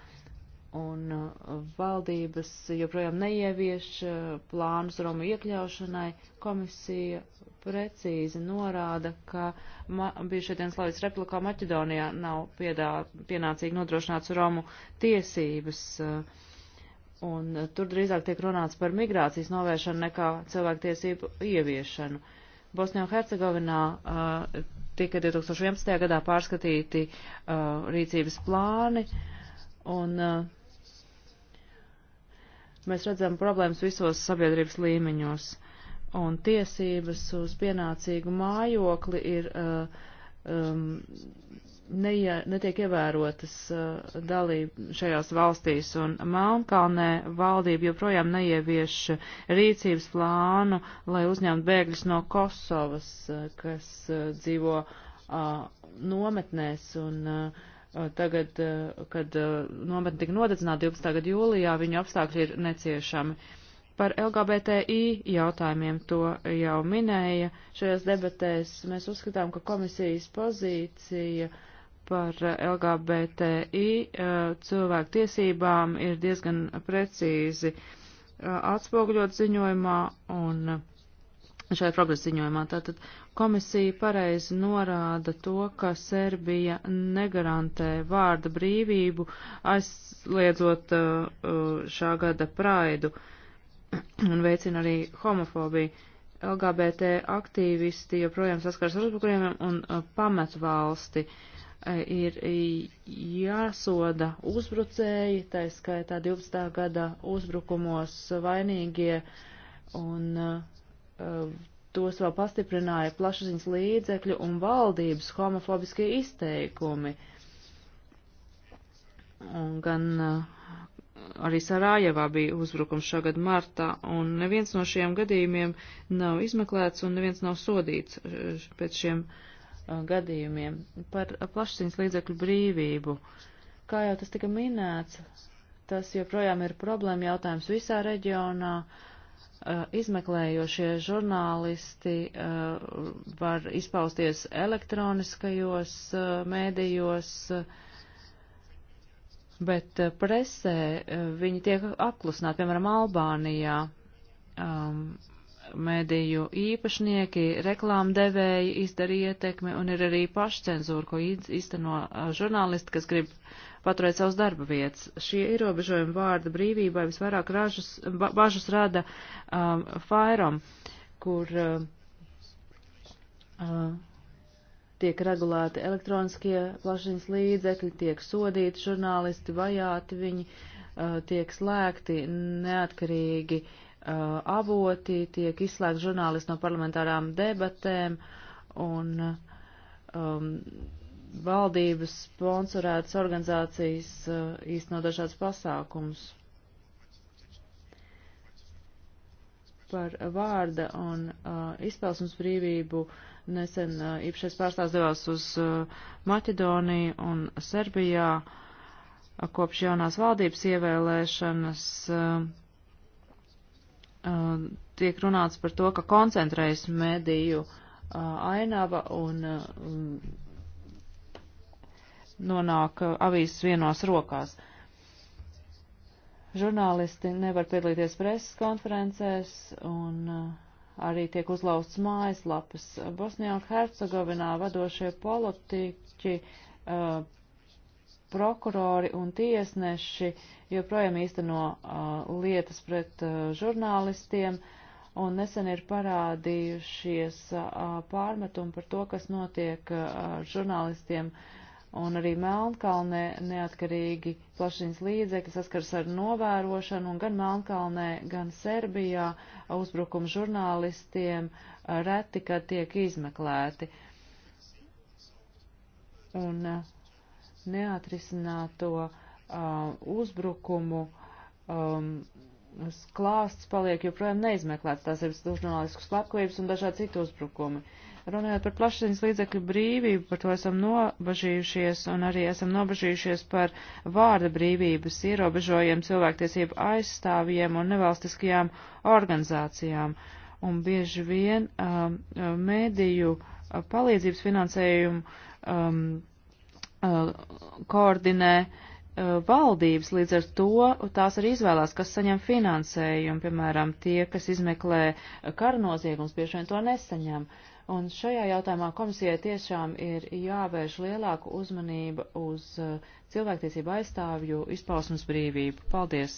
un uh, valdības joprojām neievieš uh, plānus Romu iekļaušanai, komisija precīzi norāda, ka bijušajā dienas Latvijas republikā Maķedonijā nav piedā, pienācīgi nodrošināts Romu tiesības. Uh, un tur drīzāk tiek runāts par migrācijas novēršanu nekā cilvēktiesību ieviešanu. Bosnijā un Hercegovinā uh, tika 2011. gadā pārskatīti uh, rīcības plāni, un uh, Mēs redzam problēmas visos sabiedrības līmeņos, un tiesības uz pienācīgu mājokli ir uh, um, neie, netiek ievērotas uh, dalība šajās valstīs, un Melnkalnē valdība joprojām neievieš rīcības plānu, lai uzņemtu bēgļus no Kosovas, uh, kas uh, dzīvo uh, nometnēs, un uh, Uh, tagad, uh, kad uh, nometne tika nodedzināta 12. gada jūlijā, viņu apstākļi ir neciešami. Par LGBTI jautājumiem to jau minēja. Šajās debatēs mēs uzskatām, ka komisijas pozīcija par LGBTI cilvēku tiesībām ir diezgan precīzi atspoguļot ziņojumā un šajā progresa ziņojumā. Tātad komisija pareizi norāda to, ka Serbija negarantē vārda brīvību, aizliedzot uh, uh, šā gada praidu un veicina arī homofobiju. LGBT aktīvisti joprojām saskars ar uzbrukumiem un uh, pamet valsti. Ir jāsoda uzbrucēji, tā skaitā 12. gada uzbrukumos vainīgie, un uh, Um, tos vēl pastiprināja plašsaziņas līdzekļu un valdības homofobiskie izteikumi. Un gan uh, arī Sarājevā bija uzbrukums šogad martā, un neviens no šiem gadījumiem nav izmeklēts un neviens nav sodīts uh, pēc šiem uh, gadījumiem par plašsaziņas līdzekļu brīvību. Kā jau tas tika minēts, tas joprojām ir problēma jautājums visā reģionā Uh, izmeklējošie žurnālisti uh, var izpausties elektroniskajos uh, mēdījos, bet presē viņi tiek apklusināti, piemēram, Albānijā. Um, mēdīju īpašnieki, reklāmdevēji izdara ietekmi un ir arī pašcenzūra, ko īsteno žurnālisti, kas grib uh, paturēt savus darba vietas. Šie ierobežojumi vārda brīvībai visvairāk ražas, ba bažas rada um, Fairam, kur uh, uh, tiek regulēti elektroniskie plašiņas līdzekļi, tiek sodīti žurnālisti, vajāti viņi, uh, tiek slēgti neatkarīgi uh, avoti, tiek izslēgti žurnālisti no parlamentārām debatēm un um, valdības sponsorētas organizācijas uh, īsteno dažādas pasākumus par vārda un uh, izpausmas brīvību. Nesen uh, īpašais pārstāvs devās uz uh, Maķedoniju un Serbijā uh, kopš jaunās valdības ievēlēšanas. Uh, uh, tiek runāts par to, ka koncentrējas mediju uh, ainava un uh, nonāk uh, avīzes vienos rokās. Žurnālisti nevar piedalīties preses konferencēs un uh, arī tiek uzlauzts mājaslapas. Bosnijā un Hercegovinā vadošie politiķi, uh, prokurori un tiesneši joprojām īsteno lietas pret žurnālistiem un nesen ir parādījušies pārmetumi par to, kas notiek ar žurnālistiem uh, un arī Melnkalnē neatkarīgi plašiņas līdzekļi saskars ar novērošanu, un gan Melnkalnē, gan Serbijā uzbrukumi žurnālistiem reti, kad tiek izmeklēti. Un uh, neatrisināto uh, uzbrukumu um, klāsts paliek joprojām neizmeklēts. Tās ir žurnālistiskas slepkavības un dažādi citi uzbrukumi. Uh, Runājot par plašsaziņas līdzekļu brīvību, par to esam nobažījušies un arī esam nobažījušies par vārda brīvības ierobežojiem cilvēktiesību aizstāvjiem un nevalstiskajām organizācijām. Un bieži vien um, mēdīju uh, palīdzības finansējumu um, uh, koordinē uh, valdības, līdz ar to tās arī izvēlās, kas saņem finansējumu, piemēram, tie, kas izmeklē karnoziegums, bieži vien to nesaņem. Uh, Un šajā jautājumā komisijai tiešām ir jāvērš lielāku uzmanību uz uh, cilvēktiesību aizstāvju izpausmas brīvību. Paldies!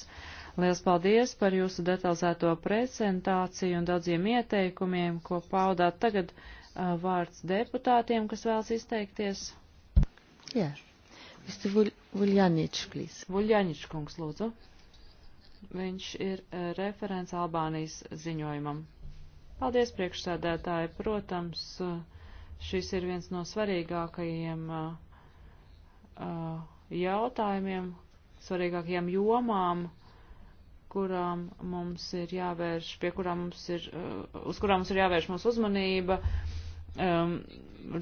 Liels paldies par jūsu detalizēto prezentāciju un daudziem ieteikumiem, ko paudāt tagad uh, vārds deputātiem, kas vēlas izteikties. Jā. Mr. Vuļ Vuļjanič, please. Vuļjanič, kungs, lūdzu. Viņš ir uh, referents Albānijas ziņojumam. Paldies, priekšsēdētāji. Protams, šis ir viens no svarīgākajiem uh, jautājumiem, svarīgākajām jomām, kurām mums ir jāvērš, pie kurām mums ir, uh, uz kurām mums ir jāvērš mūsu uzmanība. Uh, um,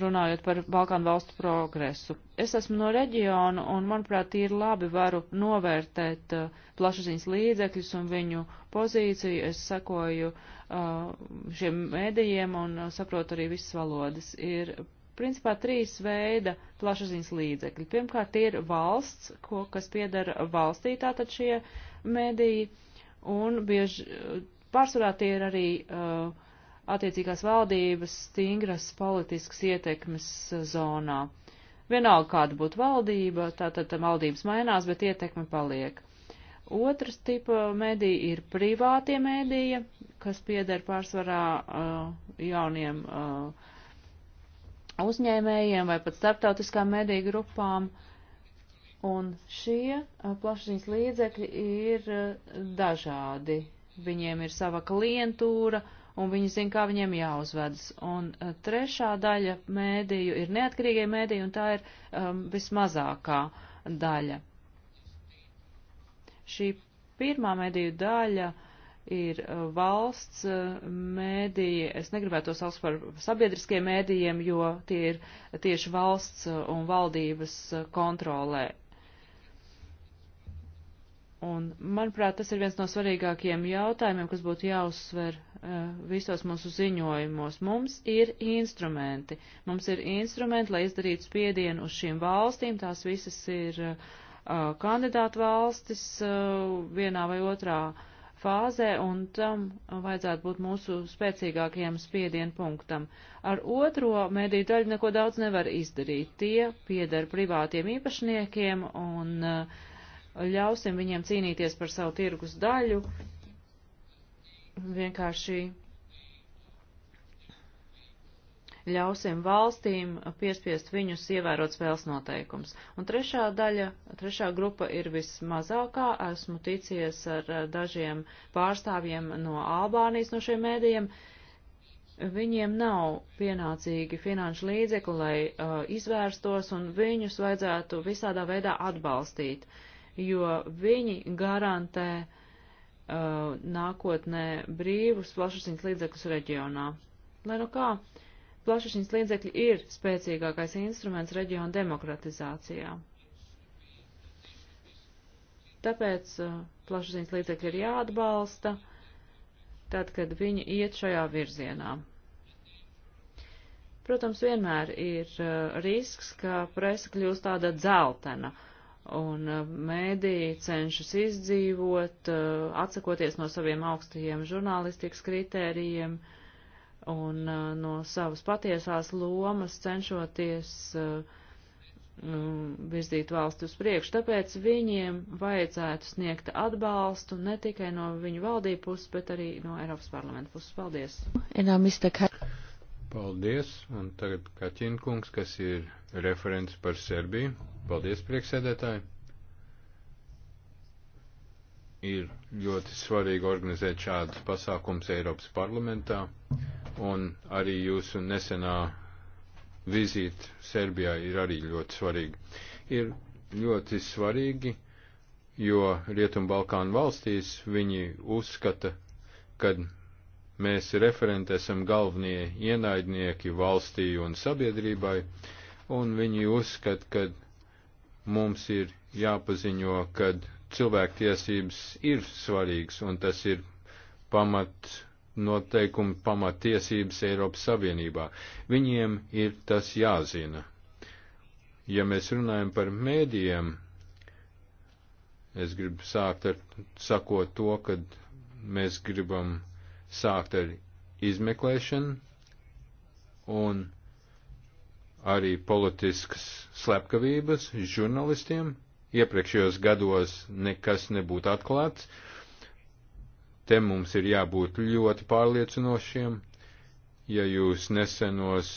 runājot par Balkānu valstu progresu. Es esmu no reģiona un, manuprāt, tīri labi varu novērtēt uh, plašsaziņas līdzekļus un viņu pozīciju. Es sekoju uh, šiem mēdījiem un uh, saprotu arī visas valodas. Ir principā trīs veida plašsaziņas līdzekļi. Pirmkārt, ir valsts, ko, kas piedara valstī, tātad šie mēdīji, un bieži uh, pārsvarā tie ir arī uh, attiecīgās valdības stingras politiskas ietekmes eh, zonā. Vienalga, kāda būtu valdība, tātad valdības mainās, bet ietekme paliek. Otrs tipa mediji ir privātie mediji, kas pieder pārsvarā uh, jauniem uh, uzņēmējiem vai pat starptautiskām mediju grupām. Un šie uh, plašsaziņas līdzekļi ir uh, dažādi. Viņiem ir sava klientūra, uh, un viņi zina, kā viņiem jāuzvedas. Un eh, trešā daļa mēdīju ir neatkarīgie mēdīji, un tā ir um, vismazākā daļa. Šī pirmā mēdīju daļa ir eh, valsts eh, mēdīji, es negribētu to saukt par sabiedriskiem mēdījiem, jo tie ir tieši valsts un valdības kontrolē Un, manuprāt, tas ir viens no svarīgākajiem jautājumiem, kas būtu jāuzsver uh, visos mūsu ziņojumos. Mums ir instrumenti. Mums ir instrumenti, lai izdarītu spiedienu uz šīm valstīm. Tās visas ir uh, kandidātu valstis uh, vienā vai otrā fāzē, un tam vajadzētu būt mūsu spēcīgākajam spiedienu punktam. Ar otro mediju daļu neko daudz nevar izdarīt. Tie pieder privātiem īpašniekiem un uh, ļausim viņiem cīnīties par savu tirgus daļu, vienkārši ļausim valstīm piespiest viņus ievērot spēles noteikums. Un trešā daļa, trešā grupa ir vismazākā. Esmu ticies ar dažiem pārstāvjiem no Albānijas no šiem mēdījiem. Viņiem nav pienācīgi finanšu līdzekli, lai uh, izvērstos, un viņus vajadzētu visādā veidā atbalstīt. Uh, jo viņi garantē uh, nākotnē brīvus plašsaziņas līdzekļus reģionā. Lai nu kā, plašsaziņas līdzekļi ir spēcīgākais instruments reģiona demokratizācijā. Tāpēc uh, plašsaziņas līdzekļi ir jāatbalsta, tad, kad viņi iet šajā virzienā. Protams, vienmēr ir uh, risks, ka presa kļūst tāda dzeltena, uh, un uh, mēdīji cenšas izdzīvot, uh, atsakoties no saviem augstajiem žurnālistikas kritērijiem un uh, no savas patiesās lomas cenšoties mm, virzīt valsti uz priekšu. Tāpēc viņiem vajadzētu sniegt atbalstu ne tikai no viņu valdību puses, bet arī no Eiropas parlamenta puses. Paldies! Paldies, un tagad Kaķinkungs, kas ir referents par Serbiju. Paldies, prieksēdētāji. Ir ļoti svarīgi organizēt šādus pasākums Eiropas parlamentā, un arī jūsu nesenā vizīte Serbijā ir arī ļoti svarīga. Ir ļoti svarīgi, jo Rietumbalkānu valstīs viņi uzskata, ka Mēs referenti esam galvenie ienaidnieki valstī un sabiedrībai, un viņi uzskata, ka mums ir jāpaziņo, ka cilvēktiesības ir svarīgas, un tas ir pamat noteikumi, pamatiesības Eiropas Savienībā. Viņiem ir tas jāzina. Ja mēs runājam par mēdījiem, es gribu sākt ar sakot to, ka mēs gribam sākt ar izmeklēšanu un arī politiskas slepkavības žurnalistiem. Iepriekšējos gados nekas nebūtu atklāts. Te mums ir jābūt ļoti pārliecinošiem. Ja jūs nesenos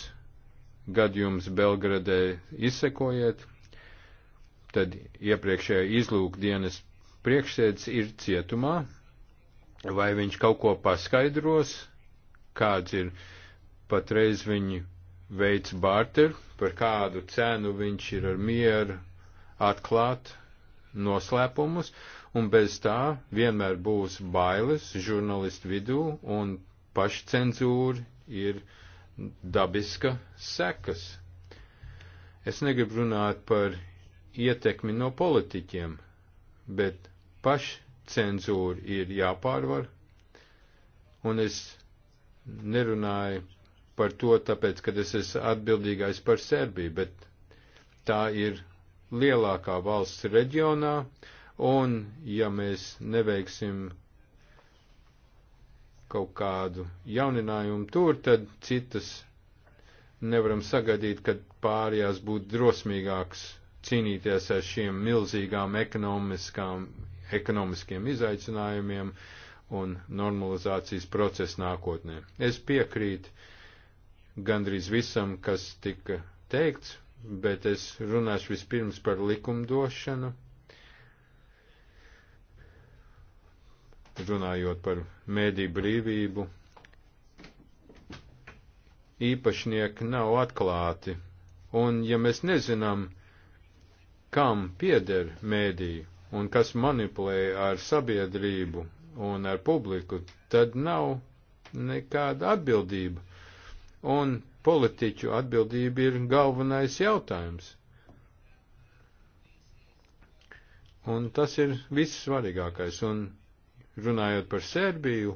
gadījums Belgradē izsekojiet, tad iepriekšējā izlūkdienas priekšsēdis ir cietumā, vai viņš kaut ko paskaidros, kāds ir patreiz viņa veids barter, par kādu cenu viņš ir ar mieru atklāt noslēpumus, un bez tā vienmēr būs bailes žurnalistu vidū, un pašcenzūra ir dabiska sekas. Es negribu runāt par ietekmi no politiķiem, bet paši cenzūra ir jāpārvar, un es nerunāju par to, tāpēc, ka es esmu atbildīgais par Serbiju, bet tā ir lielākā valsts reģionā, un ja mēs neveiksim kaut kādu jauninājumu tur, tad citas nevaram sagaidīt, kad pārējās būtu drosmīgāks cīnīties ar šiem milzīgām ekonomiskām ekonomiskiem izaicinājumiem un normalizācijas procesu nākotnē. Es piekrītu gandrīz visam, kas tika teikts, bet es runāšu vispirms par likumdošanu, runājot par mēdī brīvību. Īpašnieki nav atklāti, un ja mēs nezinām, kam pieder mēdī, un kas manipulē ar sabiedrību un ar publiku, tad nav nekāda atbildība. Un politiķu atbildība ir galvenais jautājums. Un tas ir viss svarīgākais. Un runājot par Serbiju,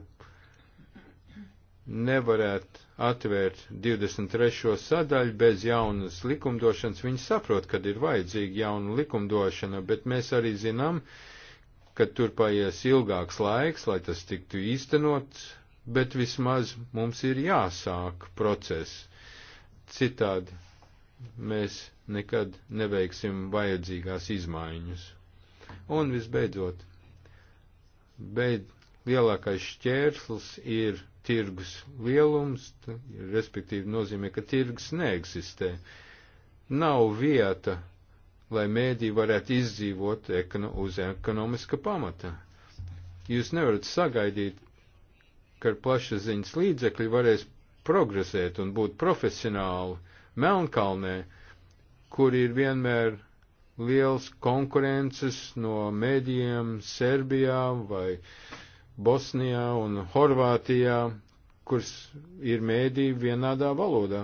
nevarētu atvērt 23. sadaļu bez jaunas likumdošanas. Viņi saprot, kad ir vajadzīga jauna likumdošana, bet mēs arī zinām, ka tur paies ilgāks laiks, lai tas tiktu īstenots, bet vismaz mums ir jāsāk process. Citādi mēs nekad neveiksim vajadzīgās izmaiņas. Un visbeidzot, beid, lielākais šķērslis ir tirgus lielums, respektīvi nozīmē, ka tirgus neeksistē. Nav vieta, lai mēdī varētu izdzīvot ekono, uz ekonomiska pamata. Jūs nevarat sagaidīt, ka ar plašsaziņas līdzekļi varēs progresēt un būt profesionāli Melnkalnē, kur ir vienmēr liels konkurences no mēdījiem Serbijā vai uh, Bosnijā un Horvātijā, kuras ir mēdī vienādā valodā.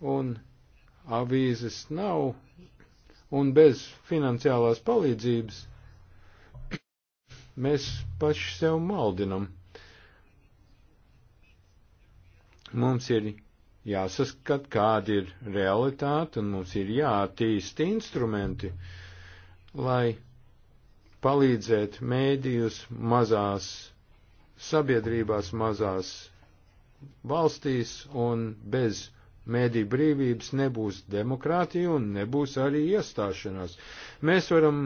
Un avīzes nav, un bez finansiālās palīdzības mēs paši sev maldinam. Mums ir jāsaskat, kāda ir realitāte, un mums ir jātīsta instrumenti, lai palīdzēt mēdījus mazās sabiedrībās, mazās valstīs un bez mēdī brīvības nebūs demokrātija un nebūs arī iestāšanās. Mēs varam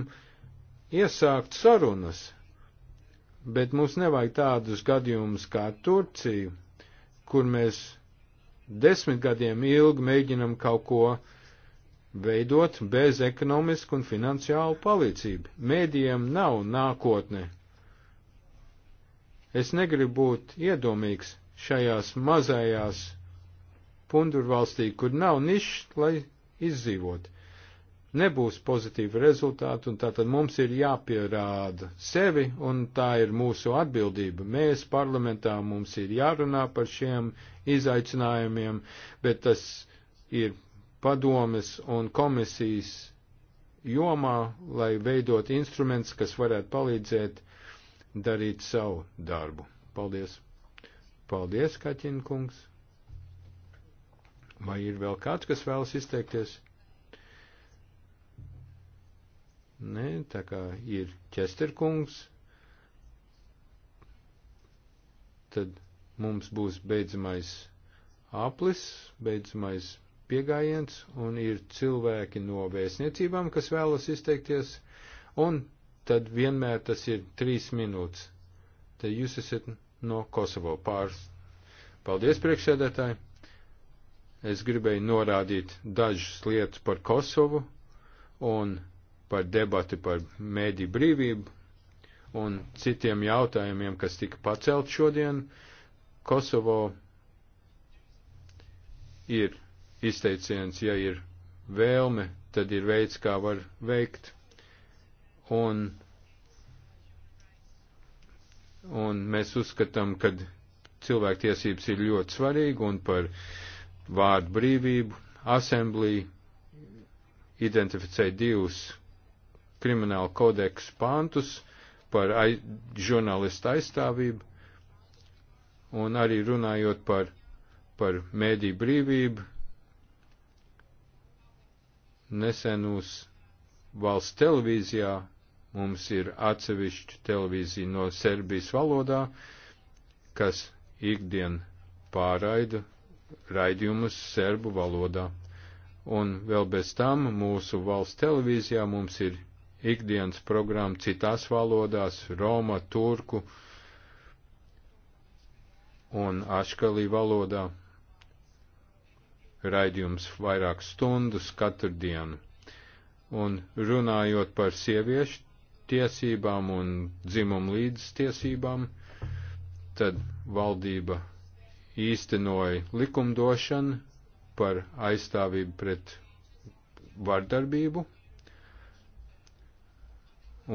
iesākt sarunas, bet mums nevajag tādus gadījumus kā Turcija, kur mēs desmit gadiem ilgi mēģinam kaut ko uh, veidot bez ekonomisku un finansiālu palīdzību. Mēdījiem nav nākotne. Es negribu būt iedomīgs šajās mazajās pundurvalstī, kur nav nišs, lai izdzīvot. Nebūs pozitīva rezultāta, un tātad mums ir jāpierāda sevi, un tā ir mūsu atbildība. Mēs parlamentā mums ir jārunā par šiem izaicinājumiem, bet tas ir padomes un komisijas jomā, lai veidot instruments, kas varētu palīdzēt darīt savu darbu. Paldies! Paldies, Kaķina kungs! Vai ir vēl kāds, kas vēlas izteikties? Nē, tā kā ir ķesterkungs, tad mums būs beidzamais aplis, beidzamais pieejams, un ir cilvēki no vēstniecībām, kas vēlas izteikties, un tad vienmēr tas ir trīs minūtes. Te jūs esat no Kosovo pāris. Paldies, priekšsēdētāji! Es gribēju norādīt dažas lietas par Kosovu un par debati par mēdī brīvību un citiem jautājumiem, kas tika pacelt šodien. Kosovo ir izteiciens, ja ir vēlme, tad ir veids, kā var veikt. Un, un mēs uzskatām, ka cilvēktiesības ir ļoti svarīgi un par vārdu brīvību asemblī identificē divus kriminālu kodeksu pāntus par aiz, žurnālistu aizstāvību un arī runājot par, par mēdī brīvību, nesen uz valsts televīzijā mums ir atsevišķa televīzija no Serbijas valodā, kas ikdien pārraida raidījumus serbu valodā. Un vēl bez tam mūsu valsts televīzijā mums ir ikdienas programma citās valodās - Roma, Turku un Aškalī valodā raidījums vairāk stundas katru dienu. Un runājot par sieviešu tiesībām un dzimumu līdztiesībām, tad valdība īstenoja likumdošanu par aizstāvību pret vardarbību,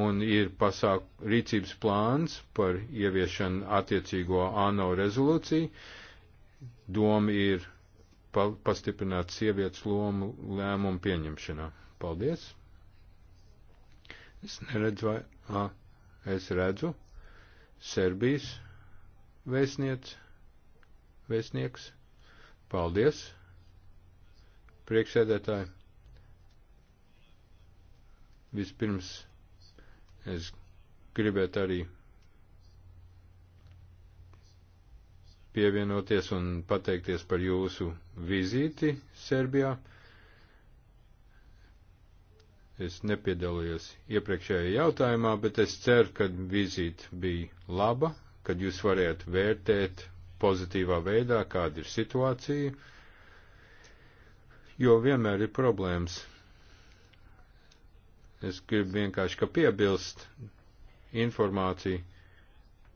un ir pasāk rīcības plāns par ieviešanu attiecīgo ANO rezolūciju. Doma ir pa, pastiprināt sievietes lomu lēmumu pieņemšanā. Paldies! Es neredzu, vai, a, es redzu, Serbijas vēstniec, vēstnieks. Paldies, priekšsēdētāji. Vispirms es gribētu arī pievienoties un pateikties par jūsu vizīti Serbijā. Es nepiedalījos iepriekšējā jautājumā, bet es ceru, ka vizīte bija laba, kad jūs varētu vērtēt pozitīvā veidā, kāda ir situācija, jo vienmēr ir problēmas. Es gribu vienkārši, ka piebilst informāciju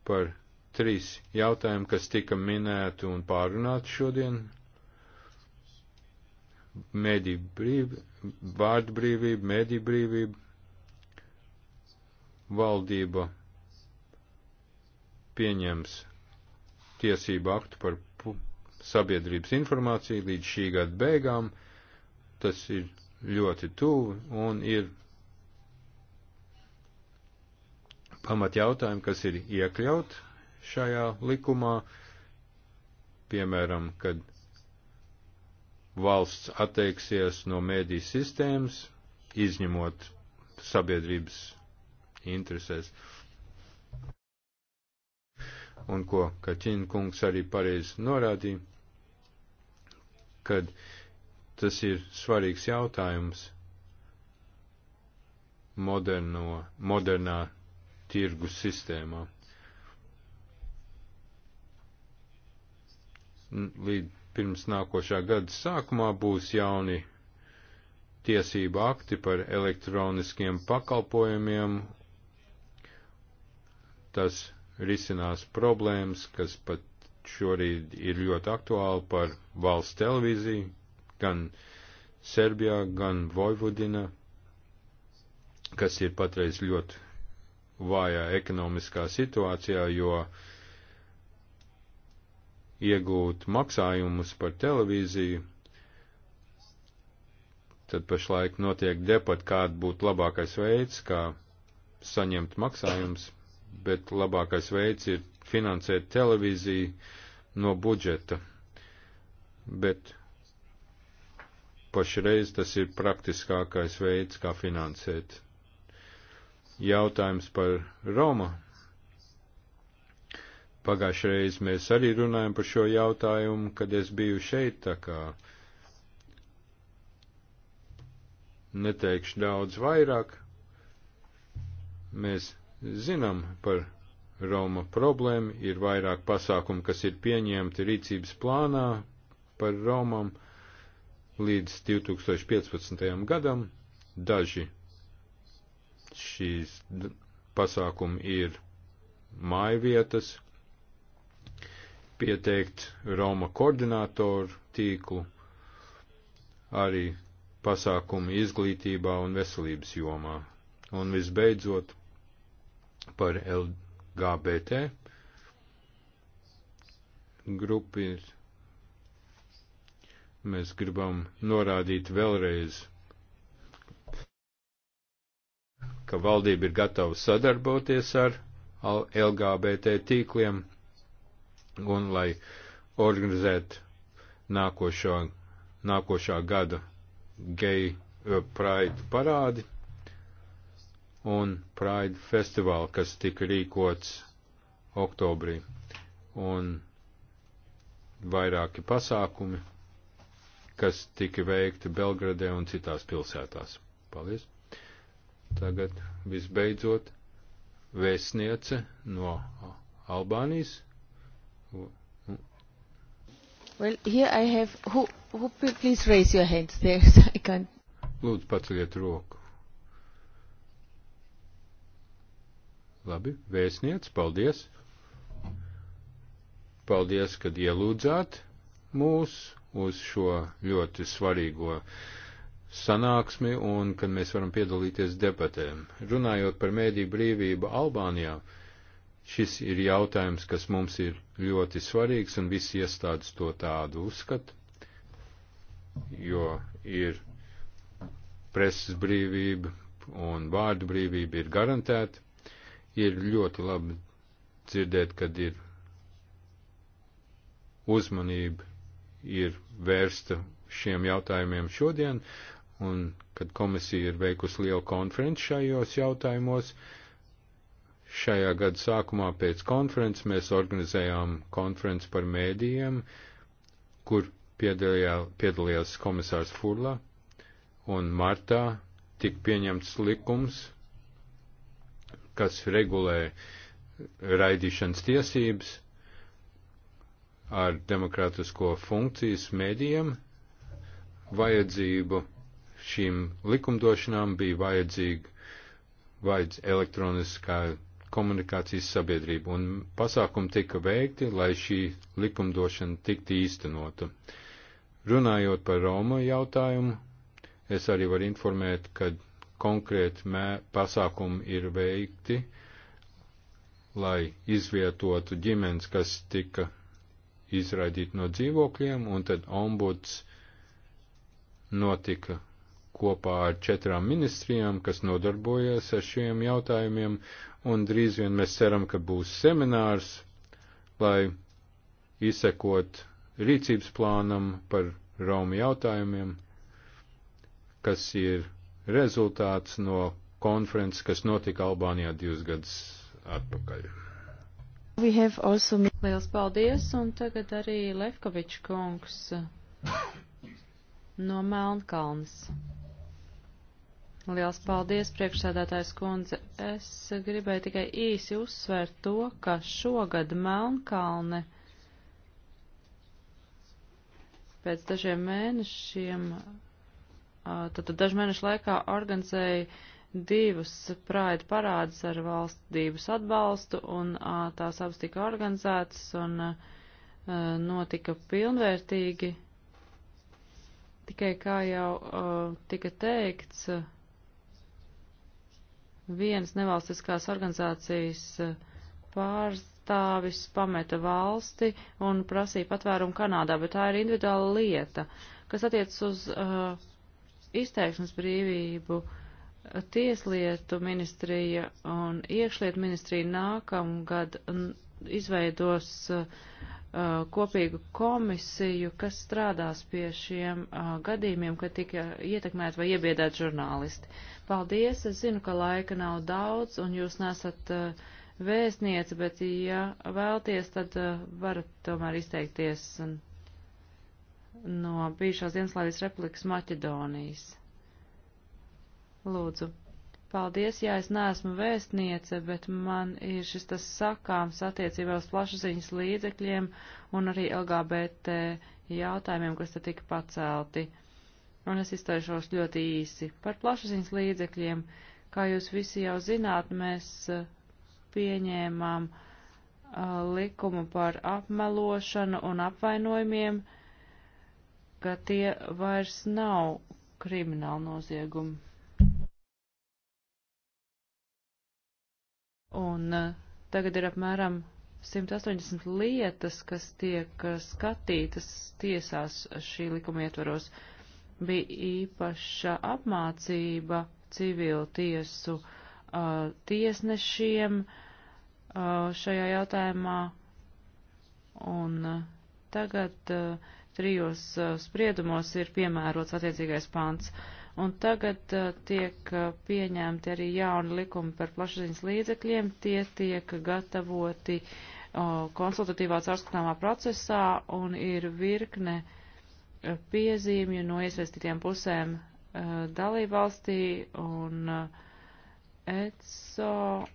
par trīs jautājumu, kas tika minēti un pārunāti šodien mediju brīvība, vārdu brīvība, mediju brīvība, valdība pieņems tiesību aktu par sabiedrības informāciju līdz šī gada beigām. Tas ir ļoti tuvu un ir pamat jautājumi, kas ir iekļaut šajā likumā, piemēram, kad valsts atteiksies no mēdī sistēmas, izņemot sabiedrības interesēs. Un ko Kaķina kungs arī pareizi norādīja, kad tas ir svarīgs jautājums moderno, modernā tirgus sistēmā. Līdz pirms nākošā gada sākumā būs jauni tiesību akti par elektroniskiem pakalpojumiem. Tas risinās problēmas, kas pat šorīd ir ļoti aktuāli par valsts televīziju, gan Serbijā, gan Vojvodina, kas ir patreiz ļoti vājā ekonomiskā situācijā, jo uh, iegūt maksājumus par televīziju, tad pašlaik notiek depat, kāda būtu labākais veids, kā saņemt maksājumus, bet labākais veids ir finansēt televīziju no budžeta. Bet pašreiz tas ir praktiskākais veids, kā finansēt. Jautājums par Roma Pagājušajā reizē mēs arī runājam par šo jautājumu, kad es biju šeit, tā kā neteikšu daudz vairāk. Mēs zinām par Roma problēmu, ir vairāk pasākumu, kas ir pieņemti rīcības plānā par Romam līdz 2015. gadam. Daži šīs pasākumi ir mājvietas, pieteikt Roma koordinātoru tīklu, arī pasākumi izglītībā un veselības jomā. Un visbeidzot par LGBT grupu mēs gribam norādīt vēlreiz, ka valdība ir gatava sadarboties ar LGBT tīkliem un lai organizētu nākošo, nākošā gada geju eh, pride parādi un pride festivālu, kas tika rīkots oktobrī, un vairāki pasākumi, kas tika veikti Belgradē un citās pilsētās. Paldies! Tagad visbeidzot vēstniece no Albānijas Well, here I have, who, who, please raise your hands there, so I can't. Lūdzu, paceliet roku. Labi, vēstniec, paldies. Paldies, kad ielūdzāt mūs uz šo ļoti svarīgo sanāksmi un kad mēs varam piedalīties debatēm. Runājot par mēdī brīvību Albānijā, Šis ir jautājums, kas mums ir ļoti svarīgs, un visi iestādes to tādu uzskata, jo ir preses brīvība un vārdu brīvība ir garantēta. Ir ļoti labi dzirdēt, kad ir uzmanība ir vērsta šiem jautājumiem šodien, un kad komisija ir veikusi lielu konferenci šajos jautājumos, uh, Šajā gada sākumā pēc konferences mēs organizējām konferenci par mēdījiem, kur piedalījā, piedalījās komisārs Furla, un martā tika pieņemts likums, kas regulē raidīšanas tiesības ar demokrātisko funkcijas mēdījiem. Vajadzību šīm likumdošanām bija vajadzīga vajadz elektroniskā komunikācijas sabiedrību, un pasākumi tika veikti, lai šī likumdošana tiktu īstenota. Runājot par Roma jautājumu, es arī varu informēt, ka konkrēti mē, pasākumi ir veikti, lai izvietotu ģimenes, kas tika izraidīti no dzīvokļiem, un tad ombuds notika kopā ar četrām ministrijām, kas nodarbojas ar šiem jautājumiem, un drīz vien mēs ceram, ka būs seminārs, lai izsekot rīcības plānam par Romu jautājumiem, kas ir rezultāts no konferences, kas notika Albānijā divus gadus atpakaļ. Also... Liels paldies, un tagad arī Lefkovičs kungs no Melnkalnes. Liels paldies, priekšsēdētājs kundze. Es gribēju tikai īsi uzsvērt to, ka šogad Melnkalne pēc dažiem mēnešiem, tad, tad dažu mēnešu laikā organizēja divus prāida parādus ar valstības atbalstu, un tās abas tika organizētas un notika pilnvērtīgi. Tikai kā jau tika teikts, vienas nevalstiskās organizācijas eh, pārstāvis pameta valsti un prasīja patvērumu Kanādā, bet tā ir individuāla lieta, kas attiec uz uh, eh, izteiksmes brīvību. Tieslietu ministrija un iekšlietu ministrija nākamgad izveidos uh, Uh, kopīgu komisiju, kas strādās pie šiem uh, gadījumiem, kad tika ietekmēti vai iebiedēti žurnālisti. Paldies, es zinu, ka laika nav daudz, un jūs nesat uh, vēstniece, bet ja vēlties, tad uh, varat tomēr izteikties no bijušās Dienaslāvijas republikas Maķedonijas. Lūdzu. Paldies, jā, es neesmu vēstniece, bet man ir šis tas sakāms attiecībā uz plašsaziņas līdzekļiem un arī LGBT jautājumiem, kas te tika pacelti. Un es izteikšos ļoti īsi. Par plašsaziņas līdzekļiem, kā jūs visi jau zināt, mēs eh, pieņēmām uh, likumu par apmelošanu un apvainojumiem, ka tie vairs nav krimināla nozieguma. Un eh, tagad ir apmēram 180 lietas, kas tiek eh, skatītas tiesās šī likuma ietvaros. Bija īpaša apmācība civilu tiesu uh, tiesnešiem uh, šajā jautājumā. Un uh, tagad uh, trijos uh, spriedumos ir piemērots attiecīgais pants. Uh, Un tagad uh, tiek uh, pieņemti arī jauni likumi par plašsaziņas līdzekļiem. Tie tiek gatavoti uh, konsultatīvā caurskatāmā procesā un ir virkne uh, piezīmju no iesaistītiem pusēm uh, dalībvalstī un uh, ECO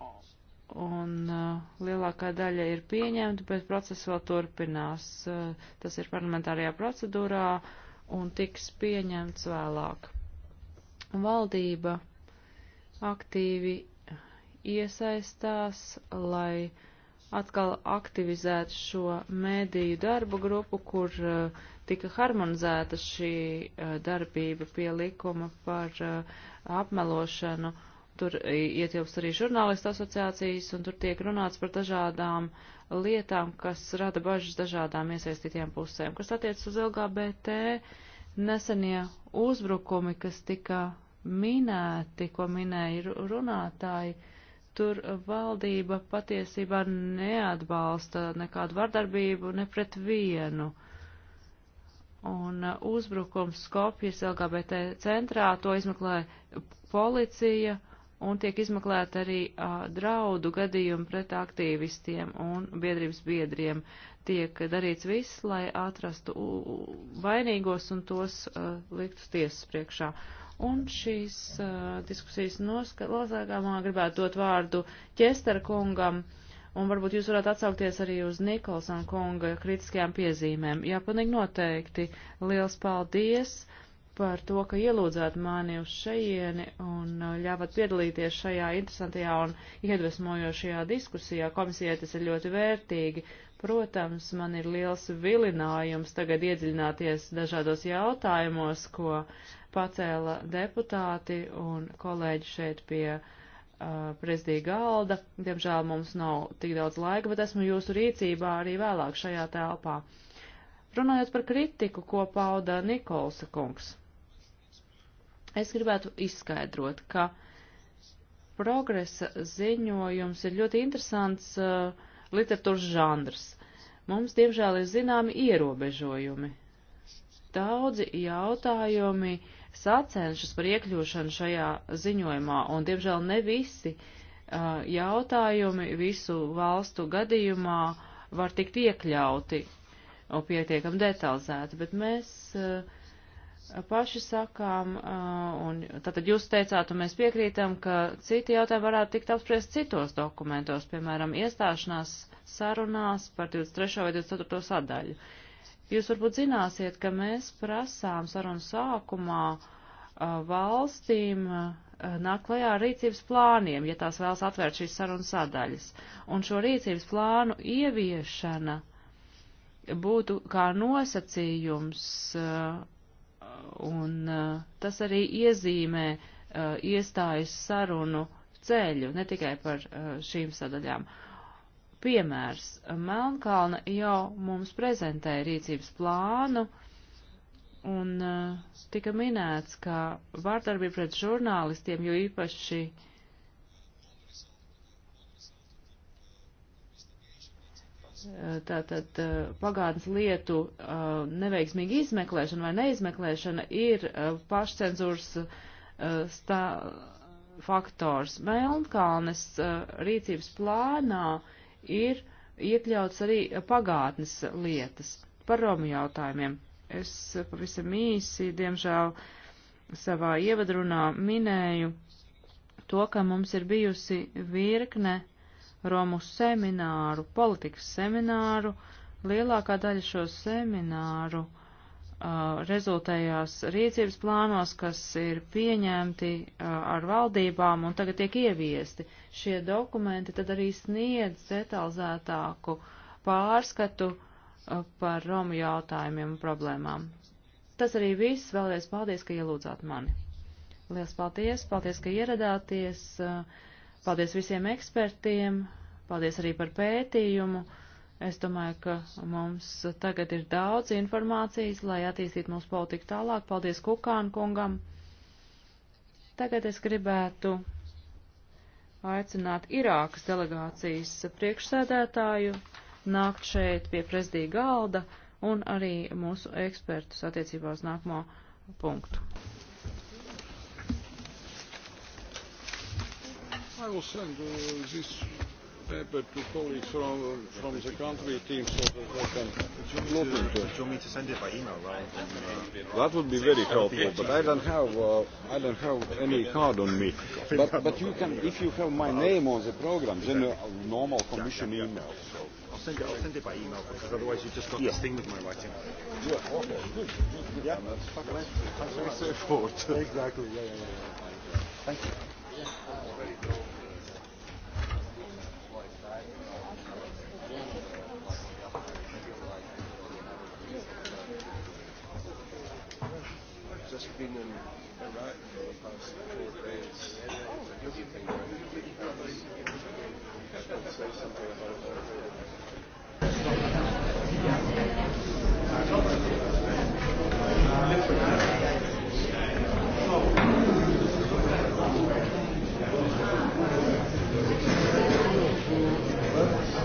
un lielākā daļa ir pieņemta, bet process vēl turpinās. Tas ir parlamentārajā procedūrā un tiks pieņemts vēlāk valdība aktīvi iesaistās, lai atkal aktivizētu šo mēdīju darbu grupu, kur uh, tika harmonizēta šī uh, darbība pie likuma par uh, apmelošanu. Tur ietilps arī žurnālistu asociācijas, un tur tiek runāts par dažādām lietām, kas rada bažas dažādām iesaistītiem pusēm. Kas attiec uz LGBT, nesenie uzbrukumi, kas tika minēti, ko minēja runātāji, tur valdība patiesībā neatbalsta nekādu vardarbību ne pret vienu. Un uh, uzbrukums Skopjas LGBT centrā to izmeklē policija un tiek izmeklēta arī a, uh, draudu gadījumi pret aktīvistiem un biedrības biedriem. Tiek darīts viss, lai atrastu vainīgos un tos a, uh, liktus tiesas priekšā. Un šīs uh, diskusijas noslēgumā gribētu dot vārdu ķestara kungam, un varbūt jūs varētu atsaukties arī uz Nikolson kunga kritiskajām piezīmēm. Jā, panīgi noteikti. Liels paldies! par to, ka ielūdzāt mani uz šejieni un ļāvat piedalīties šajā interesantajā un iedvesmojošajā diskusijā. Komisijai tas ir ļoti vērtīgi. Protams, man ir liels vilinājums tagad iedziļināties dažādos jautājumos, ko pacēla deputāti un kolēģi šeit pie uh, prezidija galda. Diemžēl mums nav tik daudz laika, bet esmu jūsu rīcībā arī vēlāk šajā telpā. Runājot par kritiku, ko pauda Nikolsa kungs, es gribētu izskaidrot, ka progresa ziņojums ir ļoti interesants uh, literatūras žanrs. Mums, diemžēl, ir zināmi ierobežojumi. Daudzi jautājumi uh, sacenšas par iekļūšanu šajā ziņojumā, un diemžēl ne visi uh, jautājumi visu valstu gadījumā var tikt iekļauti un pietiekam detalizēti, bet mēs uh, paši sakām, uh, un tātad jūs teicāt, un mēs piekrītam, ka citi jautājumi varētu tikt apspriest citos dokumentos, piemēram, iestāšanās sarunās par 23. vai 24. sadaļu. Uh, Jūs varbūt zināsiet, ka mēs prasām sarunu sākumā uh, valstīm uh, nāk klajā ar rīcības plāniem, ja tās vēlas atvērt šīs sarunas sadaļas. Un šo rīcības plānu ieviešana būtu kā nosacījums, uh, un tas arī iezīmē iestājas sarunu ceļu, ne tikai par šīm sadaļām. Uh, piemērs. Melnkalna jau mums prezentēja rīcības plānu un uh, tika minēts, ka vārdarbība pret žurnālistiem, jo īpaši tātad uh, pagātnes lietu uh, neveiksmīga izmeklēšana vai neizmeklēšana ir uh, pašcenzūras faktors. Melnkalnes rīcības plānā ir iekļauts arī pagātnes lietas par Romu jautājumiem. Es pavisam īsi, diemžēl, savā ievadrunā minēju to, ka mums ir bijusi virkne Romu semināru, politikas semināru, lielākā daļa šo semināru uh, rezultējās rīcības plānos, kas ir pieņemti ar valdībām un tagad tiek ieviesti. Šie dokumenti tad arī sniedz detalizētāku pārskatu par Romu jautājumiem un problēmām. Tas arī viss. Vēlreiz paldies, ka ielūdzāt mani. Lielas paldies, paldies, ka ieradāties, paldies visiem ekspertiem, paldies arī par pētījumu. Es domāju, ka mums tagad ir daudz informācijas, lai attīstītu mūsu politiku tālāk. Paldies Kukānu kungam. Tagad es gribētu aicināt Irākas delegācijas priekšsēdētāju nākt šeit pie prezidija galda un arī mūsu ekspertus attiecībā uz nākamo punktu. I will send uh, this paper to colleagues from, from the country team so that they can look into it. Do you want me to send it by email, right? That would be very helpful, but I don't have uh, I don't have any card on me. But, but you can, if you have my name on the program, then a normal commission email. So. I'll send it. I'll send it by email because otherwise you've just got yeah. this thing with my writing. Yeah. Okay. Good. Good. Yeah. That's very straightforward. Exactly. Yeah. Yeah. Yeah. Thank you. been in Iraq for the past four days visiting refugee camps. I can say something about that. Thank you.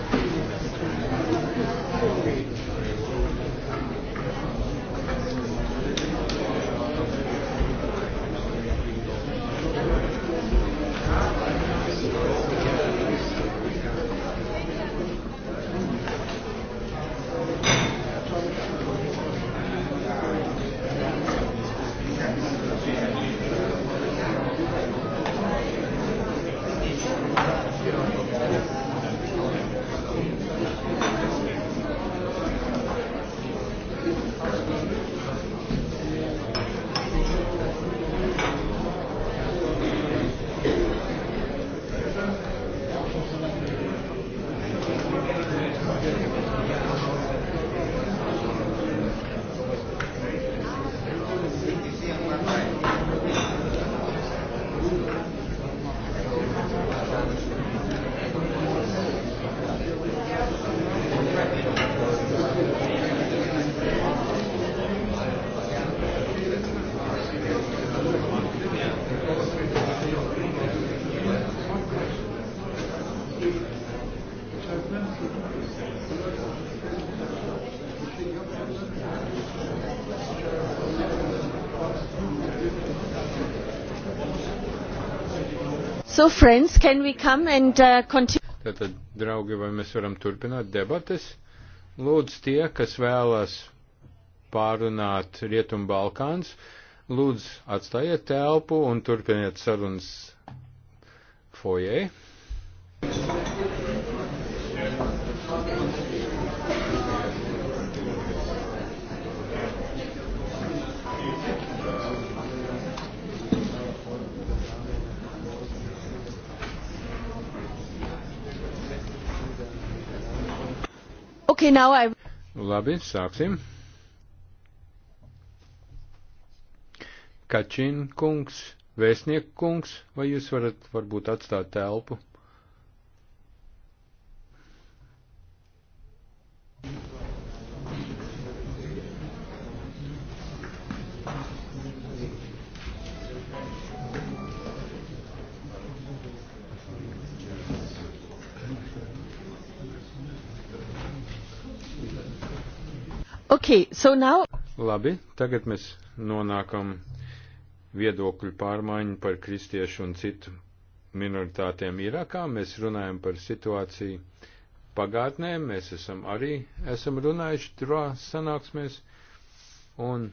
So, friends, can we come and uh, continue? Tātad, draugi, vai mēs varam turpināt debates? Lūdzu, tie, kas vēlas pārunāt Rietumu Balkāns, lūdzu, atstājiet telpu un turpiniet sarunas foyer. Okay, now I... Labi, sāksim. Kačin kungs, vēstnieku kungs, vai jūs varat varbūt atstāt telpu? Okay, so now... Labi, tagad mēs nonākam viedokļu pārmaiņu par kristiešu un citu minoritātēm Irākā. Mēs runājam par situāciju pagātnē, mēs esam arī esam runājuši turā sanāksmēs, un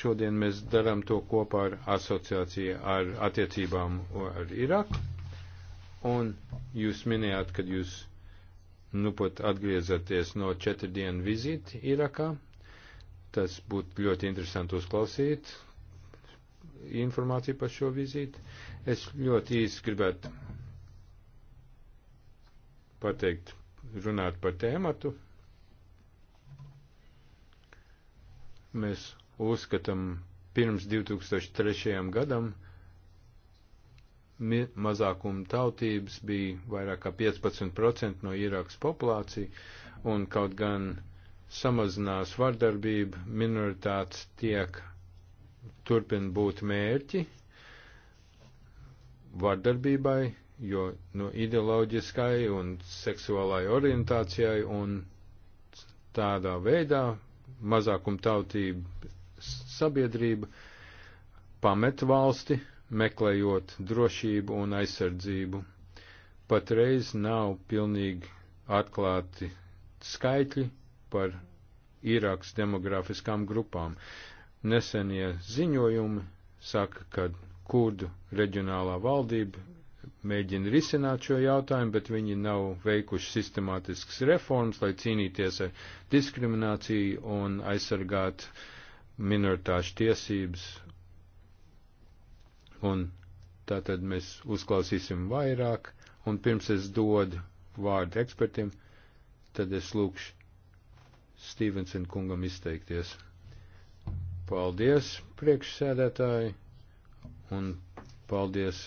šodien mēs darām to kopā ar asociāciju ar attiecībām ar Iraku. Un jūs minējāt, kad jūs nu pat atgriezāties no četru dienu vizīti Irakā. Tas būtu ļoti interesanti uzklausīt informāciju par šo vizīti. Es ļoti īsti gribētu pateikt, runāt par tēmatu. Mēs uzskatām pirms 2003. gadam mazākuma tautības bija vairāk kā 15% no Irākas populācija, un kaut gan samazinās vardarbība, minoritātes tiek turpin būt mērķi vardarbībai, jo no nu, ideoloģiskai un seksuālai orientācijai un tādā veidā mazākumtautība sabiedrība pamet valsti meklējot drošību un aizsardzību. Patreiz nav pilnīgi atklāti skaitļi par Irākas demografiskām grupām. Nesenie ziņojumi saka, ka kurdu reģionālā valdība mēģina risināt šo jautājumu, bet viņi nav veikuši sistemātiskas reformas, lai cīnīties ar diskrimināciju un aizsargāt minoritāšu tiesības un tātad mēs uzklausīsim vairāk, un pirms es dodu vārdu ekspertiem, tad es lūkšu Stevenson kungam izteikties. Paldies, priekšsēdētāji, un paldies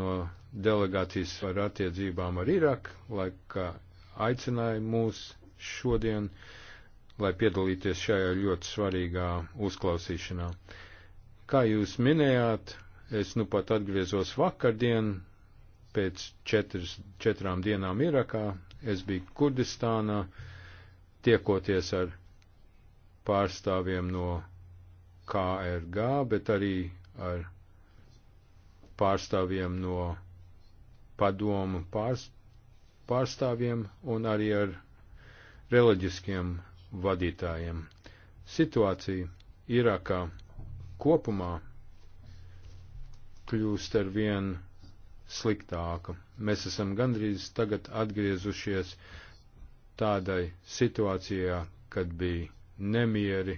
no delegācijas par attiecībām ar Iraku, lai kā aicināja mūs šodien, lai piedalīties šajā ļoti svarīgā uzklausīšanā. Kā jūs minējāt, Es nu pat atgriezos vakardien, pēc četras, četrām dienām Irakā, es biju Kurdistānā, tiekoties ar pārstāvjiem no KRG, bet arī ar pārstāvjiem no padomu pārst, pārstāvjiem un arī ar reliģiskiem vadītājiem. Situācija Irākā kopumā kļūst ar vien sliktāka. Mēs esam gandrīz tagad atgriezušies tādai situācijā, kad bija nemieri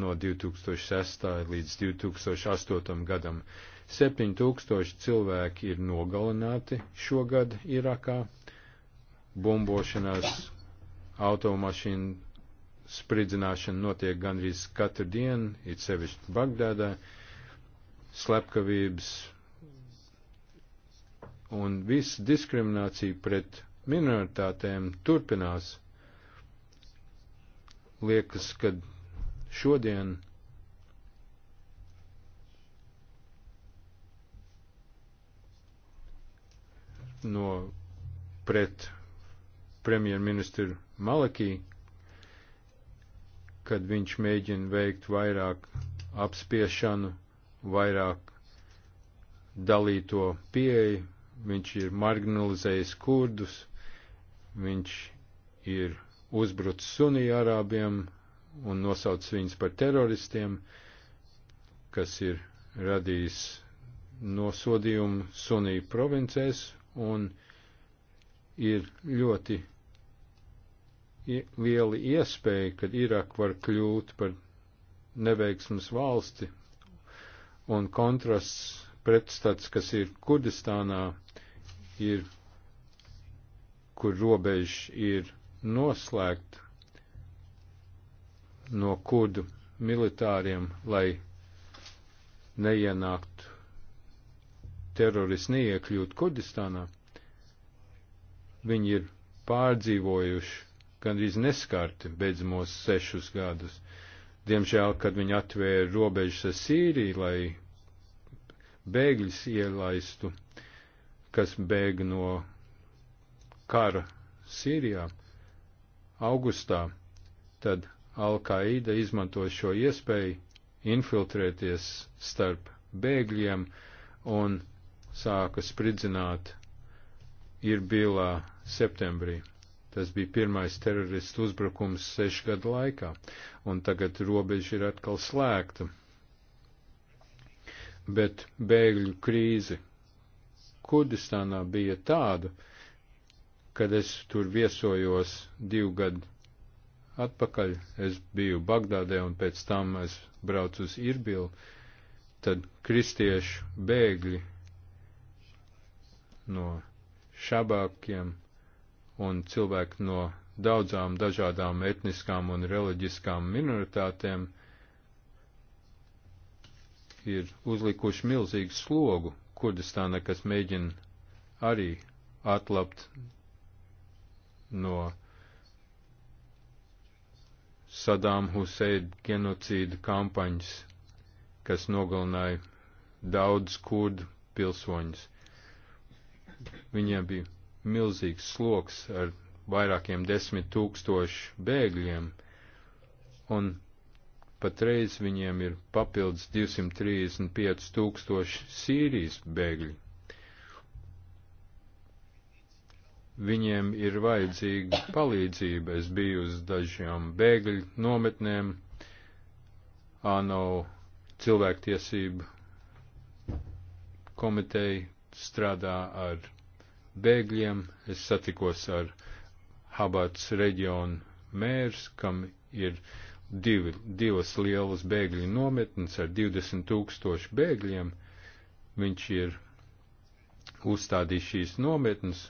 no 2006. līdz 2008. gadam. 7000 cilvēki ir nogalināti šogad Irakā, bombošanās, automašīnu spridzināšana notiek gandrīz katru dienu, it sevišķi Bagdādā, slepkavības un visa diskriminācija pret minoritātēm turpinās. Liekas, ka šodien no pret premjerministru Malakī, kad viņš mēģina veikt vairāk apspiešanu vairāk dalīto pieeju, viņš ir marginalizējis kurdus, viņš ir uzbrucis sunī arābiem un nosaucis viņus par teroristiem, kas ir radījis nosodījumu sunī provincēs un ir ļoti liela iespēja, ka Irak var kļūt par neveiksmas valsti un kontrasts pretstats, kas ir Kurdistānā, ir, kur robeža ir noslēgta no kurdu militāriem, lai neienāktu teroristi, neiekļūtu Kurdistānā. Viņi ir pārdzīvojuši gandrīz neskarti beidzamos sešus gadus. Uh, Diemžēl, kad viņi atvēra robežas ar Sīriju, lai bēgļus ielaistu, kas bēg no kara Sīrijā, augustā, tad Al-Qaida izmanto šo iespēju infiltrēties starp bēgļiem un sāka spridzināt ir bilā septembrī. Tas bija pirmais teroristu uzbrukums sešu gadu laikā, un tagad robeža ir atkal slēgta. Bet bēgļu krīze Kurdistānā bija tāda, kad es tur viesojos divu gadu atpakaļ, es biju Bagdādē un pēc tam es braucu uz Irbilu, tad kristiešu bēgļi no šabākiem un cilvēki no daudzām dažādām etniskām un reliģiskām minoritātēm ir uzlikuši milzīgu slogu Kurdistāna, kas mēģina arī atlapt no Sadām Huseid genocīda kampaņas, kas nogalināja daudz kurdu pilsoņus. Viņiem bija milzīgs sloks ar vairākiem desmit tūkstošu bēgļiem, un patreiz viņiem ir papildus 235 tūkstoši Sīrijas bēgļi. Viņiem ir vajadzīga palīdzība. Es biju uz dažām bēgļu nometnēm, ANO cilvēktiesību komiteja strādā ar bēgļiem. Es satikos ar Habats reģionu mērs, kam ir divi, divas lielas bēgļu nometnes ar 20 tūkstošu bēgļiem. Viņš ir uzstādījis šīs nometnes,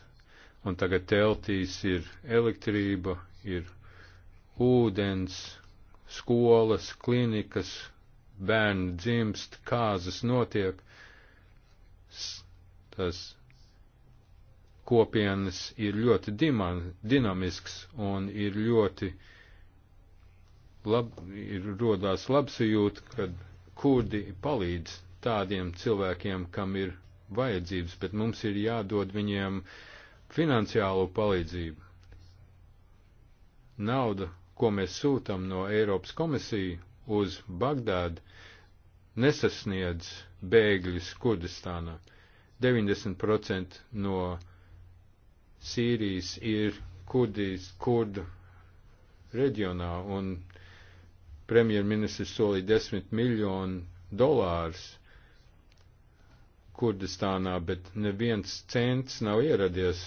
un tagad teltīs ir elektrība, ir ūdens, skolas, klinikas, bērni dzimst, kāzas notiek. Tas kopienas ir ļoti diman, dinamisks un ir ļoti lab, ir rodās labsajūta, kad kurdi palīdz tādiem cilvēkiem, kam ir vajadzības, bet mums ir jādod viņiem finansiālu palīdzību. Nauda, ko mēs sūtam no Eiropas komisiju uz Bagdādu, nesasniedz bēgļus Kurdistānā. 90% no Sīrijas ir Kurdijas, Kurdu reģionā, un premjerministrs solīja desmit miljonu dolārus Kurdistānā, bet neviens cents nav ieradies.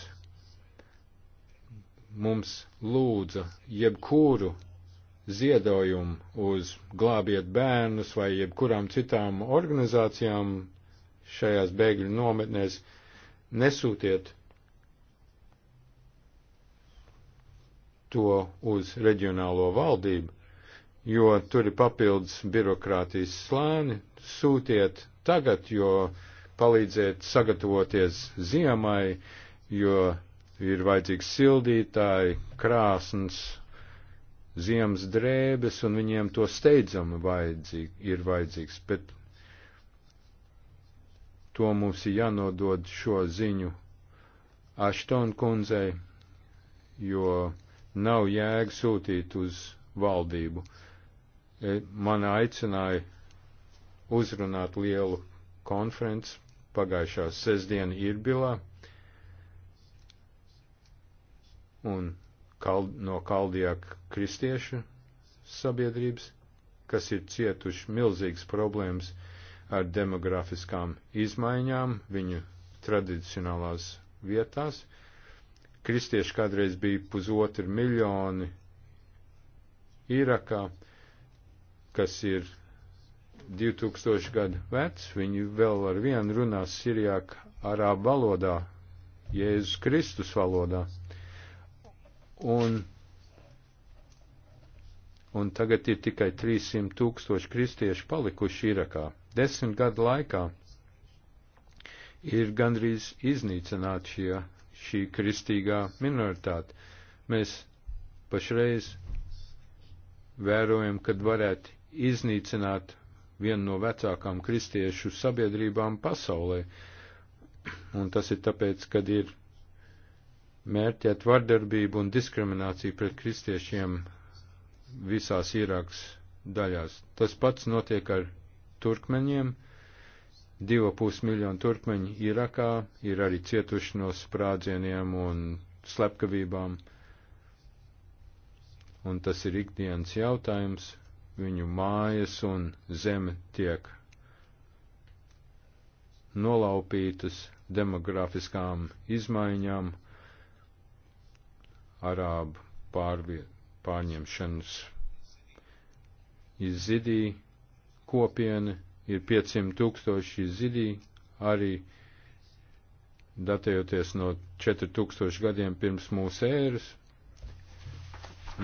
Mums lūdza jebkuru ziedojumu uz glābiet bērnus vai jebkurām citām organizācijām šajās bēgļu nometnēs, nesūtiet to uz reģionālo valdību, jo tur ir papildus birokrātijas slāni, sūtiet tagad, jo palīdziet sagatavoties ziemai, jo ir vajadzīgs sildītāji, krāsns, ziemas drēbes, un viņiem to steidzami vajadzīgi, ir vajadzīgs, bet to mums ir jānodod šo ziņu Aštonu kundzei, jo nav jēga sūtīt uz valdību. E, man aicināja uzrunāt lielu konferenci pagājušā sestdiena Irbilā, un kal, no kaldijāka kristiešu sabiedrības, kas ir cietuši milzīgas problēmas ar demografiskām izmaiņām viņu tradicionālās vietās, kristieši kādreiz bija pusotri miljoni Irakā, kas ir 2000 gadu vecs, viņi vēl ar vienu runā Sirijāk arābu valodā, Jēzus Kristus valodā. Un, un tagad ir tikai 300 tūkstoši kristieši palikuši Irakā. Desmit gadu laikā ir gandrīz iznīcināti šie šī kristīgā minoritāte. Mēs pašreiz vērojam, kad varētu iznīcināt vienu no vecākām kristiešu sabiedrībām pasaulē. Un tas ir tāpēc, kad ir mērķēt vardarbību un diskrimināciju pret kristiešiem visās Irākas daļās. Tas pats notiek ar turkmeņiem, 2,5 miljonu turkmeņu Irakā ir arī cietuši no sprādzieniem un slepkavībām. Un tas ir ikdienas jautājums. Viņu mājas un zeme tiek nolaupītas demografiskām izmaiņām, arābu pārvie, pārņemšanas izzidī kopiena ir 500 tūkstoši zidī, arī datējoties no 4000 gadiem pirms mūsu ēras.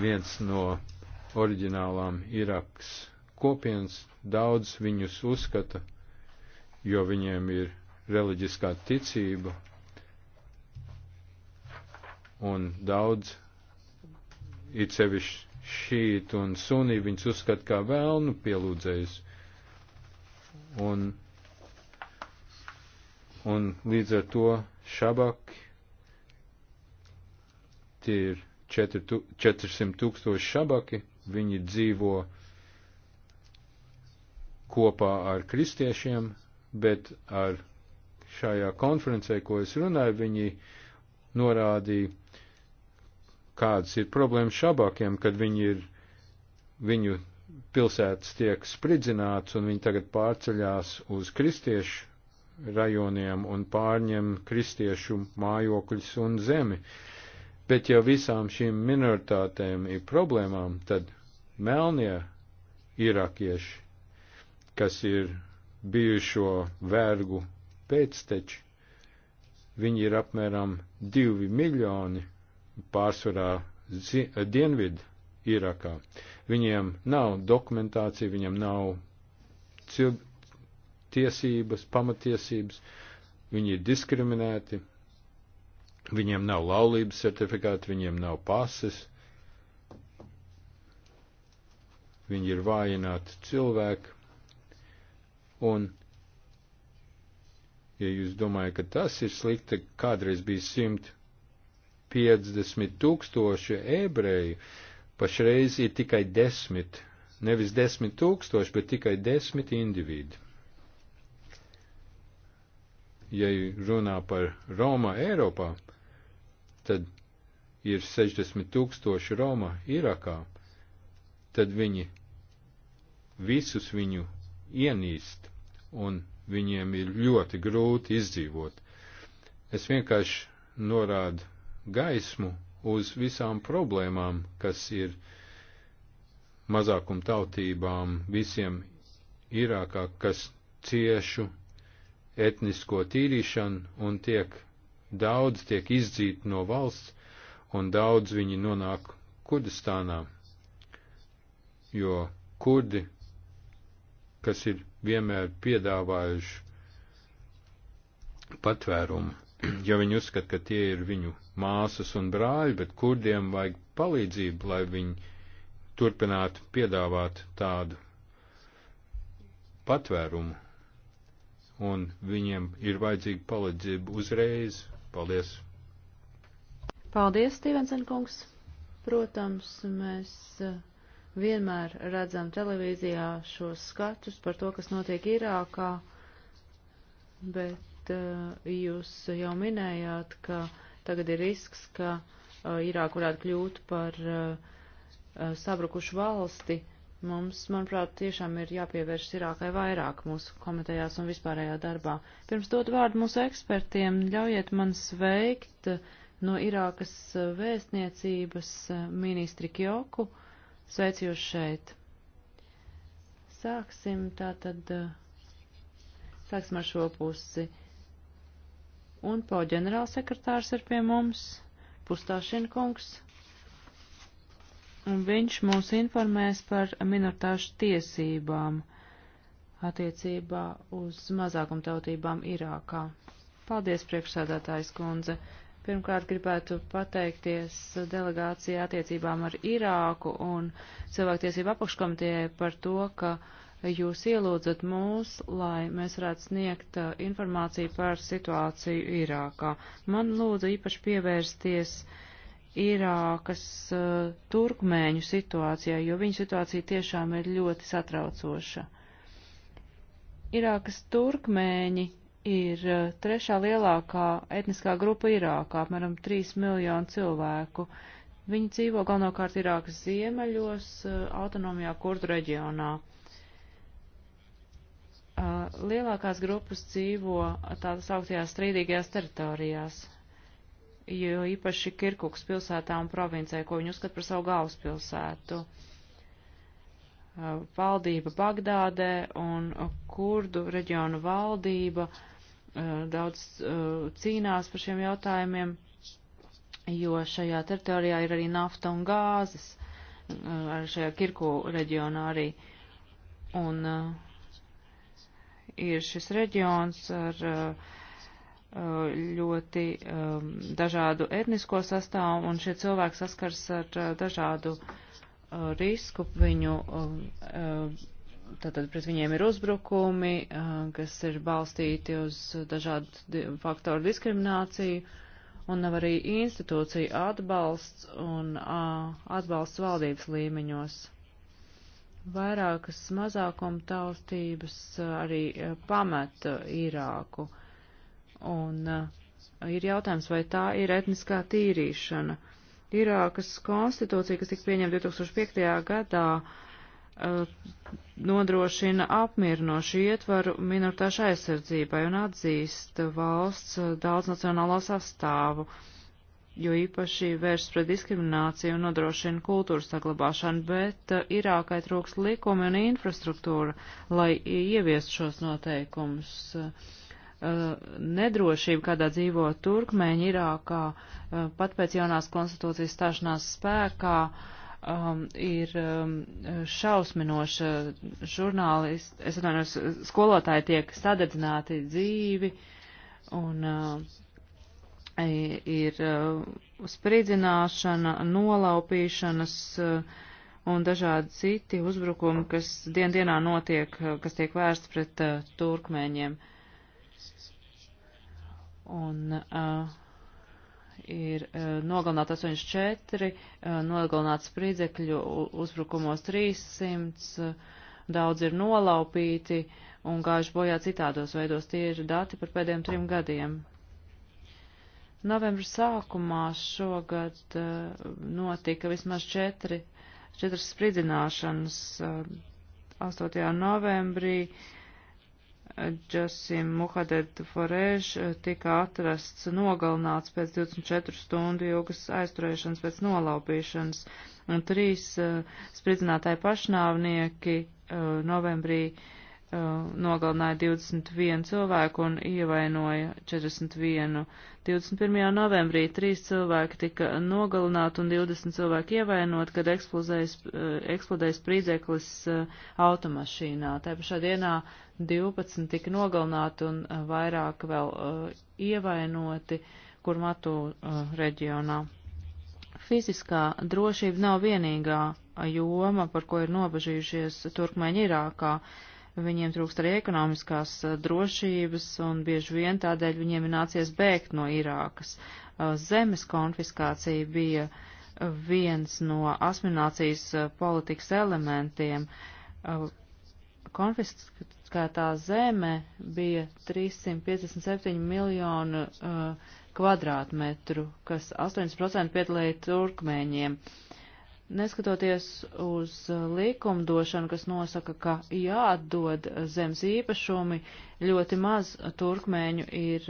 Viens no oriģinālām Iraks kopienas daudz viņus uzskata, jo viņiem ir reliģiskā ticība, un daudz it sevišķi šīt un sunī viņus uzskata kā vēlnu pielūdzējus un, un līdz ar to šabak tie ir 400 tūkstoši šabaki, viņi dzīvo kopā ar kristiešiem, bet ar šajā konferencē, ko es runāju, viņi norādīja, kādas ir problēmas šabakiem, kad viņi ir viņu pilsētas tiek spridzināts un viņi tagad pārceļās uz kristiešu rajoniem un pārņem kristiešu mājokļus un zemi. Bet ja visām šīm minoritātēm ir problēmām, tad melnie irakieši, kas ir bijušo vergu pēcteči, viņi ir apmēram divi miljoni pārsvarā dienvidu Irākā. Viņiem nav dokumentācija, viņiem nav cil... tiesības, pamatiesības, viņi ir diskriminēti, viņiem nav laulības certifikāti, viņiem nav pases, viņi ir vājināti cilvēki. Un, ja jūs domājat, ka tas ir slikti, kādreiz bija 150 tūkstoši ebreju, Pašreiz ir tikai desmit, nevis desmit tūkstoši, bet tikai desmit individi. Ja runā par Roma Eiropā, tad ir 60 tūkstoši Roma Irakā, tad viņi visus viņu ienīst, un viņiem ir ļoti grūti izdzīvot. Es vienkārši norādu gaismu uz visām problēmām, kas ir mazākuma tautībām, visiem Irākā, kas ciešu etnisko tīrīšanu un tiek daudz tiek izdzīti no valsts, un daudz viņi nonāk Kurdistānā, jo kurdi, kas ir vienmēr piedāvājuši patvērumu, jo viņi uzskata, ka tie ir viņu māsas un brāļi, bet kurdiem vajag palīdzību, lai viņi turpinātu piedāvāt tādu patvērumu. Un viņiem ir vajadzīga palīdzība uzreiz. Paldies! Paldies, Stevenson kungs! Protams, mēs uh, vienmēr redzam televīzijā šos skatus par to, kas notiek Irākā, bet Eh, jūs jau minējāt, ka tagad ir risks, ka eh, Irāk varētu kļūt par eh, sabrukušu valsti. Mums, manuprāt, tiešām ir jāpievēršas Irākai vairāk mūsu komitejās un vispārējā darbā. Pirms dot vārdu mūsu ekspertiem, ļaujiet man sveikt no Irākas vēstniecības ministri Kjoku. Sveicu jūs šeit! Sāksim tātad, sāksim ar šo pusi. Un po ģenerālsekretārs ir pie mums, Pustāšina kungs, un viņš mūs informēs par minoritāšu tiesībām attiecībā uz mazākumtautībām Irākā. Paldies, priekšsādātājs kundze! Pirmkārt, gribētu pateikties delegācijai attiecībām ar Irāku un cilvēktiesību apakškomitejai par to, ka uh, jūs ielūdzat mūs, lai mēs varētu sniegt uh, informāciju par situāciju Irākā. Man lūdza īpaši pievērsties Irākas uh, turkmēņu situācijai, jo viņa situācija tiešām ir ļoti satraucoša. Irākas turkmēņi ir uh, trešā lielākā etniskā grupa Irākā, apmēram 3 miljonu cilvēku. Viņi dzīvo galvenokārt Irākas ziemeļos, uh, autonomijā kurdu reģionā. Uh, lielākās grupas dzīvo tādas augstajās strīdīgajās teritorijās, jo īpaši Kirkuks pilsētā un provincē, ko viņi uzskata par savu galvaspilsētu. Valdība Bagdādē un kurdu reģionu valdība daudz cīnās par šiem jautājumiem, jo šajā teritorijā ir arī nafta un gāzes, ar šajā Kirku reģionā arī. Un uh, ir šis reģions ar uh, uh, ļoti um, dažādu etnisko sastāvu, un šie cilvēki saskars ar uh, dažādu risku viņu um, tātad pret viņiem ir uzbrukumi, kas ir balstīti uz dažādu faktoru diskrimināciju, un nav arī institūcija atbalsts un atbalsts valdības līmeņos. Vairākas mazākuma taustības eh, arī eh, pameta eh, Irāku. Un ir jautājums, vai tā ir etniskā tīrīšana. Irākas konstitūcija, kas tika pieņemta 2005. gadā, nodrošina apmierinošu ietvaru minoritāšu aizsardzībai un atzīst valsts daudznacionālo sastāvu. Uh, jo īpaši vērst pret diskrimināciju un nodrošina kultūras saglabāšanu, bet uh, Irākai trūks likumi un infrastruktūra, lai ieviestu šos noteikumus. Uh, nedrošība, kādā dzīvo turkmēņi Irākā, uh, pat pēc jaunās konstitūcijas stāšanās spēkā, um, ir um, šausminoša žurnālisti, es atvainojos, skolotāji tiek sadedzināti dzīvi, un uh, ir uh, spridzināšana, nolaupīšanas uh, un dažādi citi uzbrukumi, kas dien dienā notiek, uh, kas tiek vērsts pret turkmēņiem. Un uh, ir uh, nogalināti 84, uh, nogalināti spridzekļu uzbrukumos 300, uh, daudz ir nolaupīti un gājuši bojā citādos veidos. Tie ir dati par pēdējiem trim gadiem. Novembra sākumā šogad eh, notika vismaz četri, četras spridzināšanas. 8. Eh, novembrī Džasim Muhadedu Forēž eh, tika atrasts nogalināts pēc 24 stundu ilgas aizturēšanas pēc nolaupīšanas, un trīs spridzinātāji pašnāvnieki novembrī uh, Uh, nogalināja 21 cilvēku un ievainoja 41. 21. novembrī 3 cilvēki tika nogalināti un 20 cilvēki ievainot, kad uh, eksplodēja sprīdzeklis uh, automašīnā. Tā pašā dienā 12 tika nogalināti un vairāk vēl ievainoti Kurmatu reģionā. Fiziskā drošība nav vienīgā joma, par ko ir nobežījušies turkmeņi Irākā. Ir Viņiem trūkst arī ekonomiskās eh, drošības, un bieži vien tādēļ viņiem ir nācies bēgt no Irākas. Eh, Zemes konfiskācija bija viens no asminācijas eh, politikas elementiem. Konfiskētā zeme bija 357 miljonu kvadrātmetru, kas 80% piedalīja turkmēņiem. Uh, Neskatoties uz uh, likumdošanu, kas nosaka, ka jāatdod uh, zemes īpašumi, ļoti maz uh, turkmēņu ir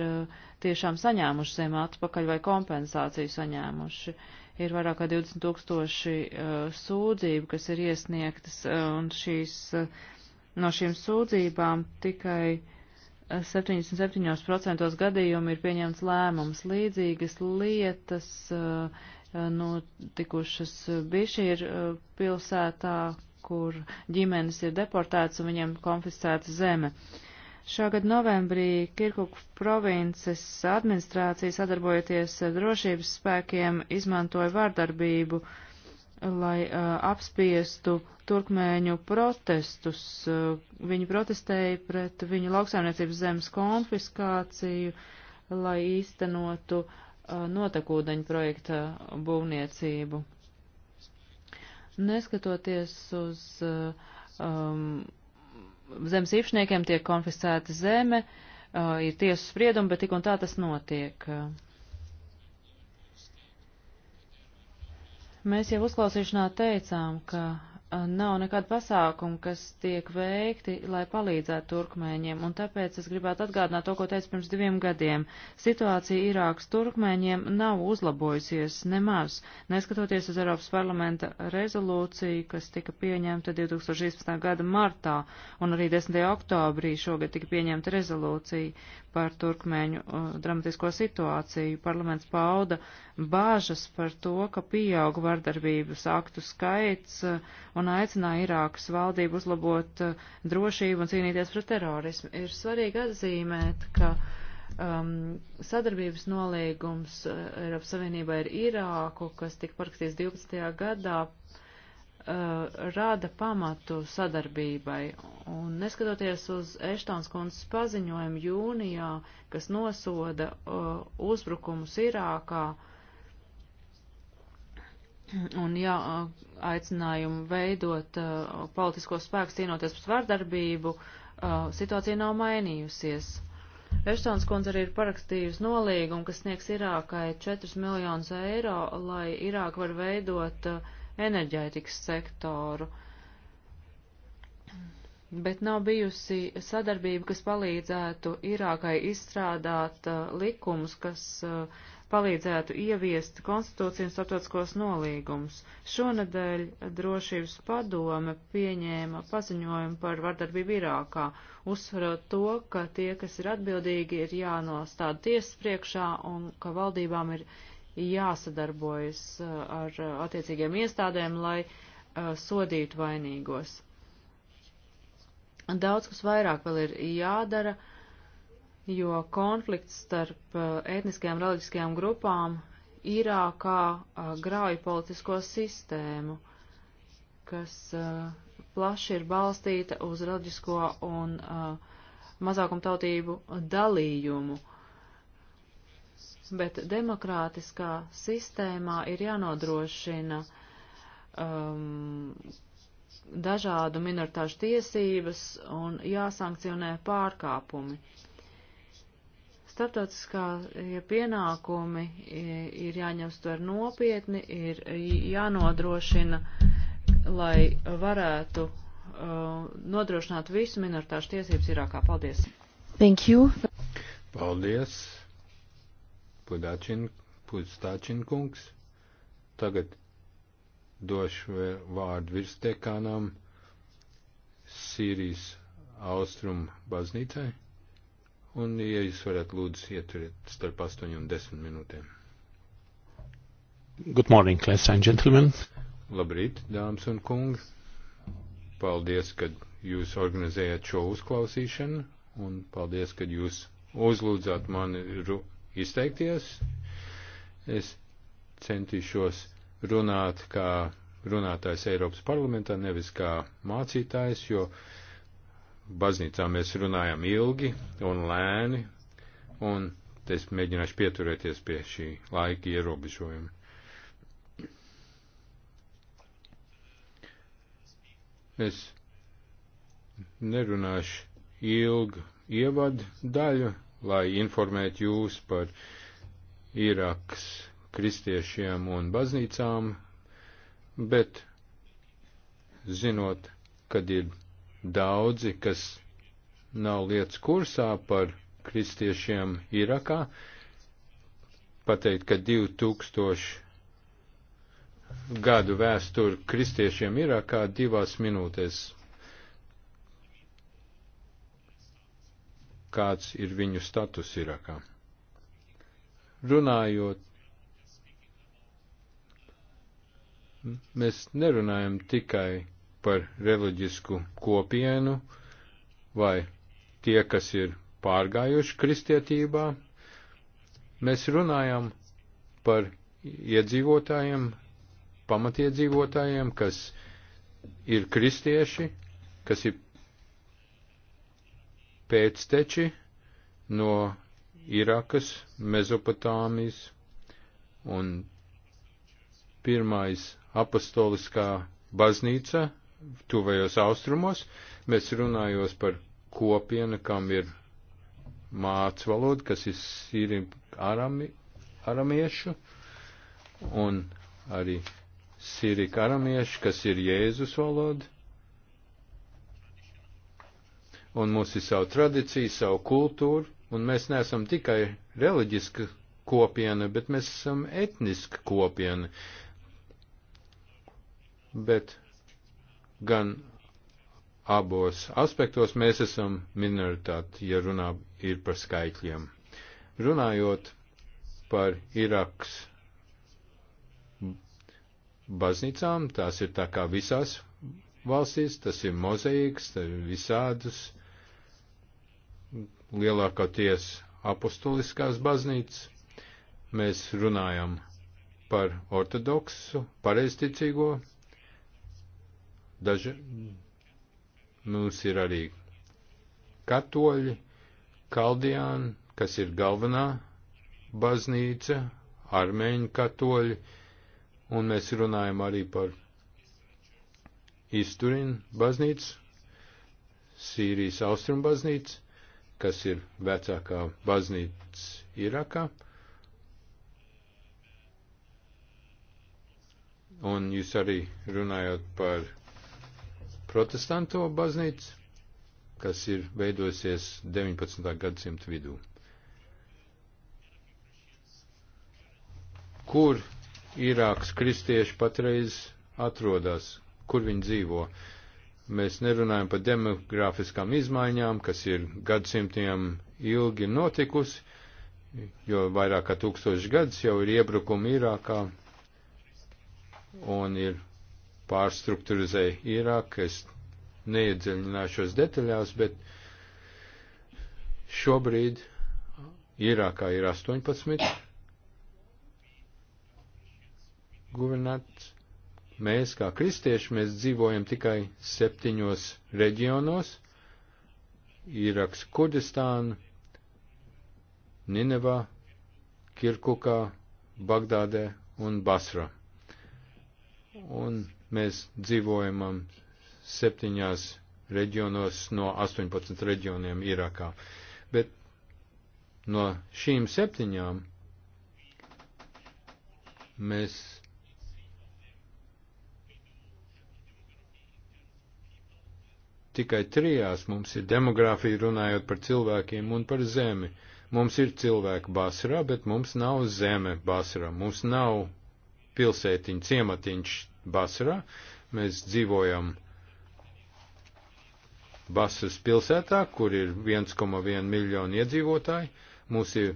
tiešām saņēmuši zemi atpakaļ vai kompensāciju saņēmuši. Ir vairāk kā 20 tūkstoši uh, sūdzību, kas ir iesniegtas, un šīs, no šīm sūdzībām tikai 77% gadījumu ir pieņemts lēmums. Līdzīgas lietas uh, Eh, notikušas Bišīr eh, pilsētā, kur ģimenes ir deportētas un viņiem konfiscēta zeme. Šā gada novembrī Kirkuk provinces administrācija sadarbojoties drošības spēkiem izmantoja vārdarbību, lai uh, apspiestu turkmēņu protestus. Uh, viņi protestēja pret viņu lauksaimniecības zemes konfiskāciju, lai īstenotu uh, Uh, notekūdeņu projekta būvniecību. Neskatoties uz uh, um, zemes īpašniekiem, tiek konfiscēta zeme, uh, ir tiesas spriedumi, bet tik un tā tas notiek. Mēs jau uzklausīšanā teicām, ka nav nekāda pasākuma, kas tiek veikti, lai palīdzētu turkmēņiem, un tāpēc es gribētu atgādināt to, ko teicu pirms diviem gadiem. Situācija Irākas turkmēņiem nav uzlabojusies nemaz, neskatoties uz Eiropas parlamenta rezolūciju, kas tika pieņemta 2016. gada martā, un arī 10. oktobrī šogad tika pieņemta rezolūcija par turkmēņu uh, dramatisko situāciju. Parlaments pauda bāžas par to, ka pieaug vardarbības aktu skaits uh, un aicināja Irākas valdību uzlabot uh, drošību un cīnīties pret terorismu. Ir svarīgi atzīmēt, ka um, sadarbības nolīgums uh, Eiropas Savienībā ir Irāku, kas tika parakstīts 12. gadā, Uh, rada pamatu sadarbībai. Un neskatoties uz Eštons kundzes paziņojumu jūnijā, kas nosoda uh, uzbrukumus Irākā un jā, uh, aicinājumu veidot uh, politisko spēku cīnoties pret vardarbību, uh, situācija nav mainījusies. Eštons kundze arī ir parakstījusi nolīgumu, kas sniegs Irākai 4 miljonus eiro, lai Irāka var veidot uh, enerģētikas sektoru. Bet nav bijusi sadarbība, kas palīdzētu Irākai izstrādāt uh, likumus, kas uh, palīdzētu ieviest konstitūciju un starptautiskos nolīgumus. Šonadēļ drošības padome pieņēma paziņojumu par vardarbību Irākā, uzsverot to, ka tie, kas ir atbildīgi, ir jānostāda tiesas priekšā un ka valdībām ir jāsadarbojas uh, ar uh, attiecīgiem iestādēm, lai uh, sodītu vainīgos. Daudz kas vairāk vēl ir jādara, jo konflikts starp etniskajām reliģiskajām grupām Irākā grauja politisko sistēmu, kas plaši ir balstīta uz reliģisko un mazākumtautību dalījumu bet demokrātiskā sistēmā ir jānodrošina um, dažādu minoritāšu tiesības un jāsankcionē pārkāpumi. Startautiskie ja pienākumi ir jāņemstver nopietni, ir jānodrošina, lai varētu uh, nodrošināt visu minoritāšu tiesības Irākā. Paldies! Thank you! Paldies! Pudāčina kungs. Tagad došu vārdu virstekānām Sīrijas austrumu baznīcai. Un, ja jūs varat lūdzu ieturiet starp 8 un 10 minūtēm. Good morning, ladies and gentlemen. Labrīt, dāmas un kungi. Paldies, ka jūs organizējat šo uzklausīšanu un paldies, ka jūs uzlūdzāt mani izteikties. Es centīšos runāt kā runātājs Eiropas parlamentā, nevis kā mācītājs, jo baznīcā mēs runājam ilgi un lēni, un es mēģināšu pieturēties pie šī laika ierobežojuma. Es nerunāšu ilgu ievadu daļu, lai informētu jūs par Irākas kristiešiem un baznīcām, bet zinot, kad ir daudzi, kas nav lietas kursā par kristiešiem Irākā, pateikt, ka 2000 gadu vēsturi kristiešiem Irākā divās minūtēs kāds ir viņu status Irakā. Runājot, mēs nerunājam tikai par reliģisku kopienu vai tie, kas ir pārgājuši kristietībā, mēs runājam par iedzīvotājiem, pamatiedzīvotājiem, kas ir kristieši, kas ir pēcteči no Irakas, Mezopotāmijas un pirmais apostoliskā baznīca tuvajos austrumos. Mēs runājos par kopienu, kam ir māc valoda, kas ir sīri arami, aramiešu un arī sīri karamiešu, kas ir Jēzus valoda un mums ir savu tradīciju, savu kultūru, un mēs neesam tikai reliģiska kopiena, bet mēs esam etniska kopiena. Bet gan abos aspektos mēs esam minoritāti, ja runā ir par skaitļiem. Runājot par Iraks baznīcām, tās ir tā kā visās valstīs, tas ir mozaīks, visādus lielākoties apustuliskās baznīcas. Mēs runājam par ortodoksu, pareizticīgo. Daži mums ir arī katoļi, kaldiāni, kas ir galvenā baznīca, armēņu katoļi, un mēs runājam arī par Isturinu baznīcu, Sīrijas austrumu baznīcu, kas ir vecākā baznīca Irakā. Un jūs arī runājot par protestanto baznīcu, kas ir veidosies 19. gadsimta vidū. Kur Irāks kristieši patreiz atrodas, kur viņi dzīvo? Uh, Mēs nerunājam par demografiskām izmaiņām, kas ir gadsimtiem ilgi notikusi, jo vairāk kā tūkstoši gadus jau ir iebrukumi Irākā un ir pārstruktūrizēja Irāku. Es neiedziļināšos detaļās, bet šobrīd Irākā ir 18 guvernants mēs kā kristieši, mēs dzīvojam tikai septiņos reģionos - Iraks, Kurdistāna, Ninevā, Kirkukā, Bagdādē un Basra. Un mēs dzīvojam septiņās reģionos no 18 reģioniem Irākā. Bet no šīm septiņām mēs Tikai trijās mums ir demogrāfija runājot par cilvēkiem un par zemi. Mums ir cilvēki Basrā, bet mums nav zeme Basrā. Mums nav pilsētiņa, ciematiņš Basrā. Mēs dzīvojam Basras pilsētā, kur ir 1,1 miljonu iedzīvotāji. Mums ir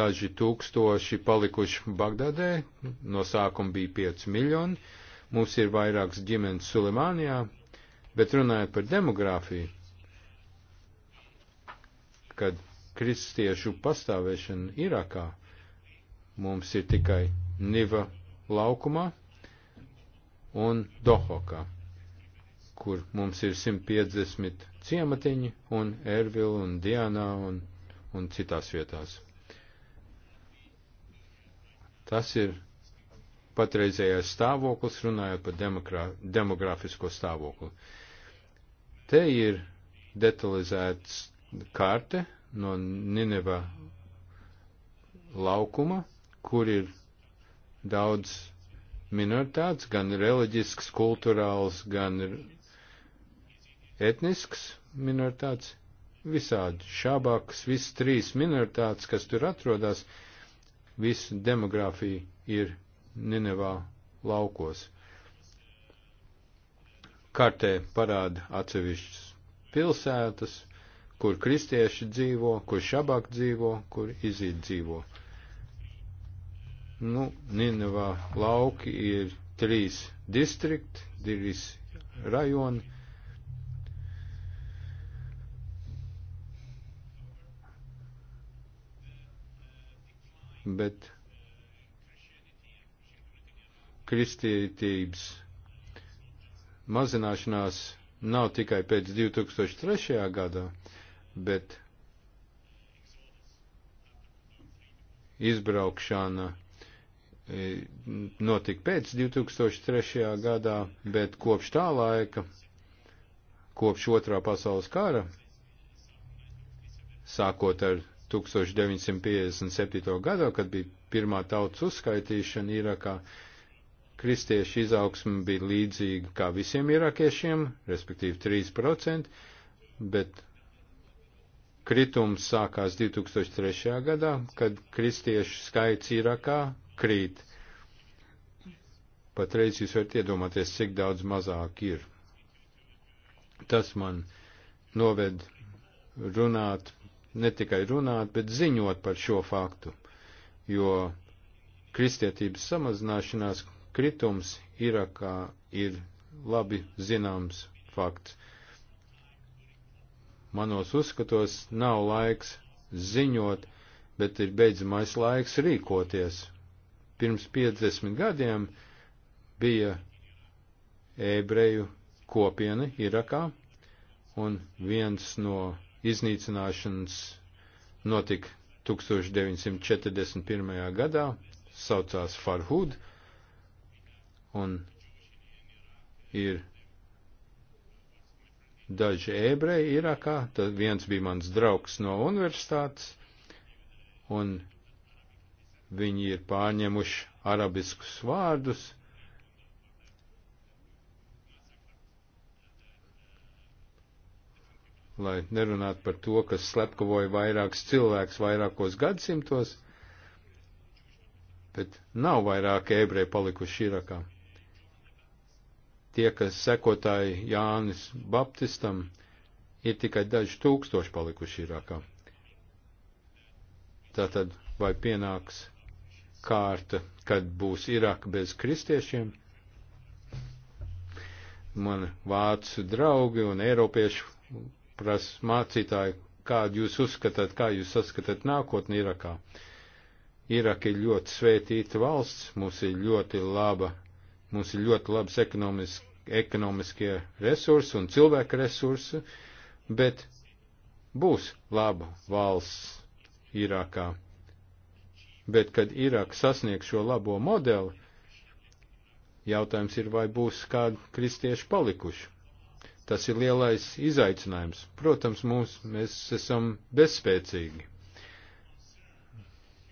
daži tūkstoši palikuši Bagdadē, no sākuma bija 5 miljoni. Mums ir vairākas ģimenes Sulimānijā, Bet runājot par demogrāfiju, kad kristiešu pastāvēšana Irākā mums ir tikai Niva laukumā un Dohokā, kur mums ir 150 ciematiņi un Ervil un Dianā un, un citās vietās. Tas ir patreizējais stāvoklis, runājot par demografisko stāvokli. Te ir detalizēts karte no Nineva laukuma, kur ir daudz minoritātes, gan reliģisks, kulturāls, gan etnisks minoritātes, visādi šābākas, visas trīs minoritātes, kas tur atrodas, visa demogrāfija ir Ninevā laukos kartē parāda atsevišķas pilsētas, kur kristieši dzīvo, kur šabāk dzīvo, kur izīt dzīvo. Nu, Ninevā lauki ir trīs distrikti, trīs rajoni. Bet kristietības mazināšanās nav tikai pēc 2003. gadā, bet izbraukšana e, notika pēc 2003. gadā, bet kopš tā laika, kopš otrā pasaules kara, sākot ar 1957. gadu, kad bija pirmā tautas uzskaitīšana Irakā, kristiešu izaugsme bija līdzīga kā visiem irakiešiem, respektīvi 3%, bet kritums sākās 2003. gadā, kad kristiešu skaits Irakā krīt. Patreiz jūs varat iedomāties, cik daudz mazāk ir. Tas man noved runāt, ne tikai runāt, bet ziņot par šo faktu, jo kristietības samazināšanās Kritums Irakā ir labi zināms fakts. Manos uzskatos nav laiks ziņot, bet ir beidzamais laiks rīkoties. Pirms 50 gadiem bija ebreju kopiena Irakā, un viens no iznīcināšanas notika 1941. gadā, saucās Farhud, un ir daži ebreji Irakā, tad viens bija mans draugs no universitātes, un viņi ir pārņemuši arabiskus vārdus. Lai nerunātu par to, kas slepkavoja vairākus cilvēkus vairākos gadsimtos, bet nav vairāk ebreji palikuši Irakā tie, kas sekotāji Jānis Baptistam, ir tikai daži tūkstoši palikuši Irākā. Tātad vai pienāks kārta, kad būs Irāka bez kristiešiem? Man vācu draugi un eiropiešu prasa mācītāji, kādu jūs uzskatāt, kā jūs saskatāt nākotni Irākā. Irāka ir ļoti svētīta valsts, mums ir ļoti laba Mums ir ļoti labs ekonomiski, ekonomiskie resursi un cilvēka resursi, bet būs laba valsts Irākā. Bet, kad Irāka sasniegs šo labo modeli, jautājums ir, vai būs kādi kristieši palikuši. Tas ir lielais izaicinājums. Protams, mūs, mēs esam bezspēcīgi.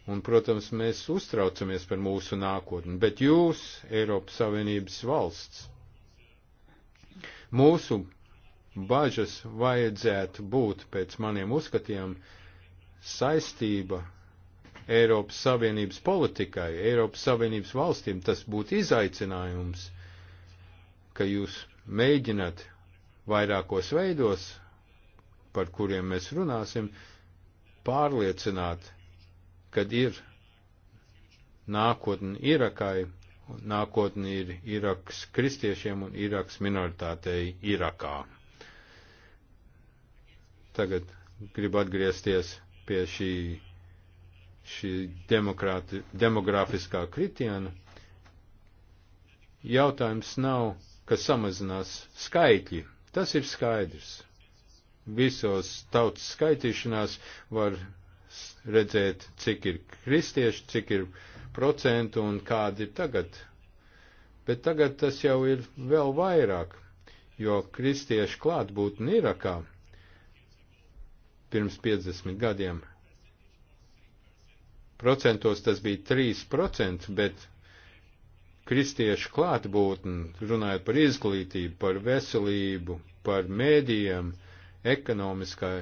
Un, protams, mēs uztraucamies par mūsu nākotni, bet jūs, Eiropas Savienības valsts, mūsu bažas vajadzētu būt, pēc maniem uzskatiem, saistība Eiropas Savienības politikai, Eiropas Savienības valstīm. Tas būtu izaicinājums, ka jūs mēģināt vairākos veidos, par kuriem mēs runāsim, pārliecināt kad ir nākotne Irakai, nākotne ir Iraks kristiešiem un Iraks minoritātei Irakā. Tagad gribu atgriezties pie šī, šī demografiskā kritiena. Jautājums nav, ka samazinās skaitļi. Tas ir skaidrs. Visos tautas skaitīšanās var redzēt, cik ir kristieši, cik ir procentu un kādi ir tagad. Bet tagad tas jau ir vēl vairāk, jo kristiešu klātbūtne Irakā pirms 50 gadiem. Procentos tas bija 3%, bet kristiešu klātbūtni, runājot par izglītību, par veselību, par mēdījiem, ekonomiskā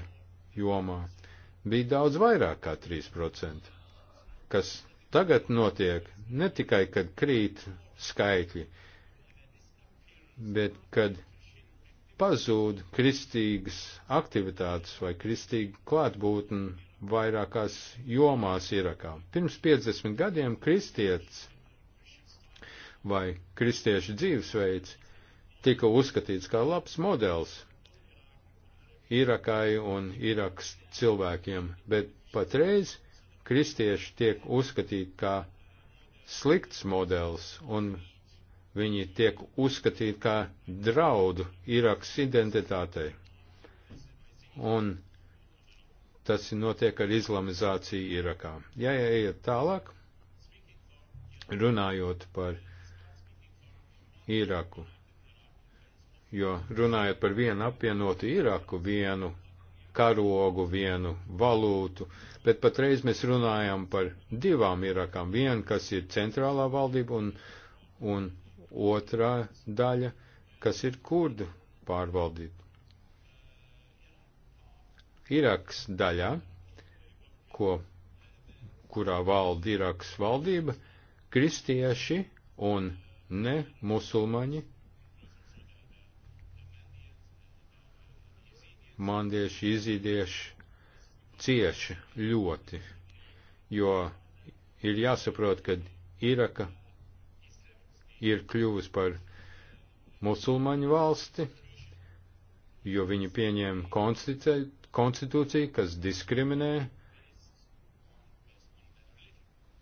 jomā, bija daudz vairāk kā 3%. Kas tagad notiek, ne tikai, kad krīt skaitļi, bet kad pazūd kristīgas aktivitātes vai kristīga klātbūtne vairākās jomās Irakā. Pirms 50 gadiem kristietis vai kristiešu dzīvesveids tika uzskatīts kā labs modelis Irakai un Iraks cilvēkiem, bet patreiz kristieši tiek uzskatīti kā slikts modelis, un viņi tiek uzskatīti kā draudu Iraks identitātei. Un tas notiek ar islamizāciju Irakā. Ja ejiet tālāk, runājot par Iraku jo runājot par vienu apvienotu Iraku, vienu karogu, vienu valūtu, bet patreiz mēs runājam par divām Irakām. Vienu, kas ir centrālā valdība, un, un otrā daļa, kas ir kurdu pārvaldība. Iraks daļā, ko, kurā valda Iraks valdība, kristieši un ne musulmaņi mandieši, izīdieši cieši ļoti, jo ir jāsaprot, ka Iraka ir kļuvusi par musulmaņu valsti, jo viņi pieņēma konstitūciju, kas diskriminē,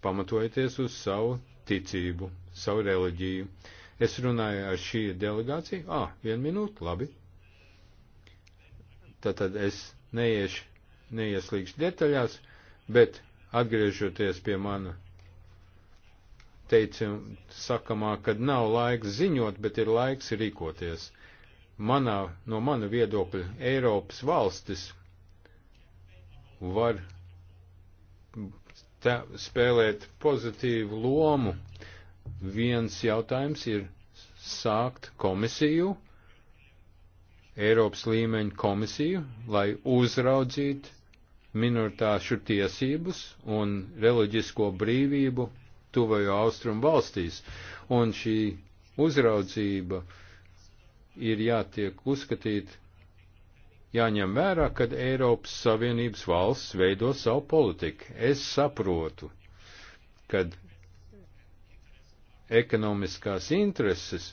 pamatojoties uz savu ticību, savu reliģiju. Es runāju ar šī delegāciju. Ā, ah, vienu minūtu, labi. Tātad es neiešu, neieslīgšu detaļās, bet atgriežoties pie mana teicam, sakamā, kad nav laiks ziņot, bet ir laiks rīkoties. Manā, no mana viedokļa Eiropas valstis var te, spēlēt pozitīvu lomu. Viens jautājums ir sākt komisiju Eiropas līmeņa komisiju, lai uzraudzītu minoritāšu tiesības un reliģisko brīvību tuvajo austrumu valstīs. Un šī uzraudzība ir jātiek uzskatīt, jāņem vērā, kad Eiropas Savienības valsts veido savu politiku. Es saprotu, kad ekonomiskās intereses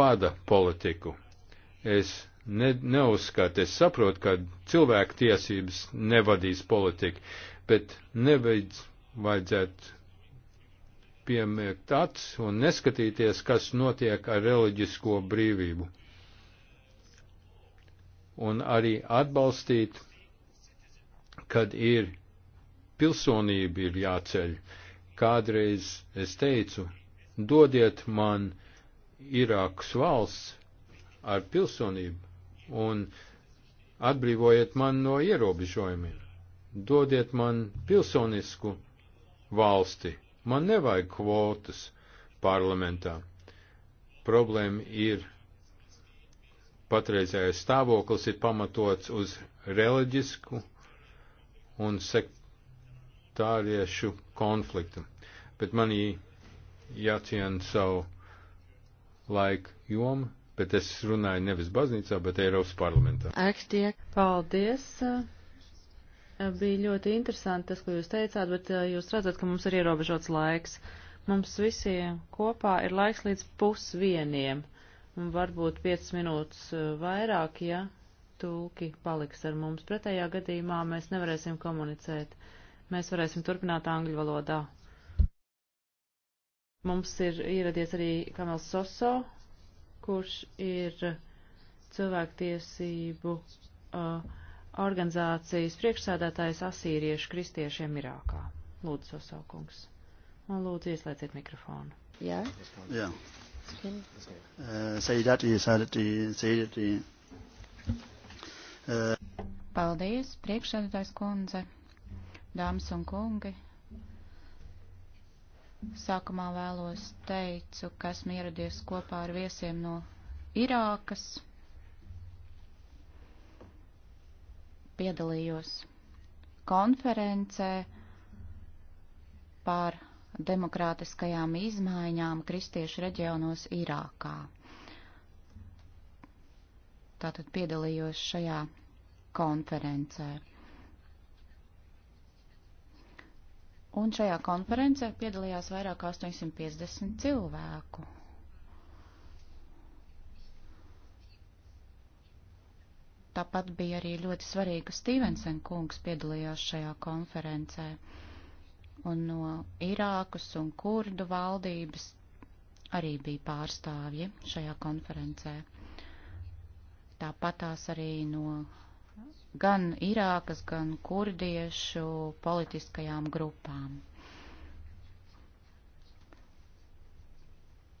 vada politiku. Es ne, neuzskata. Es saprotu, ka cilvēku tiesības nevadīs politika, bet nevajadz, vajadzētu piemērt acis un neskatīties, kas notiek ar reliģisko brīvību. Un arī atbalstīt, kad ir pilsonība ir jāceļ. Kādreiz es teicu, dodiet man Irākas valsts ar pilsonību, un atbrīvojiet man no ierobežojumiem, dodiet man pilsonisku valsti, man nevajag kvotas parlamentā. Problēma ir patreizējais stāvoklis ir pamatots uz reliģisku un sektāriešu konfliktu, bet manī jāciena savu laiku jomu bet es runāju nevis baznīcā, bet Eiropas parlamentā. Akstiek, paldies! Eh, bija ļoti interesanti tas, ko jūs teicāt, bet eh, jūs redzat, ka mums ir ierobežots laiks. Mums visiem kopā ir laiks līdz pusvieniem, un varbūt 5 minūtes eh, vairāk, ja tulki paliks ar mums. Pretējā gadījumā mēs nevarēsim komunicēt. Mēs varēsim turpināt angļu valodā. Mums ir ieradies arī Kamels Soso, kurš ir cilvēktiesību uh, organizācijas priekšsēdētājs asīriešu kristiešiem Irākā. Lūdzu, sasaukungs. Un lūdzu, ieslēdziet mikrofonu. Jā. Jā. Saidāti, saidāti, saidāti. Paldies, priekšsēdētājs kundze, dāmas un kungi. Sākumā vēlos teicu, ka esmu ieradies kopā ar viesiem no Irākas. Piedalījos konferencē par demokrātiskajām izmaiņām kristiešu reģionos Irākā. Tātad piedalījos šajā konferencē. Un šajā konferencē piedalījās vairāk 850 cilvēku. Tāpat bija arī ļoti svarīga Stevensen kungs piedalījās šajā konferencē. Un no Irākas un Kurdu valdības arī bija pārstāvji šajā konferencē. Tāpatās arī no gan Irākas, gan kurdiešu politiskajām grupām.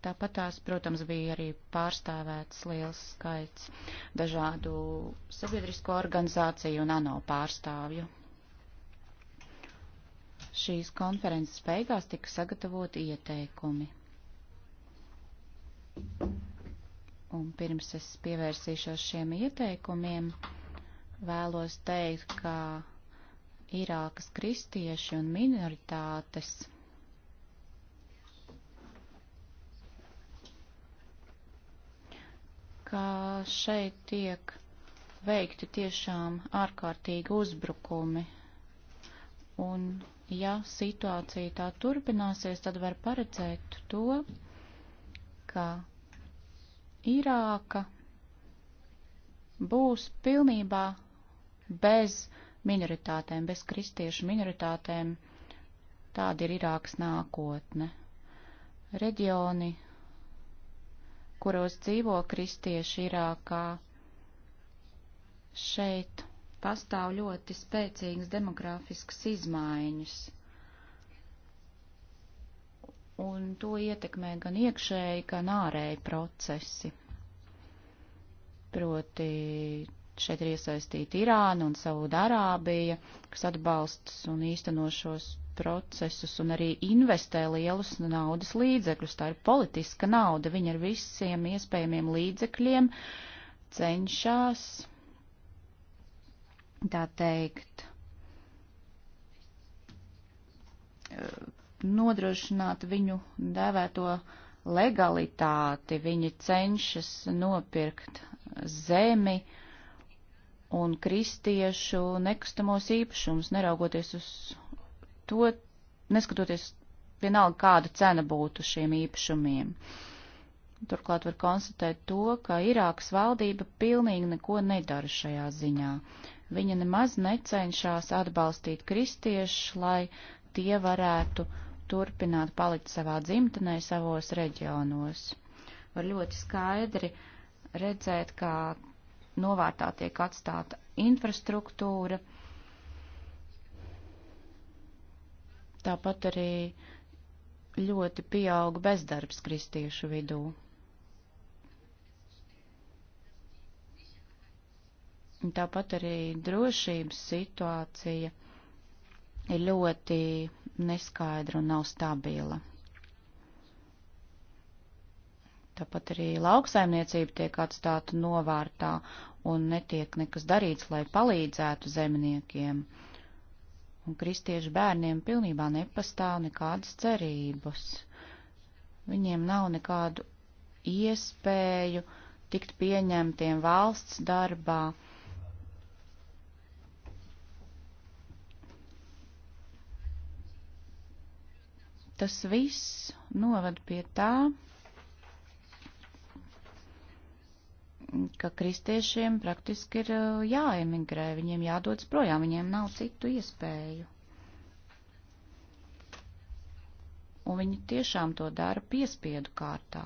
Tāpat tās, protams, bija arī pārstāvēts liels skaits dažādu sabiedrisko organizāciju un ANO pārstāvju. Šīs konferences beigās tika sagatavoti ieteikumi. Un pirms es pievērsīšos šiem ieteikumiem, vēlos teikt, ka Irākas kristieši un minoritātes ka šeit tiek veikti tiešām ārkārtīgi uzbrukumi. Un ja situācija tā turpināsies, tad var paredzēt to, ka Irāka būs pilnībā bez minoritātēm, bez kristiešu minoritātēm. Tāda ir Irākas nākotne. Reģioni, kuros dzīvo kristieši Irākā, šeit pastāv ļoti spēcīgas demografiskas izmaiņas. Un to ietekmē gan iekšēji, gan ārēji procesi. Proti Šeit ir iesaistīta Irāna un Saudārābija, kas atbalsts un īstenošos procesus un arī investē lielus naudas līdzekļus. Tā ir politiska nauda. Viņa ar visiem iespējamiem līdzekļiem cenšas, tā teikt, eh, nodrošināt viņu devēto legalitāti. Viņi cenšas nopirkt zemi, uh, un kristiešu nekustamos īpašumus, neraugoties uz to, neskatoties vienalga, kāda cena būtu šiem īpašumiem. Turklāt var konstatēt to, ka Irākas valdība pilnīgi neko nedara šajā ziņā. Viņa nemaz necenšas atbalstīt kristiešus, lai tie varētu turpināt palikt savā dzimtenē, savos reģionos. Var ļoti skaidri redzēt, kā novārtā tiek atstāta infrastruktūra. Tāpat arī ļoti pieauga bezdarbs kristiešu vidū. Tāpat arī drošības situācija ir ļoti neskaidra un nav stabila. Tāpat arī lauksaimniecība tiek atstāta novārtā un netiek nekas darīts, lai palīdzētu zemniekiem. Un kristiešu bērniem pilnībā nepastāv nekādas cerības. Viņiem nav nekādu iespēju tikt pieņemtiem valsts darbā. Tas viss novad pie tā, ka kristiešiem praktiski ir uh, jāemigrē, viņiem jādodas projām, viņiem nav citu iespēju. Un viņi tiešām to dara piespiedu kārtā.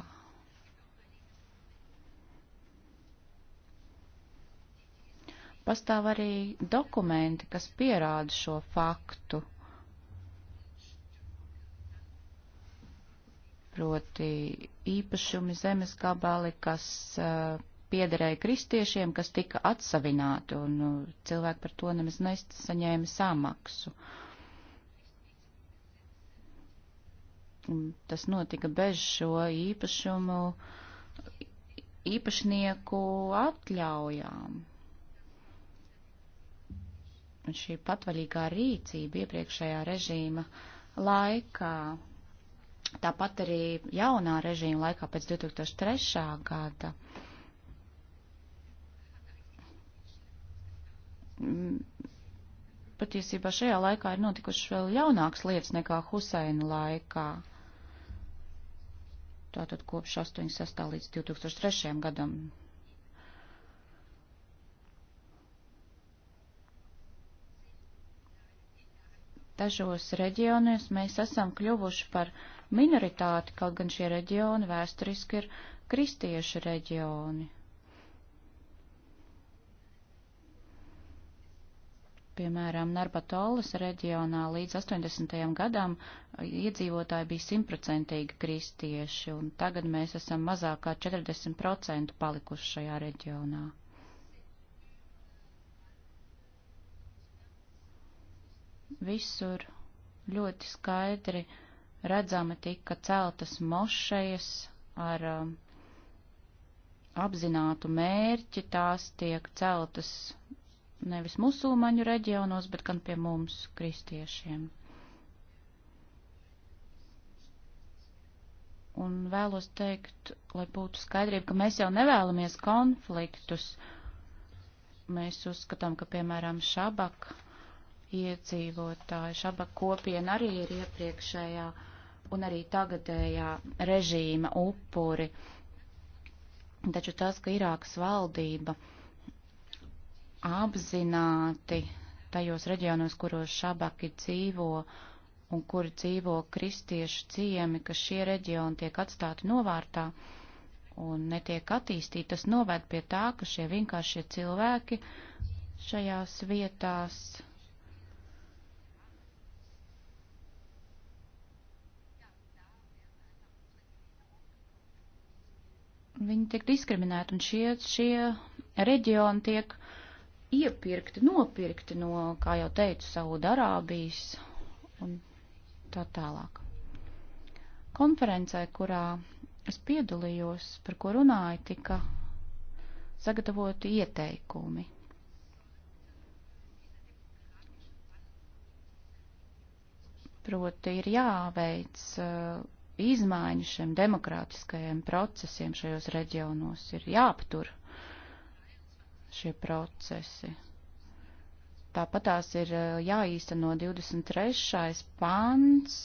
Pastāv arī dokumenti, kas pierāda šo faktu. Proti īpašumi zemes gabali, kas uh, piederēja kristiešiem, kas tika atsavināti, un nu, cilvēki par to nemaz nesaņēma samaksu. Tas notika bez šo īpašumu, īpašnieku atļaujām. Un šī patvaļīgā rīcība iepriekšējā režīma laikā, tāpat arī jaunā režīma laikā pēc 2003. gada, uh, patiesībā šajā laikā ir notikušas vēl jaunākas lietas nekā Huseina laikā. Tātad kopš 86. līdz 2003. gadam dažos reģionos mēs esam kļuvuši par minoritāti, kaut gan šie reģioni vēsturiski ir kristiešu reģioni. Piemēram, Narbatolas reģionā līdz 80. gadam uh, iedzīvotāji bija simtprocentīgi kristieši, un tagad mēs esam mazāk kā 40% palikuši šajā reģionā. Visur ļoti skaidri redzama tika celtas mošejas ar um, apzinātu mērķi, tās tiek celtas nevis musulmaņu reģionos, bet gan pie mums, kristiešiem. Un vēlos teikt, lai būtu skaidrība, ka mēs jau nevēlamies konfliktus. Mēs uzskatām, ka, piemēram, šabak iedzīvotāji, šabak kopiena arī ir iepriekšējā un arī tagadējā režīma upuri. Taču tas, ka Irākas valdība apzināti tajos reģionos, kuros šabaki dzīvo un kuri dzīvo kristiešu ciemi, ka šie reģioni tiek atstāti novārtā un netiek attīstīti, tas novērt pie tā, ka šie vienkāršie cilvēki šajās vietās viņi tiek diskriminēti, un šie, šie reģioni tiek iepirkti, nopirkti no, kā jau teicu, Saudarābijas un tā tālāk. Konferencē, kurā es piedalījos, par ko runāju, tika sagatavoti ieteikumi. Proti ir jāveic uh, izmaiņu šiem demokrātiskajiem procesiem šajos reģionos, ir jāaptur uh, šie procesi. Tāpat tās ir eh, jāīsteno 23. pants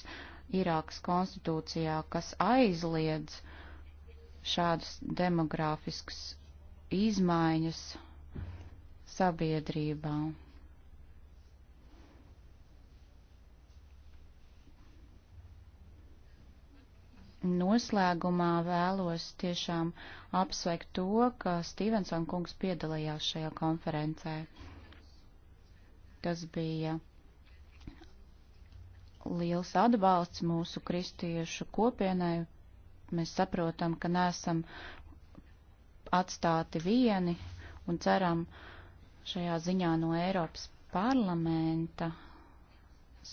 Irākas konstitūcijā, kas aizliedz šādas demogrāfiskas izmaiņas sabiedrībā. Noslēgumā vēlos tiešām apsveikt to, ka Stevenson kungs piedalījās šajā konferencē. Tas bija liels atbalsts mūsu kristiešu kopienai. Mēs saprotam, ka neesam atstāti vieni un ceram šajā ziņā no Eiropas parlamenta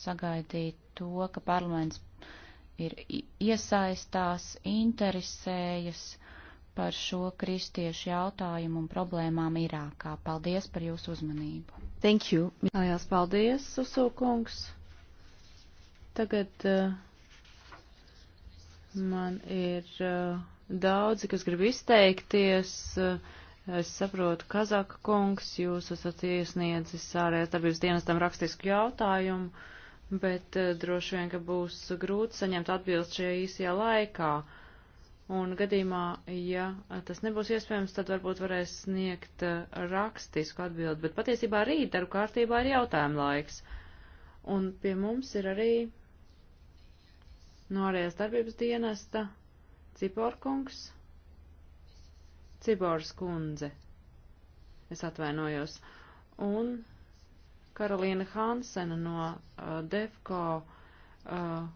sagaidīt to, ka parlaments ir iesaistās, interesējas par šo kristiešu jautājumu un problēmām Irākā. Paldies par jūsu uzmanību. Thank you. Lielas paldies, Susukungs. Tagad uh, man ir uh, daudzi, kas grib izteikties. Uh, Es saprotu, Kazaka kungs, jūs esat iesniedzis ārējās darbības dienestam rakstisku jautājumu. Uh, bet uh, droši vien, ka būs grūti saņemt atbildi šajā īsajā laikā. Un gadījumā, ja tas nebūs iespējams, tad varbūt varēs sniegt uh, rakstisku atbildi, bet patiesībā rīt darba kārtībā ir jautājuma laiks. Un pie mums ir arī no ārējās darbības dienesta Ciporkungs, Cibors kundze. Es atvainojos. Un Karolīna Hansena no uh, DEFCO uh, uh,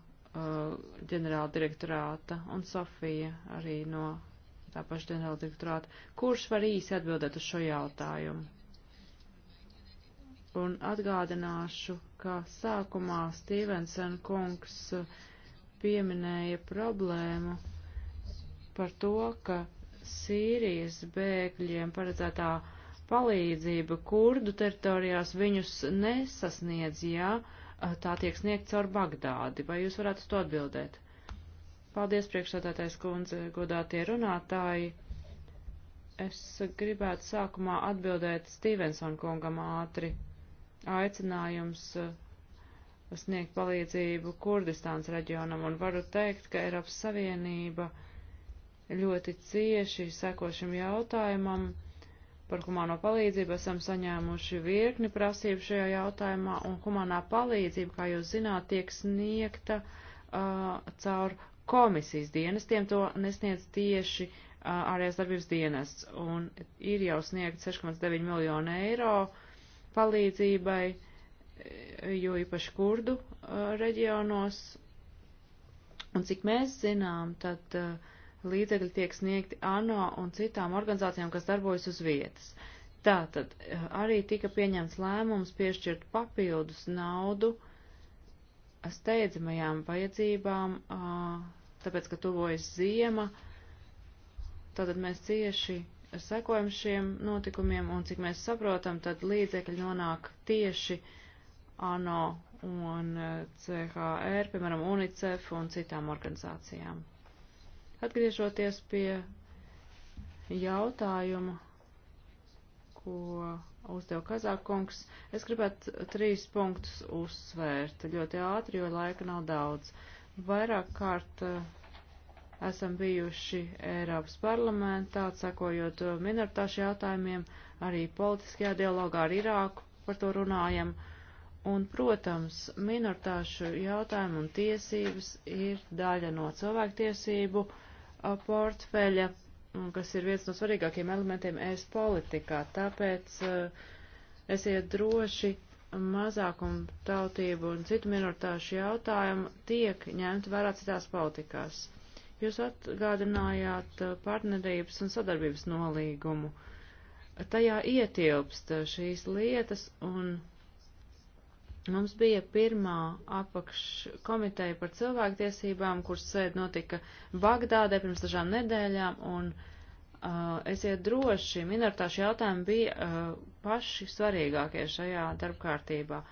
ģenerāldirektorāta un Sofija arī no tā paša ģenerāldirektorāta. Kurš var īsi atbildēt uz šo jautājumu? Un atgādināšu, ka sākumā Stevenson kungs uh, pieminēja problēmu par to, ka Sīrijas bēgļiem paredzētā uh, palīdzība kurdu teritorijās viņus nesasniedz, ja tā tiek sniegt caur Bagdādi. Vai jūs varētu uz to atbildēt? Paldies, priekšsādātais kundze, godātie runātāji. Es gribētu sākumā atbildēt Stevenson kungam ātri. Aicinājums sniegt palīdzību Kurdistāns reģionam un varu teikt, ka Eiropas Savienība ļoti cieši seko šim jautājumam par humāno palīdzību esam saņēmuši virkni prasību šajā jautājumā, un humānā palīdzība, kā jūs zināt, tiek sniegta uh, caur komisijas dienestiem, to nesniedz tieši uh, ārējās darbības dienests, un ir jau sniegt 6,9 miljonu eiro palīdzībai, jo īpaši kurdu uh, reģionos, un cik mēs zinām, tad. Uh, līdzekļi tiek sniegti ANO un citām organizācijām, kas darbojas uz vietas. Tātad eh, arī tika pieņemts lēmums piešķirt papildus naudu steidzamajām vajadzībām, tāpēc, ka tuvojas ziema, tātad mēs cieši sekojam šiem notikumiem, un cik mēs saprotam, tad līdzekļi nonāk tieši ANO un eh, CHR, piemēram, UNICEF un citām organizācijām. Atgriežoties pie jautājumu, ko uzdev Kazākungs, es gribētu trīs punktus uzsvērt ļoti ātri, jo laika nav daudz. Vairāk kārt eh, esam bijuši Eiropas parlamentā, sekojot minoritāšu jautājumiem, arī politiskajā dialogā ar Irāku par to runājam. Un, protams, minoritāšu jautājumu un tiesības ir daļa no cilvēktiesību. tiesību portfeļa, kas ir viens no svarīgākiem elementiem ES politikā. Tāpēc eh, esiet droši, mazākumu tautību un citu minoritāšu jautājumu tiek ņemti vērā citās politikās. Jūs atgādinājāt eh, partnerības un sadarbības nolīgumu. Tajā ietilpst eh, šīs lietas un Mums bija pirmā apakškomiteja par cilvēktiesībām, kuras sēd notika Bagdādē pirms dažām nedēļām, un uh, esiet droši, minoritāšu jautājumi bija uh, paši svarīgākie šajā darbkārtībā.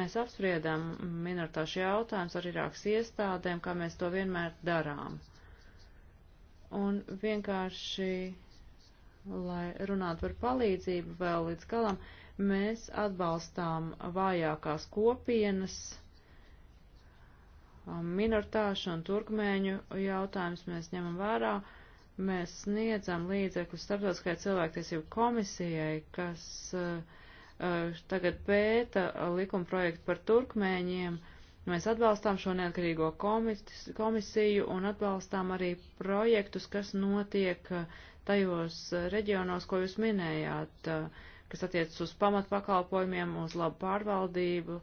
Mēs apspriedām minoritāšu jautājumus ar Irākas iestādēm, kā mēs to vienmēr darām. Un vienkārši, lai runātu par palīdzību vēl līdz galam, uh, Mēs atbalstām vājākās kopienas, um, minoritāšu un turkmēņu jautājumus mēs ņemam vērā. Mēs sniedzam līdzekļus starptautiskajai cilvēktiesību komisijai, kas uh, uh, tagad pēta likumprojektu par turkmēņiem. Mēs atbalstām šo neatkarīgo komis, komisiju un atbalstām arī projektus, kas notiek uh, tajos eh, reģionos, ko jūs minējāt, eh, kas attiecas uz pamatpakalpojumiem, uz labu pārvaldību,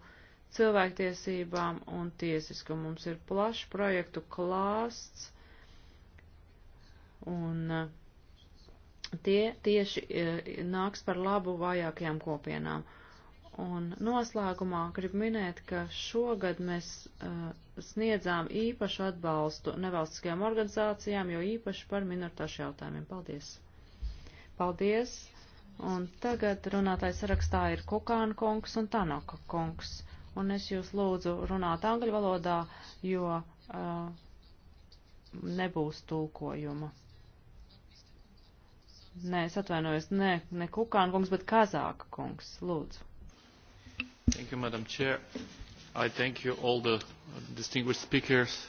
cilvēktiesībām un tiesiskumu. Mums ir plašs projektu klāsts un eh, tie tieši nāks par labu vājākajām kopienām. Un noslēgumā gribu minēt, ka šogad mēs sniedzām īpašu atbalstu nevalstiskajām organizācijām, jo īpaši par minoritāšu jautājumiem. Paldies! Paldies! Un tagad runātājs sarakstā ir Kukāna kungs un Tanaka kungs. Un es jūs lūdzu runāt angļu valodā, jo uh, nebūs tulkojuma. Nē, es atvainojos, ne, ne Kukāna kungs, bet Kazāka kungs. Lūdzu. Thank you, Madam Chair. Uh, I thank you all the distinguished speakers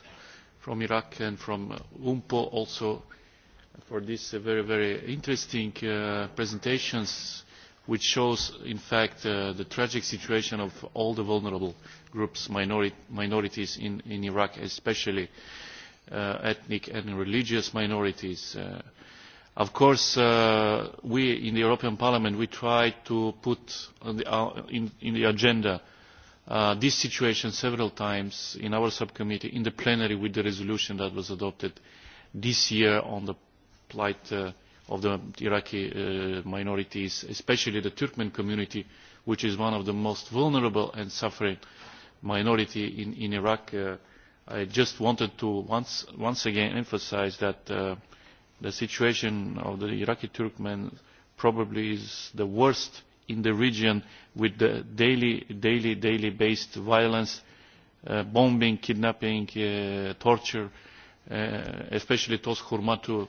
from Iraq and from uh, UMPO also for these uh, very, very interesting uh, presentations which shows in fact uh, the tragic situation of all the vulnerable groups, minori minorities in, in Iraq, especially uh, ethnic and religious minorities. Uh, of course, uh, we in the European Parliament, we try to put on the, uh, in, in the agenda uh, uh, this situation several times in our subcommittee, in the plenary with the resolution that was adopted this year on the plight uh, of the Iraqi uh, minorities, especially the Turkmen community, which is one of the most vulnerable and suffering minority in, in Iraq. Uh, I just wanted to once, once again emphasize that uh, the situation of the Iraqi Turkmen probably is the worst uh, in the region with the daily, daily, daily based violence, uh, bombing, kidnapping, uh, torture, uh, especially Tos Hurmatu.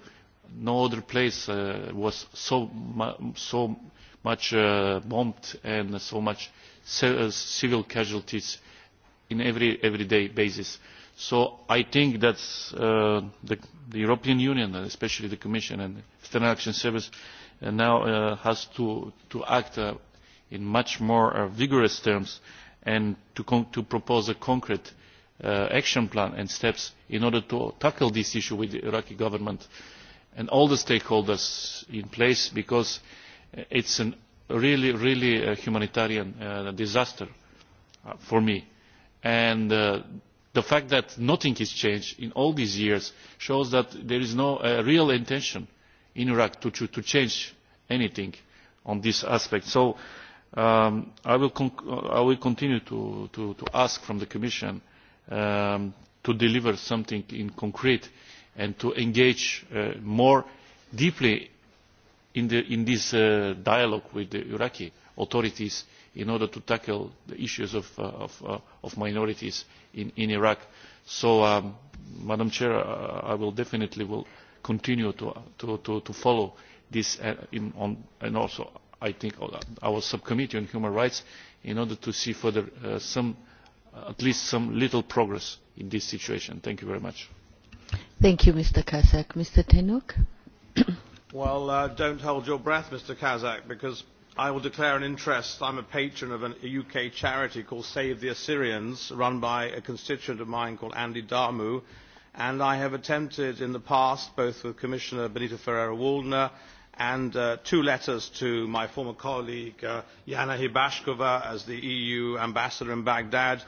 No other place uh, was so, mu so much uh, bombed and so much uh, civil casualties in every everyday basis. So I think that uh, the, the European Union, and especially the Commission and the External Action Service, uh, uh, now uh, has to, to act uh, in much more uh, vigorous terms and to, con to propose a concrete uh, action plan and steps in order to tackle this issue with the Iraqi government and all the stakeholders in place because it's a really, really uh, humanitarian uh, disaster uh, for me. And uh, the fact that nothing has changed in all these years shows that there is no uh, real intention uh, in iraq to, to change anything on this aspect. so um, I, will uh, I will continue to, to, to ask from the commission um, to deliver something in concrete and to engage uh, more deeply in, the, in this uh, dialogue with the iraqi authorities in order to tackle the issues of, uh, of, uh, of minorities in, in iraq. so um, madam chair i will definitely will, uh, continue to, to, to, to follow this uh, in, on, and also I think uh, our subcommittee on human rights in order to see further uh, some, at least some little progress in this situation. Thank you very much. Thank you, Mr. Kazak. Mr. Tenok? well, uh, don't hold your breath, Mr. Kazak, because I will declare an interest. I'm a patron of an, a UK charity called Save the Assyrians, run by a constituent of mine called Andy Darmu and i have attempted in the past both with commissioner benita ferrero waldner and uh, two letters to my former colleague uh, jana ybacka as the eu ambassador in baghdad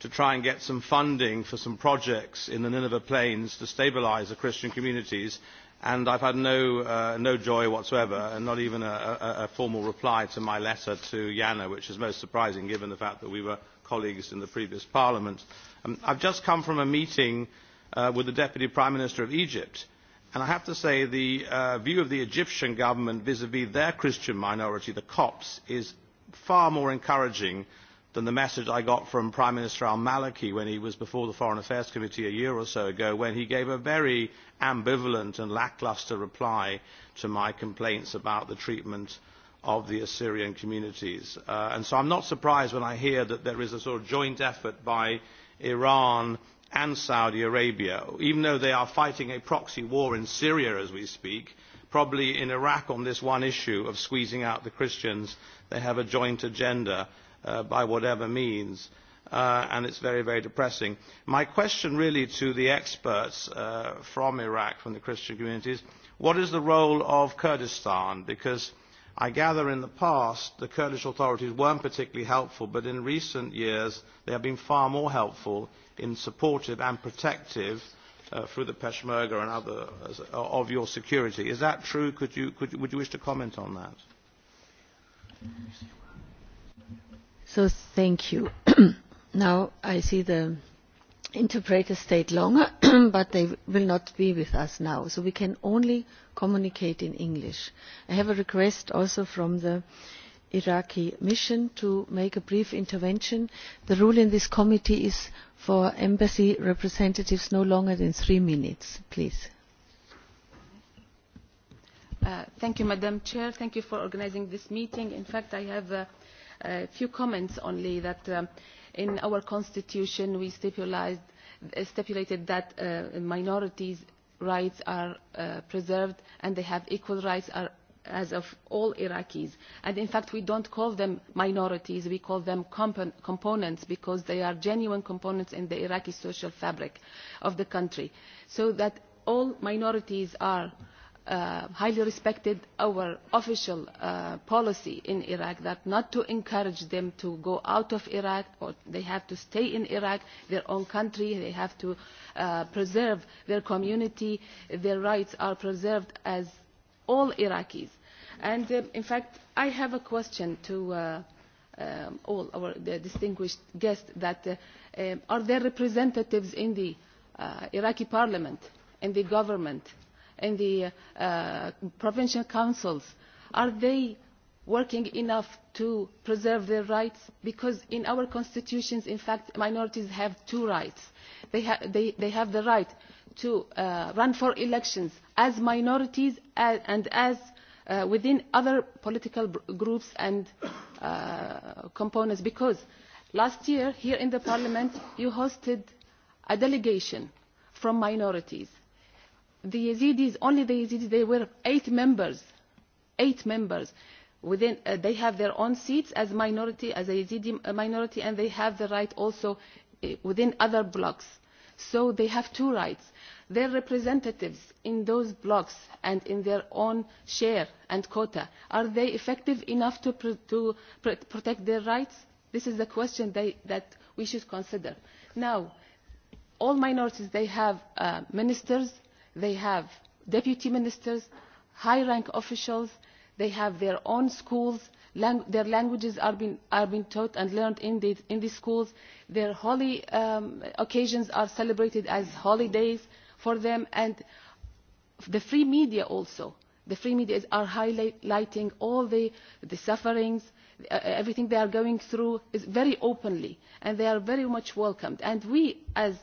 to try and get some funding for some projects in the nineveh plains to stabilise the christian communities and i have had no, uh, no joy whatsoever and not even a, a, a formal reply to my letter to jana which is most surprising given the fact that we were colleagues in the previous parliament. Um, i have just come from a meeting uh, uh, with the Deputy Prime Minister of Egypt. And I have to say the uh, view of the Egyptian government vis-à-vis -vis their Christian minority, the Copts, is far more encouraging than the message I got from Prime Minister al-Maliki when he was before the Foreign Affairs Committee a year or so ago, when he gave a very ambivalent and lackluster reply to my complaints about the treatment of the Assyrian communities. Uh, and so I'm not surprised when I hear that there is a sort of joint effort by Iran, and Saudi Arabia, even though they are fighting a proxy war in Syria as we speak, probably in Iraq on this one issue of squeezing out the Christians, they have a joint agenda uh, by whatever means. Uh, and it's very, very depressing. My question really to the experts uh, from Iraq, from the Christian communities, what is the role of Kurdistan? Because I gather in the past the Kurdish authorities weren't particularly helpful, but in recent years they have been far more helpful in supportive and protective uh, through the Peshmerga and other uh, of your security. Is that true? Could you, could, would you wish to comment on that? So thank you. now I see the interpreters stayed longer, but they will not be with us now. So we can only communicate in English. I have a request also from the Iraqi mission to make a brief intervention. The rule in this committee is for embassy representatives no longer than three minutes, please. Uh, thank you, Madam Chair. Thank you for organizing this meeting. In fact, I have a, a few comments only that um, in our Constitution we stipulated, uh, stipulated that uh, minorities' rights are uh, preserved and they have equal rights are as of all Iraqis. And in fact, we don't call them minorities, we call them compon components because they are genuine components in the Iraqi social fabric of the country. So that all minorities are uh, highly respected our official uh, policy in Iraq that not to encourage them to go out of Iraq or they have to stay in Iraq, their own country, they have to uh, preserve their community, their rights are preserved as all Iraqis. And um, in fact, I have a question to uh, um, all our the distinguished guests that uh, um, are there representatives in the uh, Iraqi parliament, in the government, in the uh, provincial councils? Are they working enough to preserve their rights? Because in our constitutions, in fact, minorities have two rights. They, ha they, they have the right to uh, run for elections as minorities as, and as uh, within other political groups and uh, components because last year here in the parliament you hosted a delegation from minorities. The Yazidis, only the Yazidis, they were eight members, eight members. Within, uh, they have their own seats as minority, as a Yazidi minority, and they have the right also uh, within other blocs so they have two rights their representatives in those blocks and in their own share and quota are they effective enough to, pr to pr protect their rights? this is the question they, that we should consider. now all minorities they have uh, ministers they have deputy ministers high rank officials they have their own schools Lang their languages are being, are being taught and learned in the, in the schools. Their holy um, occasions are celebrated as holidays for them. And the free media also. The free media are highlighting all the, the sufferings, uh, everything they are going through is very openly. And they are very much welcomed. And we, as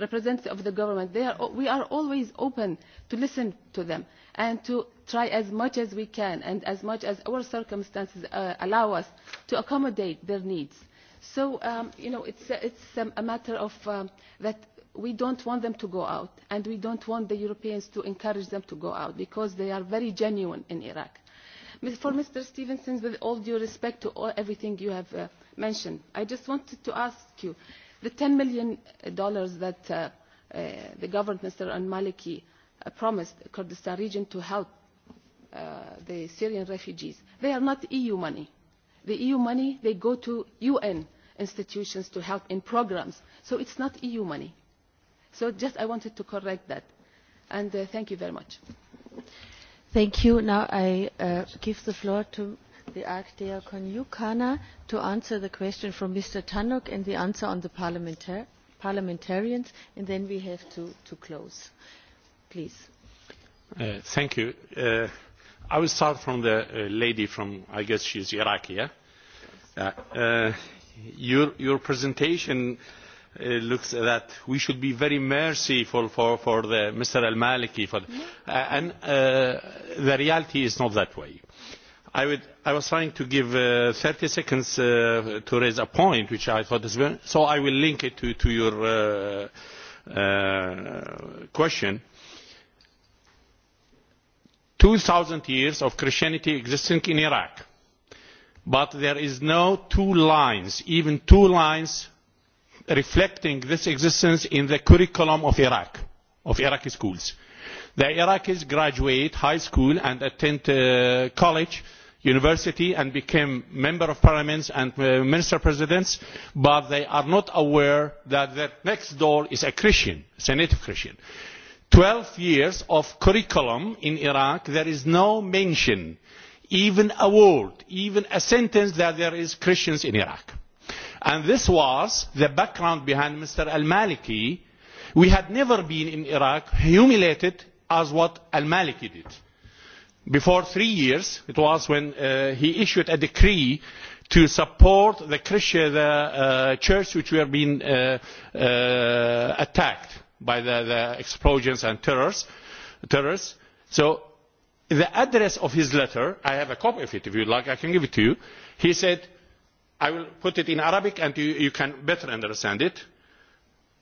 representatives of the government, they are, we are always open to listen to them and to try as much as we can and as much as our circumstances uh, allow us to accommodate their needs. So, um, you know, it's, uh, it's um, a matter of um, that we don't want them to go out and we don't want the Europeans to encourage them to go out because they are very genuine in Iraq. For Mr. Stevenson, with all due respect to all, everything you have uh, mentioned, I just wanted to ask you, the $10 million that uh, uh, the government, Mr. Al-Maliki, uh, promised Kurdistan region to help uh, the Syrian refugees. They are not EU money. The EU money, they go to UN institutions to help in programs. So it's not EU money. So just I wanted to correct that. And uh, thank you very much. Thank you. Now I uh, give the floor to the Archdeacon Yukana to answer the question from Mr. Tannock and the answer on the parliamentar parliamentarians, and then we have to, to close. Please. Uh, thank you. Uh, I will start from the uh, lady from, I guess she's Iraqi, yeah? Uh, uh, your, your presentation uh, looks that we should be very merciful for, for the Mr. Al-Maliki. For, the, mm-hmm. uh, and uh, the reality is not that way. I, would, I was trying to give uh, 30 seconds uh, to raise a point, which I thought is very... So I will link it to, to your uh, uh, question two thousand years of christianity existing in iraq but there are no two lines even two lines reflecting this existence in the curriculum of iraq of iraqi schools. the iraqis graduate high school and attend uh, college university and become member of parliaments and uh, minister presidents but they are not aware that their next door is a christian a native christian twelve years of curriculum in iraq there is no mention even a word even a sentence that there are christians in iraq. and this was the background behind mr al maliki. we had never been in iraq humiliated as what al maliki did. before three years it was when uh, he issued a decree to support the christian uh, uh, church which were being uh, uh, attacked by the, the explosions and terrors, terrorists. So the address of his letter, I have a copy of it if you like, I can give it to you. He said, I will put it in Arabic and you, you can better understand it.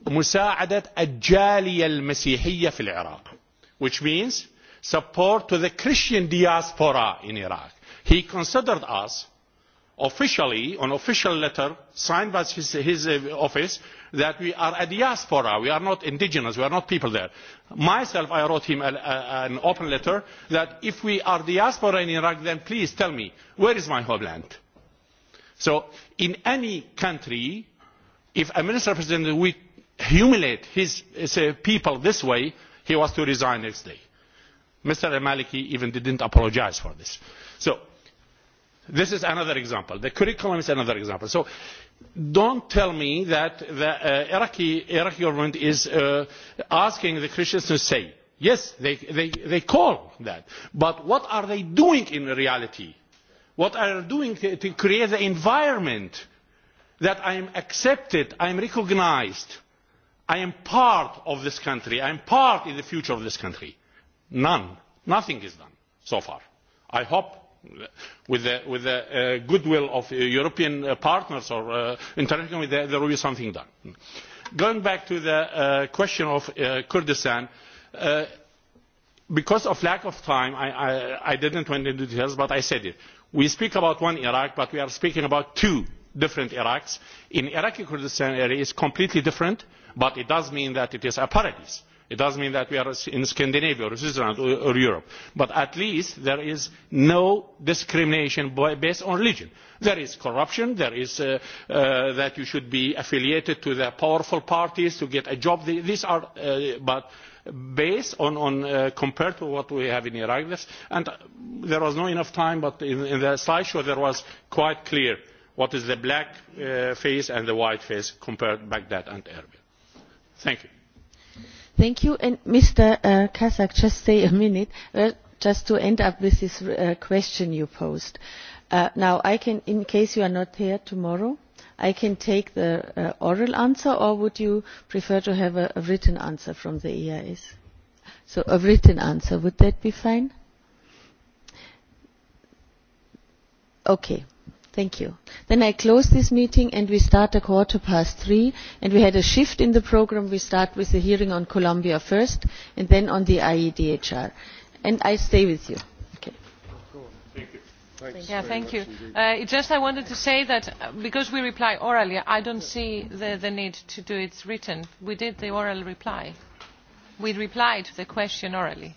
مساعدة الجالية المسيحية في العراق which means support to the Christian diaspora in Iraq. He considered us officially, an official letter signed by his, his uh, office that we are a diaspora. We are not indigenous. We are not people there. Myself, I wrote him a, a, an open letter that if we are diaspora in Iraq, then please tell me, where is my homeland? So in any country, if a minister president would humiliate his, his uh, people this way, he was to resign next day. Mr. Maliki even didn't apologize for this. So this is another example. The curriculum is another example. So don't tell me that the uh, Iraqi, Iraqi government is uh, asking the Christians to say. Yes, they, they, they call that. But what are they doing in reality? What are they doing to, to create the environment that I am accepted, I am recognized, I am part of this country, I am part in the future of this country? None. Nothing is done so far. I hope with the, with the uh, goodwill of uh, European uh, partners or uh, internationally, there, there will be something done. Going back to the uh, question of uh, Kurdistan, uh, because of lack of time, I, I, I didn't went into details, but I said it. We speak about one Iraq, but we are speaking about two different Iraqs. In Iraqi Kurdistan area, it's completely different, but it does mean that it is a paradise it does not mean that we are in scandinavia or switzerland or, or europe but at least there is no discrimination by, based on religion. there is corruption there is uh, uh, that you should be affiliated to the powerful parties to get a job these are uh, but based on, on uh, compared to what we have in iraq and there was not enough time but in, in the slideshow there was quite clear what is the black uh, face and the white face compared to baghdad and erbil. thank you. Thank you. And Mr. Uh, Kazak, just stay a minute, uh, just to end up with this uh, question you posed. Uh, now, I can, in case you are not here tomorrow, I can take the uh, oral answer, or would you prefer to have a, a written answer from the EIS? So a written answer, would that be fine? Okay. Thank you. Then I close this meeting and we start a quarter past three. And we had a shift in the program. We start with the hearing on Colombia first and then on the IEDHR. And I stay with you. Okay. Thank you. Thanks yeah, thank you. Uh, just I wanted to say that uh, because we reply orally, I don't see the, the need to do it written. We did the oral reply. We replied to the question orally.